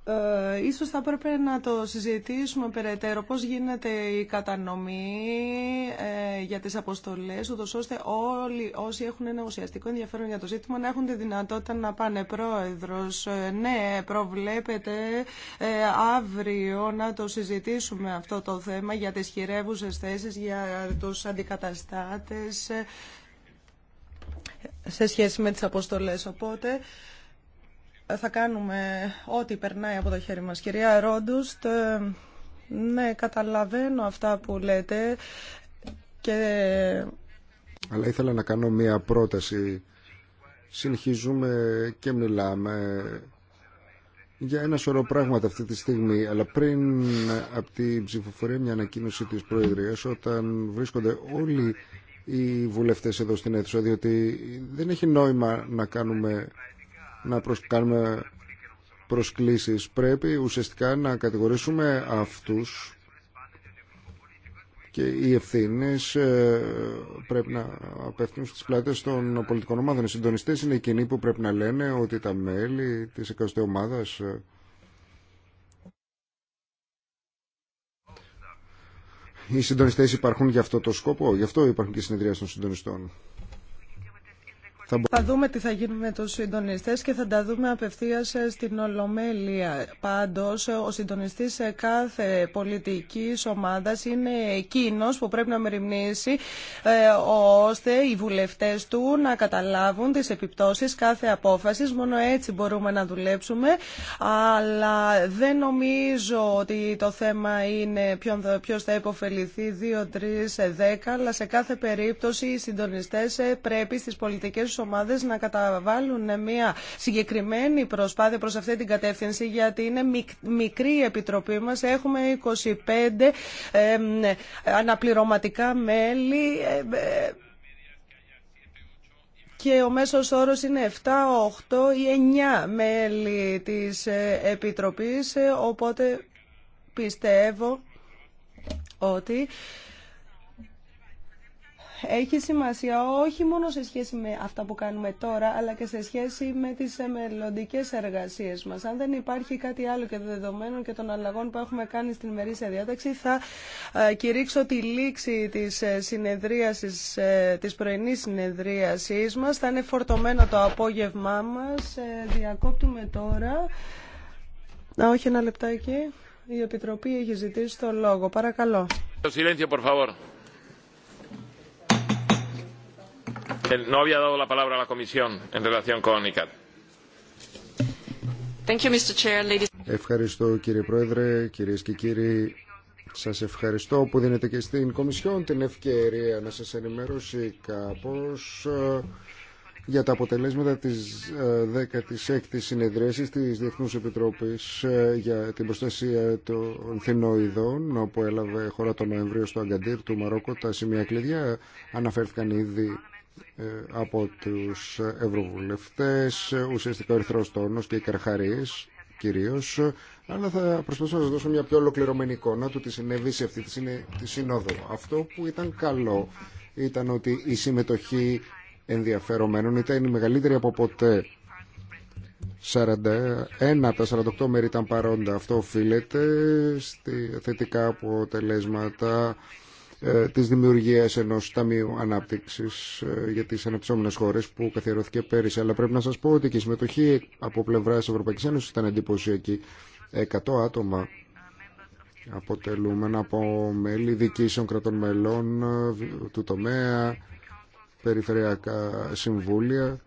ε, ίσως θα έπρεπε να το συζητήσουμε περαιτέρω πώς γίνεται η κατανομή ε, για τις αποστολές ούτως ώστε όλοι όσοι έχουν ένα ουσιαστικό ενδιαφέρον για το ζήτημα να έχουν τη δυνατότητα να πάνε πρόεδρος. Ε, ναι, προβλέπετε αύριο να το συζητήσουμε αυτό το θέμα για τις χειρεύουσες θέσεις, για τους αντικαταστάτες ε, σε σχέση με τις αποστολές. Οπότε θα κάνουμε ό,τι περνάει από το χέρι μας. Κυρία Ρόντουστ, ε, ναι, καταλαβαίνω αυτά που λέτε και... Αλλά ήθελα να κάνω μία πρόταση. Συνεχίζουμε και μιλάμε για ένα σωρό πράγματα αυτή τη στιγμή, αλλά πριν από την ψηφοφορία μια ανακοίνωση της Προεδρίας, όταν βρίσκονται όλοι οι βουλευτές εδώ στην αίθουσα, διότι δεν έχει νόημα να κάνουμε να κάνουμε προσκλήσεις. Πρέπει ουσιαστικά να κατηγορήσουμε αυτούς και οι ευθύνε ε, πρέπει να απευθύνουν στις πλάτες των πολιτικών ομάδων. Οι συντονιστές είναι εκείνοι που πρέπει να λένε ότι τα μέλη της εκαστή ομάδας ε, Οι συντονιστές υπάρχουν για αυτό το σκοπό, γι' αυτό υπάρχουν και συνεδρία των συντονιστών. Θα δούμε τι θα γίνει με τους συντονιστές και θα τα δούμε απευθείας ε, στην Ολομέλεια. Πάντως, ε, ο συντονιστής σε κάθε πολιτική ομάδα είναι εκείνος που πρέπει να μεριμνήσει ε, ώστε οι βουλευτές του να καταλάβουν τις επιπτώσεις κάθε απόφασης. Μόνο έτσι μπορούμε να δουλέψουμε. Αλλά δεν νομίζω ότι το θέμα είναι ποιος θα υποφεληθεί 2, 3, 10. Αλλά σε κάθε περίπτωση οι συντονιστές πρέπει στις πολιτικές πολιτικές ομάδες να καταβάλουν μια συγκεκριμένη προσπάθεια προς αυτή την κατεύθυνση γιατί είναι μικρή η Επιτροπή μας. Έχουμε 25 αναπληρωματικά μέλη ε, και ο μέσος όρος είναι 7, 8 ή 9 μέλη της ε, Επιτροπής, ε, οπότε πιστεύω ότι έχει σημασία όχι μόνο σε σχέση με αυτά που κάνουμε τώρα, αλλά και σε σχέση με τις μελλοντικέ εργασίε μας. Αν δεν υπάρχει κάτι άλλο και δεδομένων και των αλλαγών που έχουμε κάνει στην μερίσια διάταξη, θα ε, κηρύξω τη λήξη της, ε, συνεδρίασης, ε, της πρωινής συνεδρίασής μας. Θα είναι φορτωμένο το απόγευμά μας. Διακόπτουμε τώρα. Να όχι ένα λεπτάκι. Η Επιτροπή έχει ζητήσει το λόγο. Παρακαλώ. Silencio, por favor. Eh, no había dado la palabra a la Comisión en relación con ευχαριστώ κύριε Πρόεδρε, κυρίες και κύριοι. Σας ευχαριστώ που δίνετε και στην Κομισιόν την ευκαιρία να σας ενημερώσει κάπως ε, για τα αποτελέσματα της 16ης ε, συνεδρίασης της Διεθνούς Επιτρόπης ε, για την προστασία των θηνοειδών που έλαβε χώρα τον Νοεμβρίο στο Αγκαντήρ του Μαρόκο. Τα σημεία κλειδιά αναφέρθηκαν ήδη ε, από τους ευρωβουλευτές, ουσιαστικά ο ερυθρό Τόνος και οι Καρχαρίες κυρίως, αλλά θα προσπαθήσω να σας δώσω μια πιο ολοκληρωμένη εικόνα του τι συνέβη σε αυτή τη σύνοδο. Αυτό που ήταν καλό ήταν ότι η συμμετοχή ενδιαφερομένων ήταν η μεγαλύτερη από ποτέ. 41 από τα 48 μέρη ήταν παρόντα. Αυτό οφείλεται στη θετικά αποτελέσματα ε, της δημιουργίας ενός Ταμείου Ανάπτυξης ε, για τις αναπτυσσόμενες χώρες που καθιερώθηκε πέρυσι. Αλλά πρέπει να σας πω ότι και η συμμετοχή από πλευράς Ευρωπαϊκής Ένωσης ήταν εντυπωσιακή. 100 άτομα αποτελούμενα από μέλη διοικήσεων κρατών μελών ε, του τομέα, περιφερειακά συμβούλια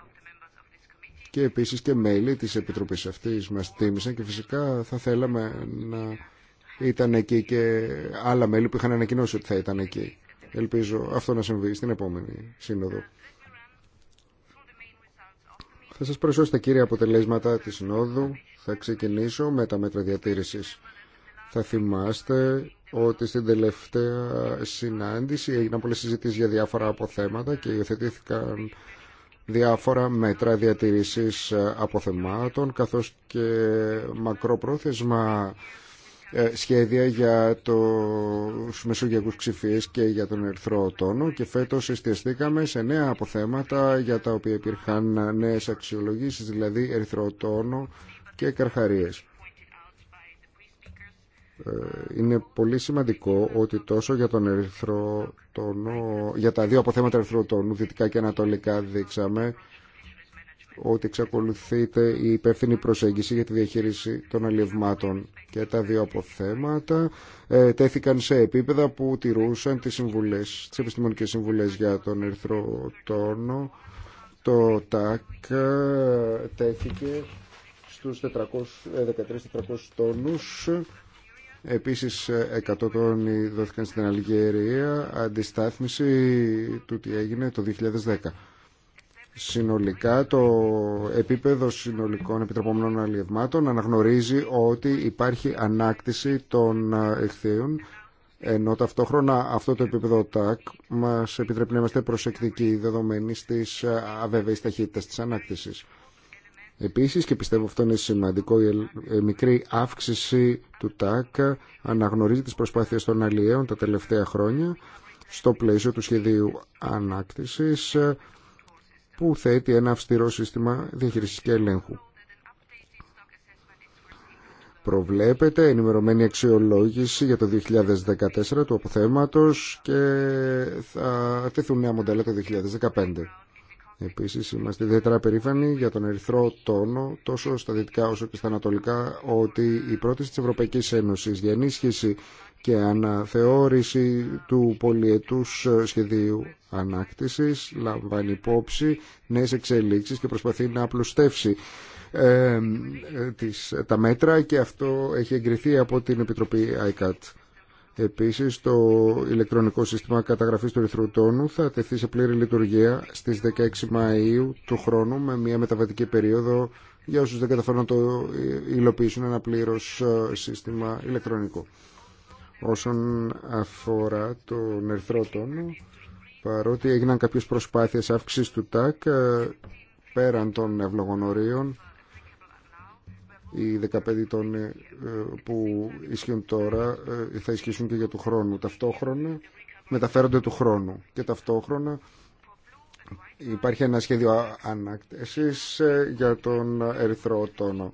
και επίσης και μέλη της Επιτροπής αυτής μας τίμησαν και φυσικά θα θέλαμε να ήταν εκεί και άλλα μέλη που είχαν ανακοινώσει ότι θα ήταν εκεί. Ελπίζω αυτό να συμβεί στην επόμενη σύνοδο. Θα σας προσώσω τα κύρια αποτελέσματα της συνόδου. Θα ξεκινήσω με τα μέτρα διατήρησης. Θα θυμάστε ότι στην τελευταία συνάντηση έγιναν πολλές συζητήσεις για διάφορα αποθέματα και υιοθετήθηκαν διάφορα μέτρα διατήρησης αποθεμάτων καθώς και μακροπρόθεσμα ε, σχέδια για τους μεσογειακούς ψηφίες και για τον ερθρό τόνο και φέτος εστιαστήκαμε σε νέα αποθέματα για τα οποία υπήρχαν νέες αξιολογήσεις, δηλαδή ερθρό τόνο και καρχαρίες. Ε, είναι πολύ σημαντικό ότι τόσο για, τον ερυθροτονό, για τα δύο αποθέματα τόνου, δυτικά και ανατολικά, δείξαμε ότι εξακολουθείται η υπεύθυνη προσέγγιση για τη διαχείριση των αλλιευμάτων. Και τα δύο αποθέματα ε, τέθηκαν σε επίπεδα που τηρούσαν τις, συμβουλές, τις επιστημονικές συμβουλές για τον ερθρό τόνο. Το ΤΑΚ ε, τέθηκε στους 13.400 ε, τόνους. Επίσης 100 ε, τόνοι δόθηκαν στην Αλγερία, αντιστάθμιση του τι έγινε το 2010. Συνολικά το επίπεδο συνολικών επιτροπόμενων αλλιευμάτων αναγνωρίζει ότι υπάρχει ανάκτηση των εχθείων ενώ ταυτόχρονα αυτό το επίπεδο ΤΑΚ μας επιτρέπει να είμαστε προσεκτικοί δεδομένοι στις ε, αβεβαίες ταχύτητες της ανάκτησης. Επίσης και πιστεύω αυτό είναι σημαντικό, η ε, μικρή αύξηση του ΤΑΚ αναγνωρίζει τις προσπάθειες των αλλιέων τα τελευταία χρόνια στο πλαίσιο του σχεδίου ανάκτησης που θέτει ένα αυστηρό σύστημα διαχείρισης και ελέγχου. Προβλέπεται ενημερωμένη αξιολόγηση για το 2014 του αποθέματος και θα τεθούν νέα μοντέλα το 2015. Επίσης είμαστε ιδιαίτερα περήφανοι για τον ερυθρό τόνο τόσο στα δυτικά όσο και στα ανατολικά ότι η πρόταση της Ευρωπαϊκής Ένωσης για ενίσχυση και αναθεώρηση του πολιετούς σχεδίου ανάκτησης λαμβάνει υπόψη νέες εξελίξεις και προσπαθεί να απλουστεύσει ε, ε, τα μέτρα και αυτό έχει εγκριθεί από την Επιτροπή ICAT. Επίσης, το ηλεκτρονικό σύστημα καταγραφής του ρηθρού τόνου θα τεθεί σε πλήρη λειτουργία στις 16 Μαΐου του χρόνου με μια μεταβατική περίοδο για όσους δεν καταφέρουν να το υλοποιήσουν ένα πλήρως ε, σύστημα ηλεκτρονικό όσον αφορά τον ερθρό τόνο. Παρότι έγιναν κάποιες προσπάθειες αύξησης του ΤΑΚ ε, πέραν των ευλογονορίων, οι 15 τόνοι ε, που ισχύουν τώρα ε, θα ισχύσουν και για του χρόνου. Ταυτόχρονα μεταφέρονται του χρόνου και ταυτόχρονα υπάρχει ένα σχέδιο ανάκτησης για τον ερυθρό τόνο.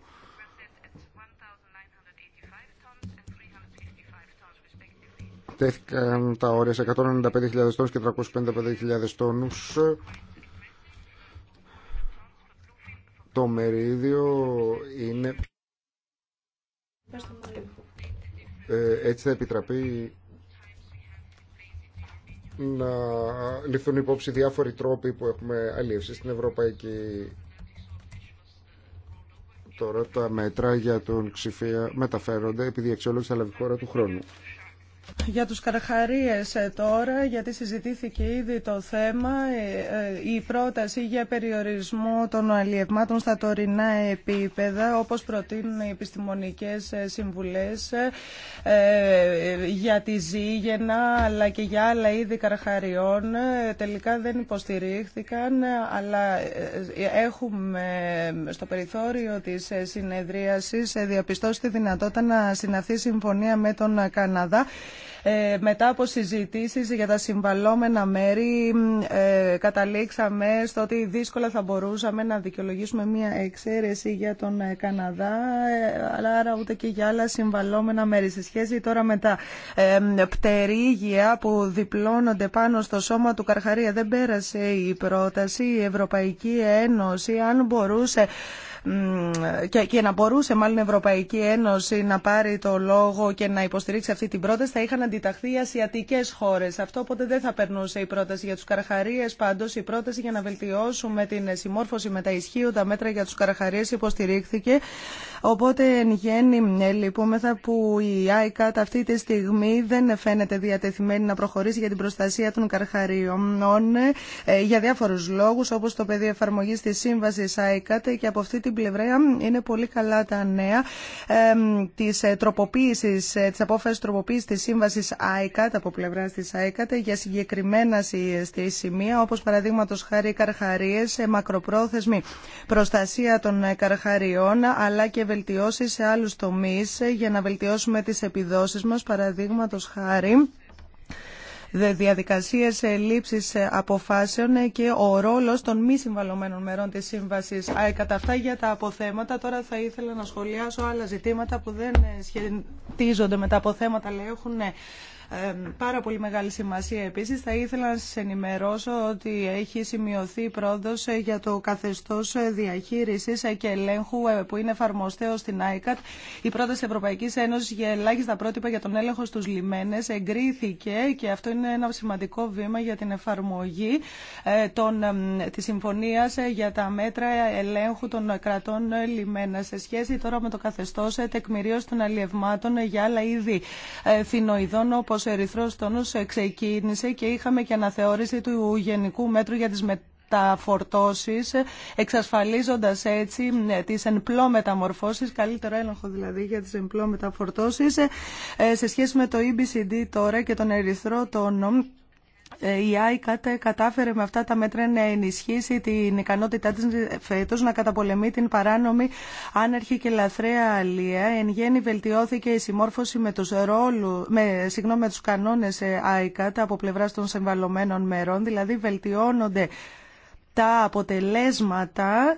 τέθηκαν τα όρια σε 195.000 τόνους και 355.000 τόνους. Το μερίδιο είναι... Ε, έτσι θα επιτραπεί να ληφθούν υπόψη διάφοροι τρόποι που έχουμε αλλιεύσει στην Ευρωπαϊκή Τώρα τα μέτρα για τον ξηφία μεταφέρονται επειδή η αξιόλογηση θα λάβει χώρα του χρόνου. Για τους Καρχαρίες ε, τώρα, γιατί συζητήθηκε ήδη το θέμα, ε, ε, η πρόταση για περιορισμό των αλλιευμάτων στα τωρινά επίπεδα, όπως προτείνουν οι επιστημονικές συμβουλές για τη ζήγενα, αλλά και για άλλα είδη καρχαριών, τελικά δεν υποστηρίχθηκαν, αλλά έχουμε στο περιθώριο της συνεδρίασης διαπιστώσει τη δυνατότητα να συναυθεί συμφωνία με τον Καναδά ε, μετά από συζητήσεις για τα συμβαλόμενα μέρη ε, καταλήξαμε στο ότι δύσκολα θα μπορούσαμε να δικαιολογήσουμε μια εξαίρεση για τον ε, Καναδά αλλά άρα ούτε και για άλλα συμβαλόμενα μέρη. Σε σχέση τώρα με τα πτερίγια που διπλώνονται πάνω στο σώμα του Καρχαρία δεν πέρασε η πρόταση. Η Ευρωπαϊκή Ένωση αν μπορούσε και, να μπορούσε μάλλον η Ευρωπαϊκή Ένωση να πάρει το λόγο και να υποστηρίξει αυτή την πρόταση, θα είχαν αντιταχθεί οι ασιατικέ χώρε. Αυτό οπότε δεν θα περνούσε η πρόταση για του καραχαρίε, Πάντω, η πρόταση για να βελτιώσουμε την συμμόρφωση με τα ισχύοντα μέτρα για του Καραχαρίε, υποστηρίχθηκε Οπότε εν γέννη λυπούμεθα που η ΆΙΚΑΤ αυτή τη στιγμή δεν φαίνεται διατεθειμένη να προχωρήσει για την προστασία των καρχαριών ε, για διάφορους λόγους όπως το πεδίο εφαρμογής της σύμβασης ΆΙΚΑΤ και από αυτή την πλευρά είναι πολύ καλά τα νέα ε, της ε, τροποποίησης, της απόφασης τροποποίησης της σύμβασης ΆΙΚΑΤ από πλευρά της ΆΙΚΑΤ για συγκεκριμένα στη σημεία όπως παραδείγματος χάρη καρχαρίες, μακροπρόθεσμη προστασία των καρχαριών αλλά και βελτιώσεις σε άλλους τομείς για να βελτιώσουμε τις επιδόσεις μας, παραδείγματος χάρη διαδικασίες λήψης αποφάσεων και ο ρόλος των μη συμβαλωμένων μερών της σύμβασης. Ε, κατά αυτά για τα αποθέματα, τώρα θα ήθελα να σχολιάσω άλλα ζητήματα που δεν σχετίζονται με τα αποθέματα, αλλά έχουν πάρα πολύ μεγάλη σημασία επίσης. Θα ήθελα να σας ενημερώσω ότι έχει σημειωθεί πρόοδος ε, για το καθεστώς ε, διαχείρισης ε, και ελέγχου που είναι εφαρμοστέο στην ICAT. Η πρόταση Ευρωπαϊκής Ένωσης για ελάχιστα πρότυπα για τον έλεγχο στους λιμένες εγκρίθηκε και αυτό είναι ένα σημαντικό βήμα για την εφαρμογή των, της συμφωνίας για τα μέτρα ελέγχου των κρατών λιμένα σε σχέση τώρα με το καθεστώς τεκμηρίωση των αλλιευμάτων για άλλα είδη θηνοειδών ο ερυθρός τόνος ξεκίνησε και είχαμε και αναθεώρηση του Γενικού Μέτρου για τις τα φορτώσεις, εξασφαλίζοντας έτσι ε, τις εμπλό μεταμορφώσεις, καλύτερο έλεγχο δηλαδή για τις εμπλό μεταφορτώσεις, ε, σε σχέση με το EBCD τώρα και τον ερυθρό τόνο ε, η ΆΙΚΑΤ κατάφερε με αυτά τα μέτρα να ενισχύσει την ικανότητά της φέτος να καταπολεμεί την παράνομη άναρχη και λαθρέα αλία. Εν γέννη βελτιώθηκε η συμμόρφωση με τους, κανόνε με, τους κανόνες ε, ΆΙΚΑΤ από πλευράς των συμβαλωμένων μερών, δηλαδή βελτιώνονται τα αποτελέσματα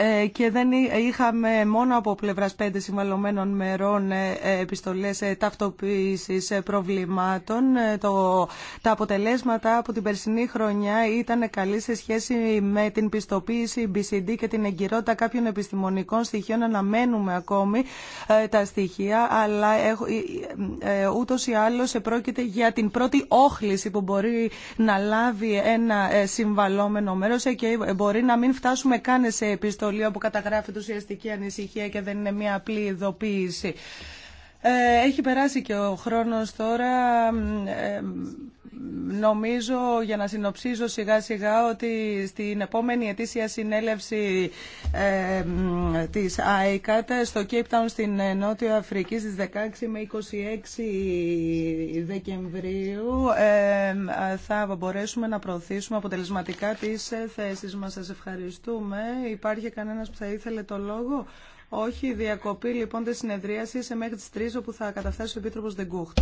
ε, και δεν είχαμε μόνο από πλευράς πέντε συμβαλωμένων μερών ε, ε, επιστολές ταυτοποίησης προβλημάτων. Το, τα αποτελέσματα από την περσινή χρονιά ήταν καλή σε σχέση με την πιστοποίηση BCD και την εγκυρότητα κάποιων επιστημονικών στοιχείων. Αναμένουμε ακόμη τα στοιχεία, αλλά ούτως ή άλλως πρόκειται για την πρώτη όχληση που μπορεί να λάβει ένα συμβαλόμενο μέρος και μπορεί να μην φτάσουμε καν σε επιστολή σχολείο που καταγράφει ουσιαστική ανησυχία και δεν είναι μια απλή ειδοποίηση. Ε, έχει περάσει και ο χρόνος τώρα. Ε, νομίζω, για να συνοψίζω σιγά σιγά, ότι στην επόμενη ετήσια συνέλευση ε, της ΑΕΚΑΤ στο Cape στην Νότιο Αφρική στις 16 με 26 Δεκεμβρίου ε, θα μπορέσουμε να προωθήσουμε αποτελεσματικά τις θέσεις μας. Σας ευχαριστούμε. Υπάρχει κανένας που θα ήθελε το λόγο. Όχι, διακοπή λοιπόν τη συνεδρίαση μέχρι τις 3 όπου θα καταφτάσει ο Επίτροπος Δεγκούχτ.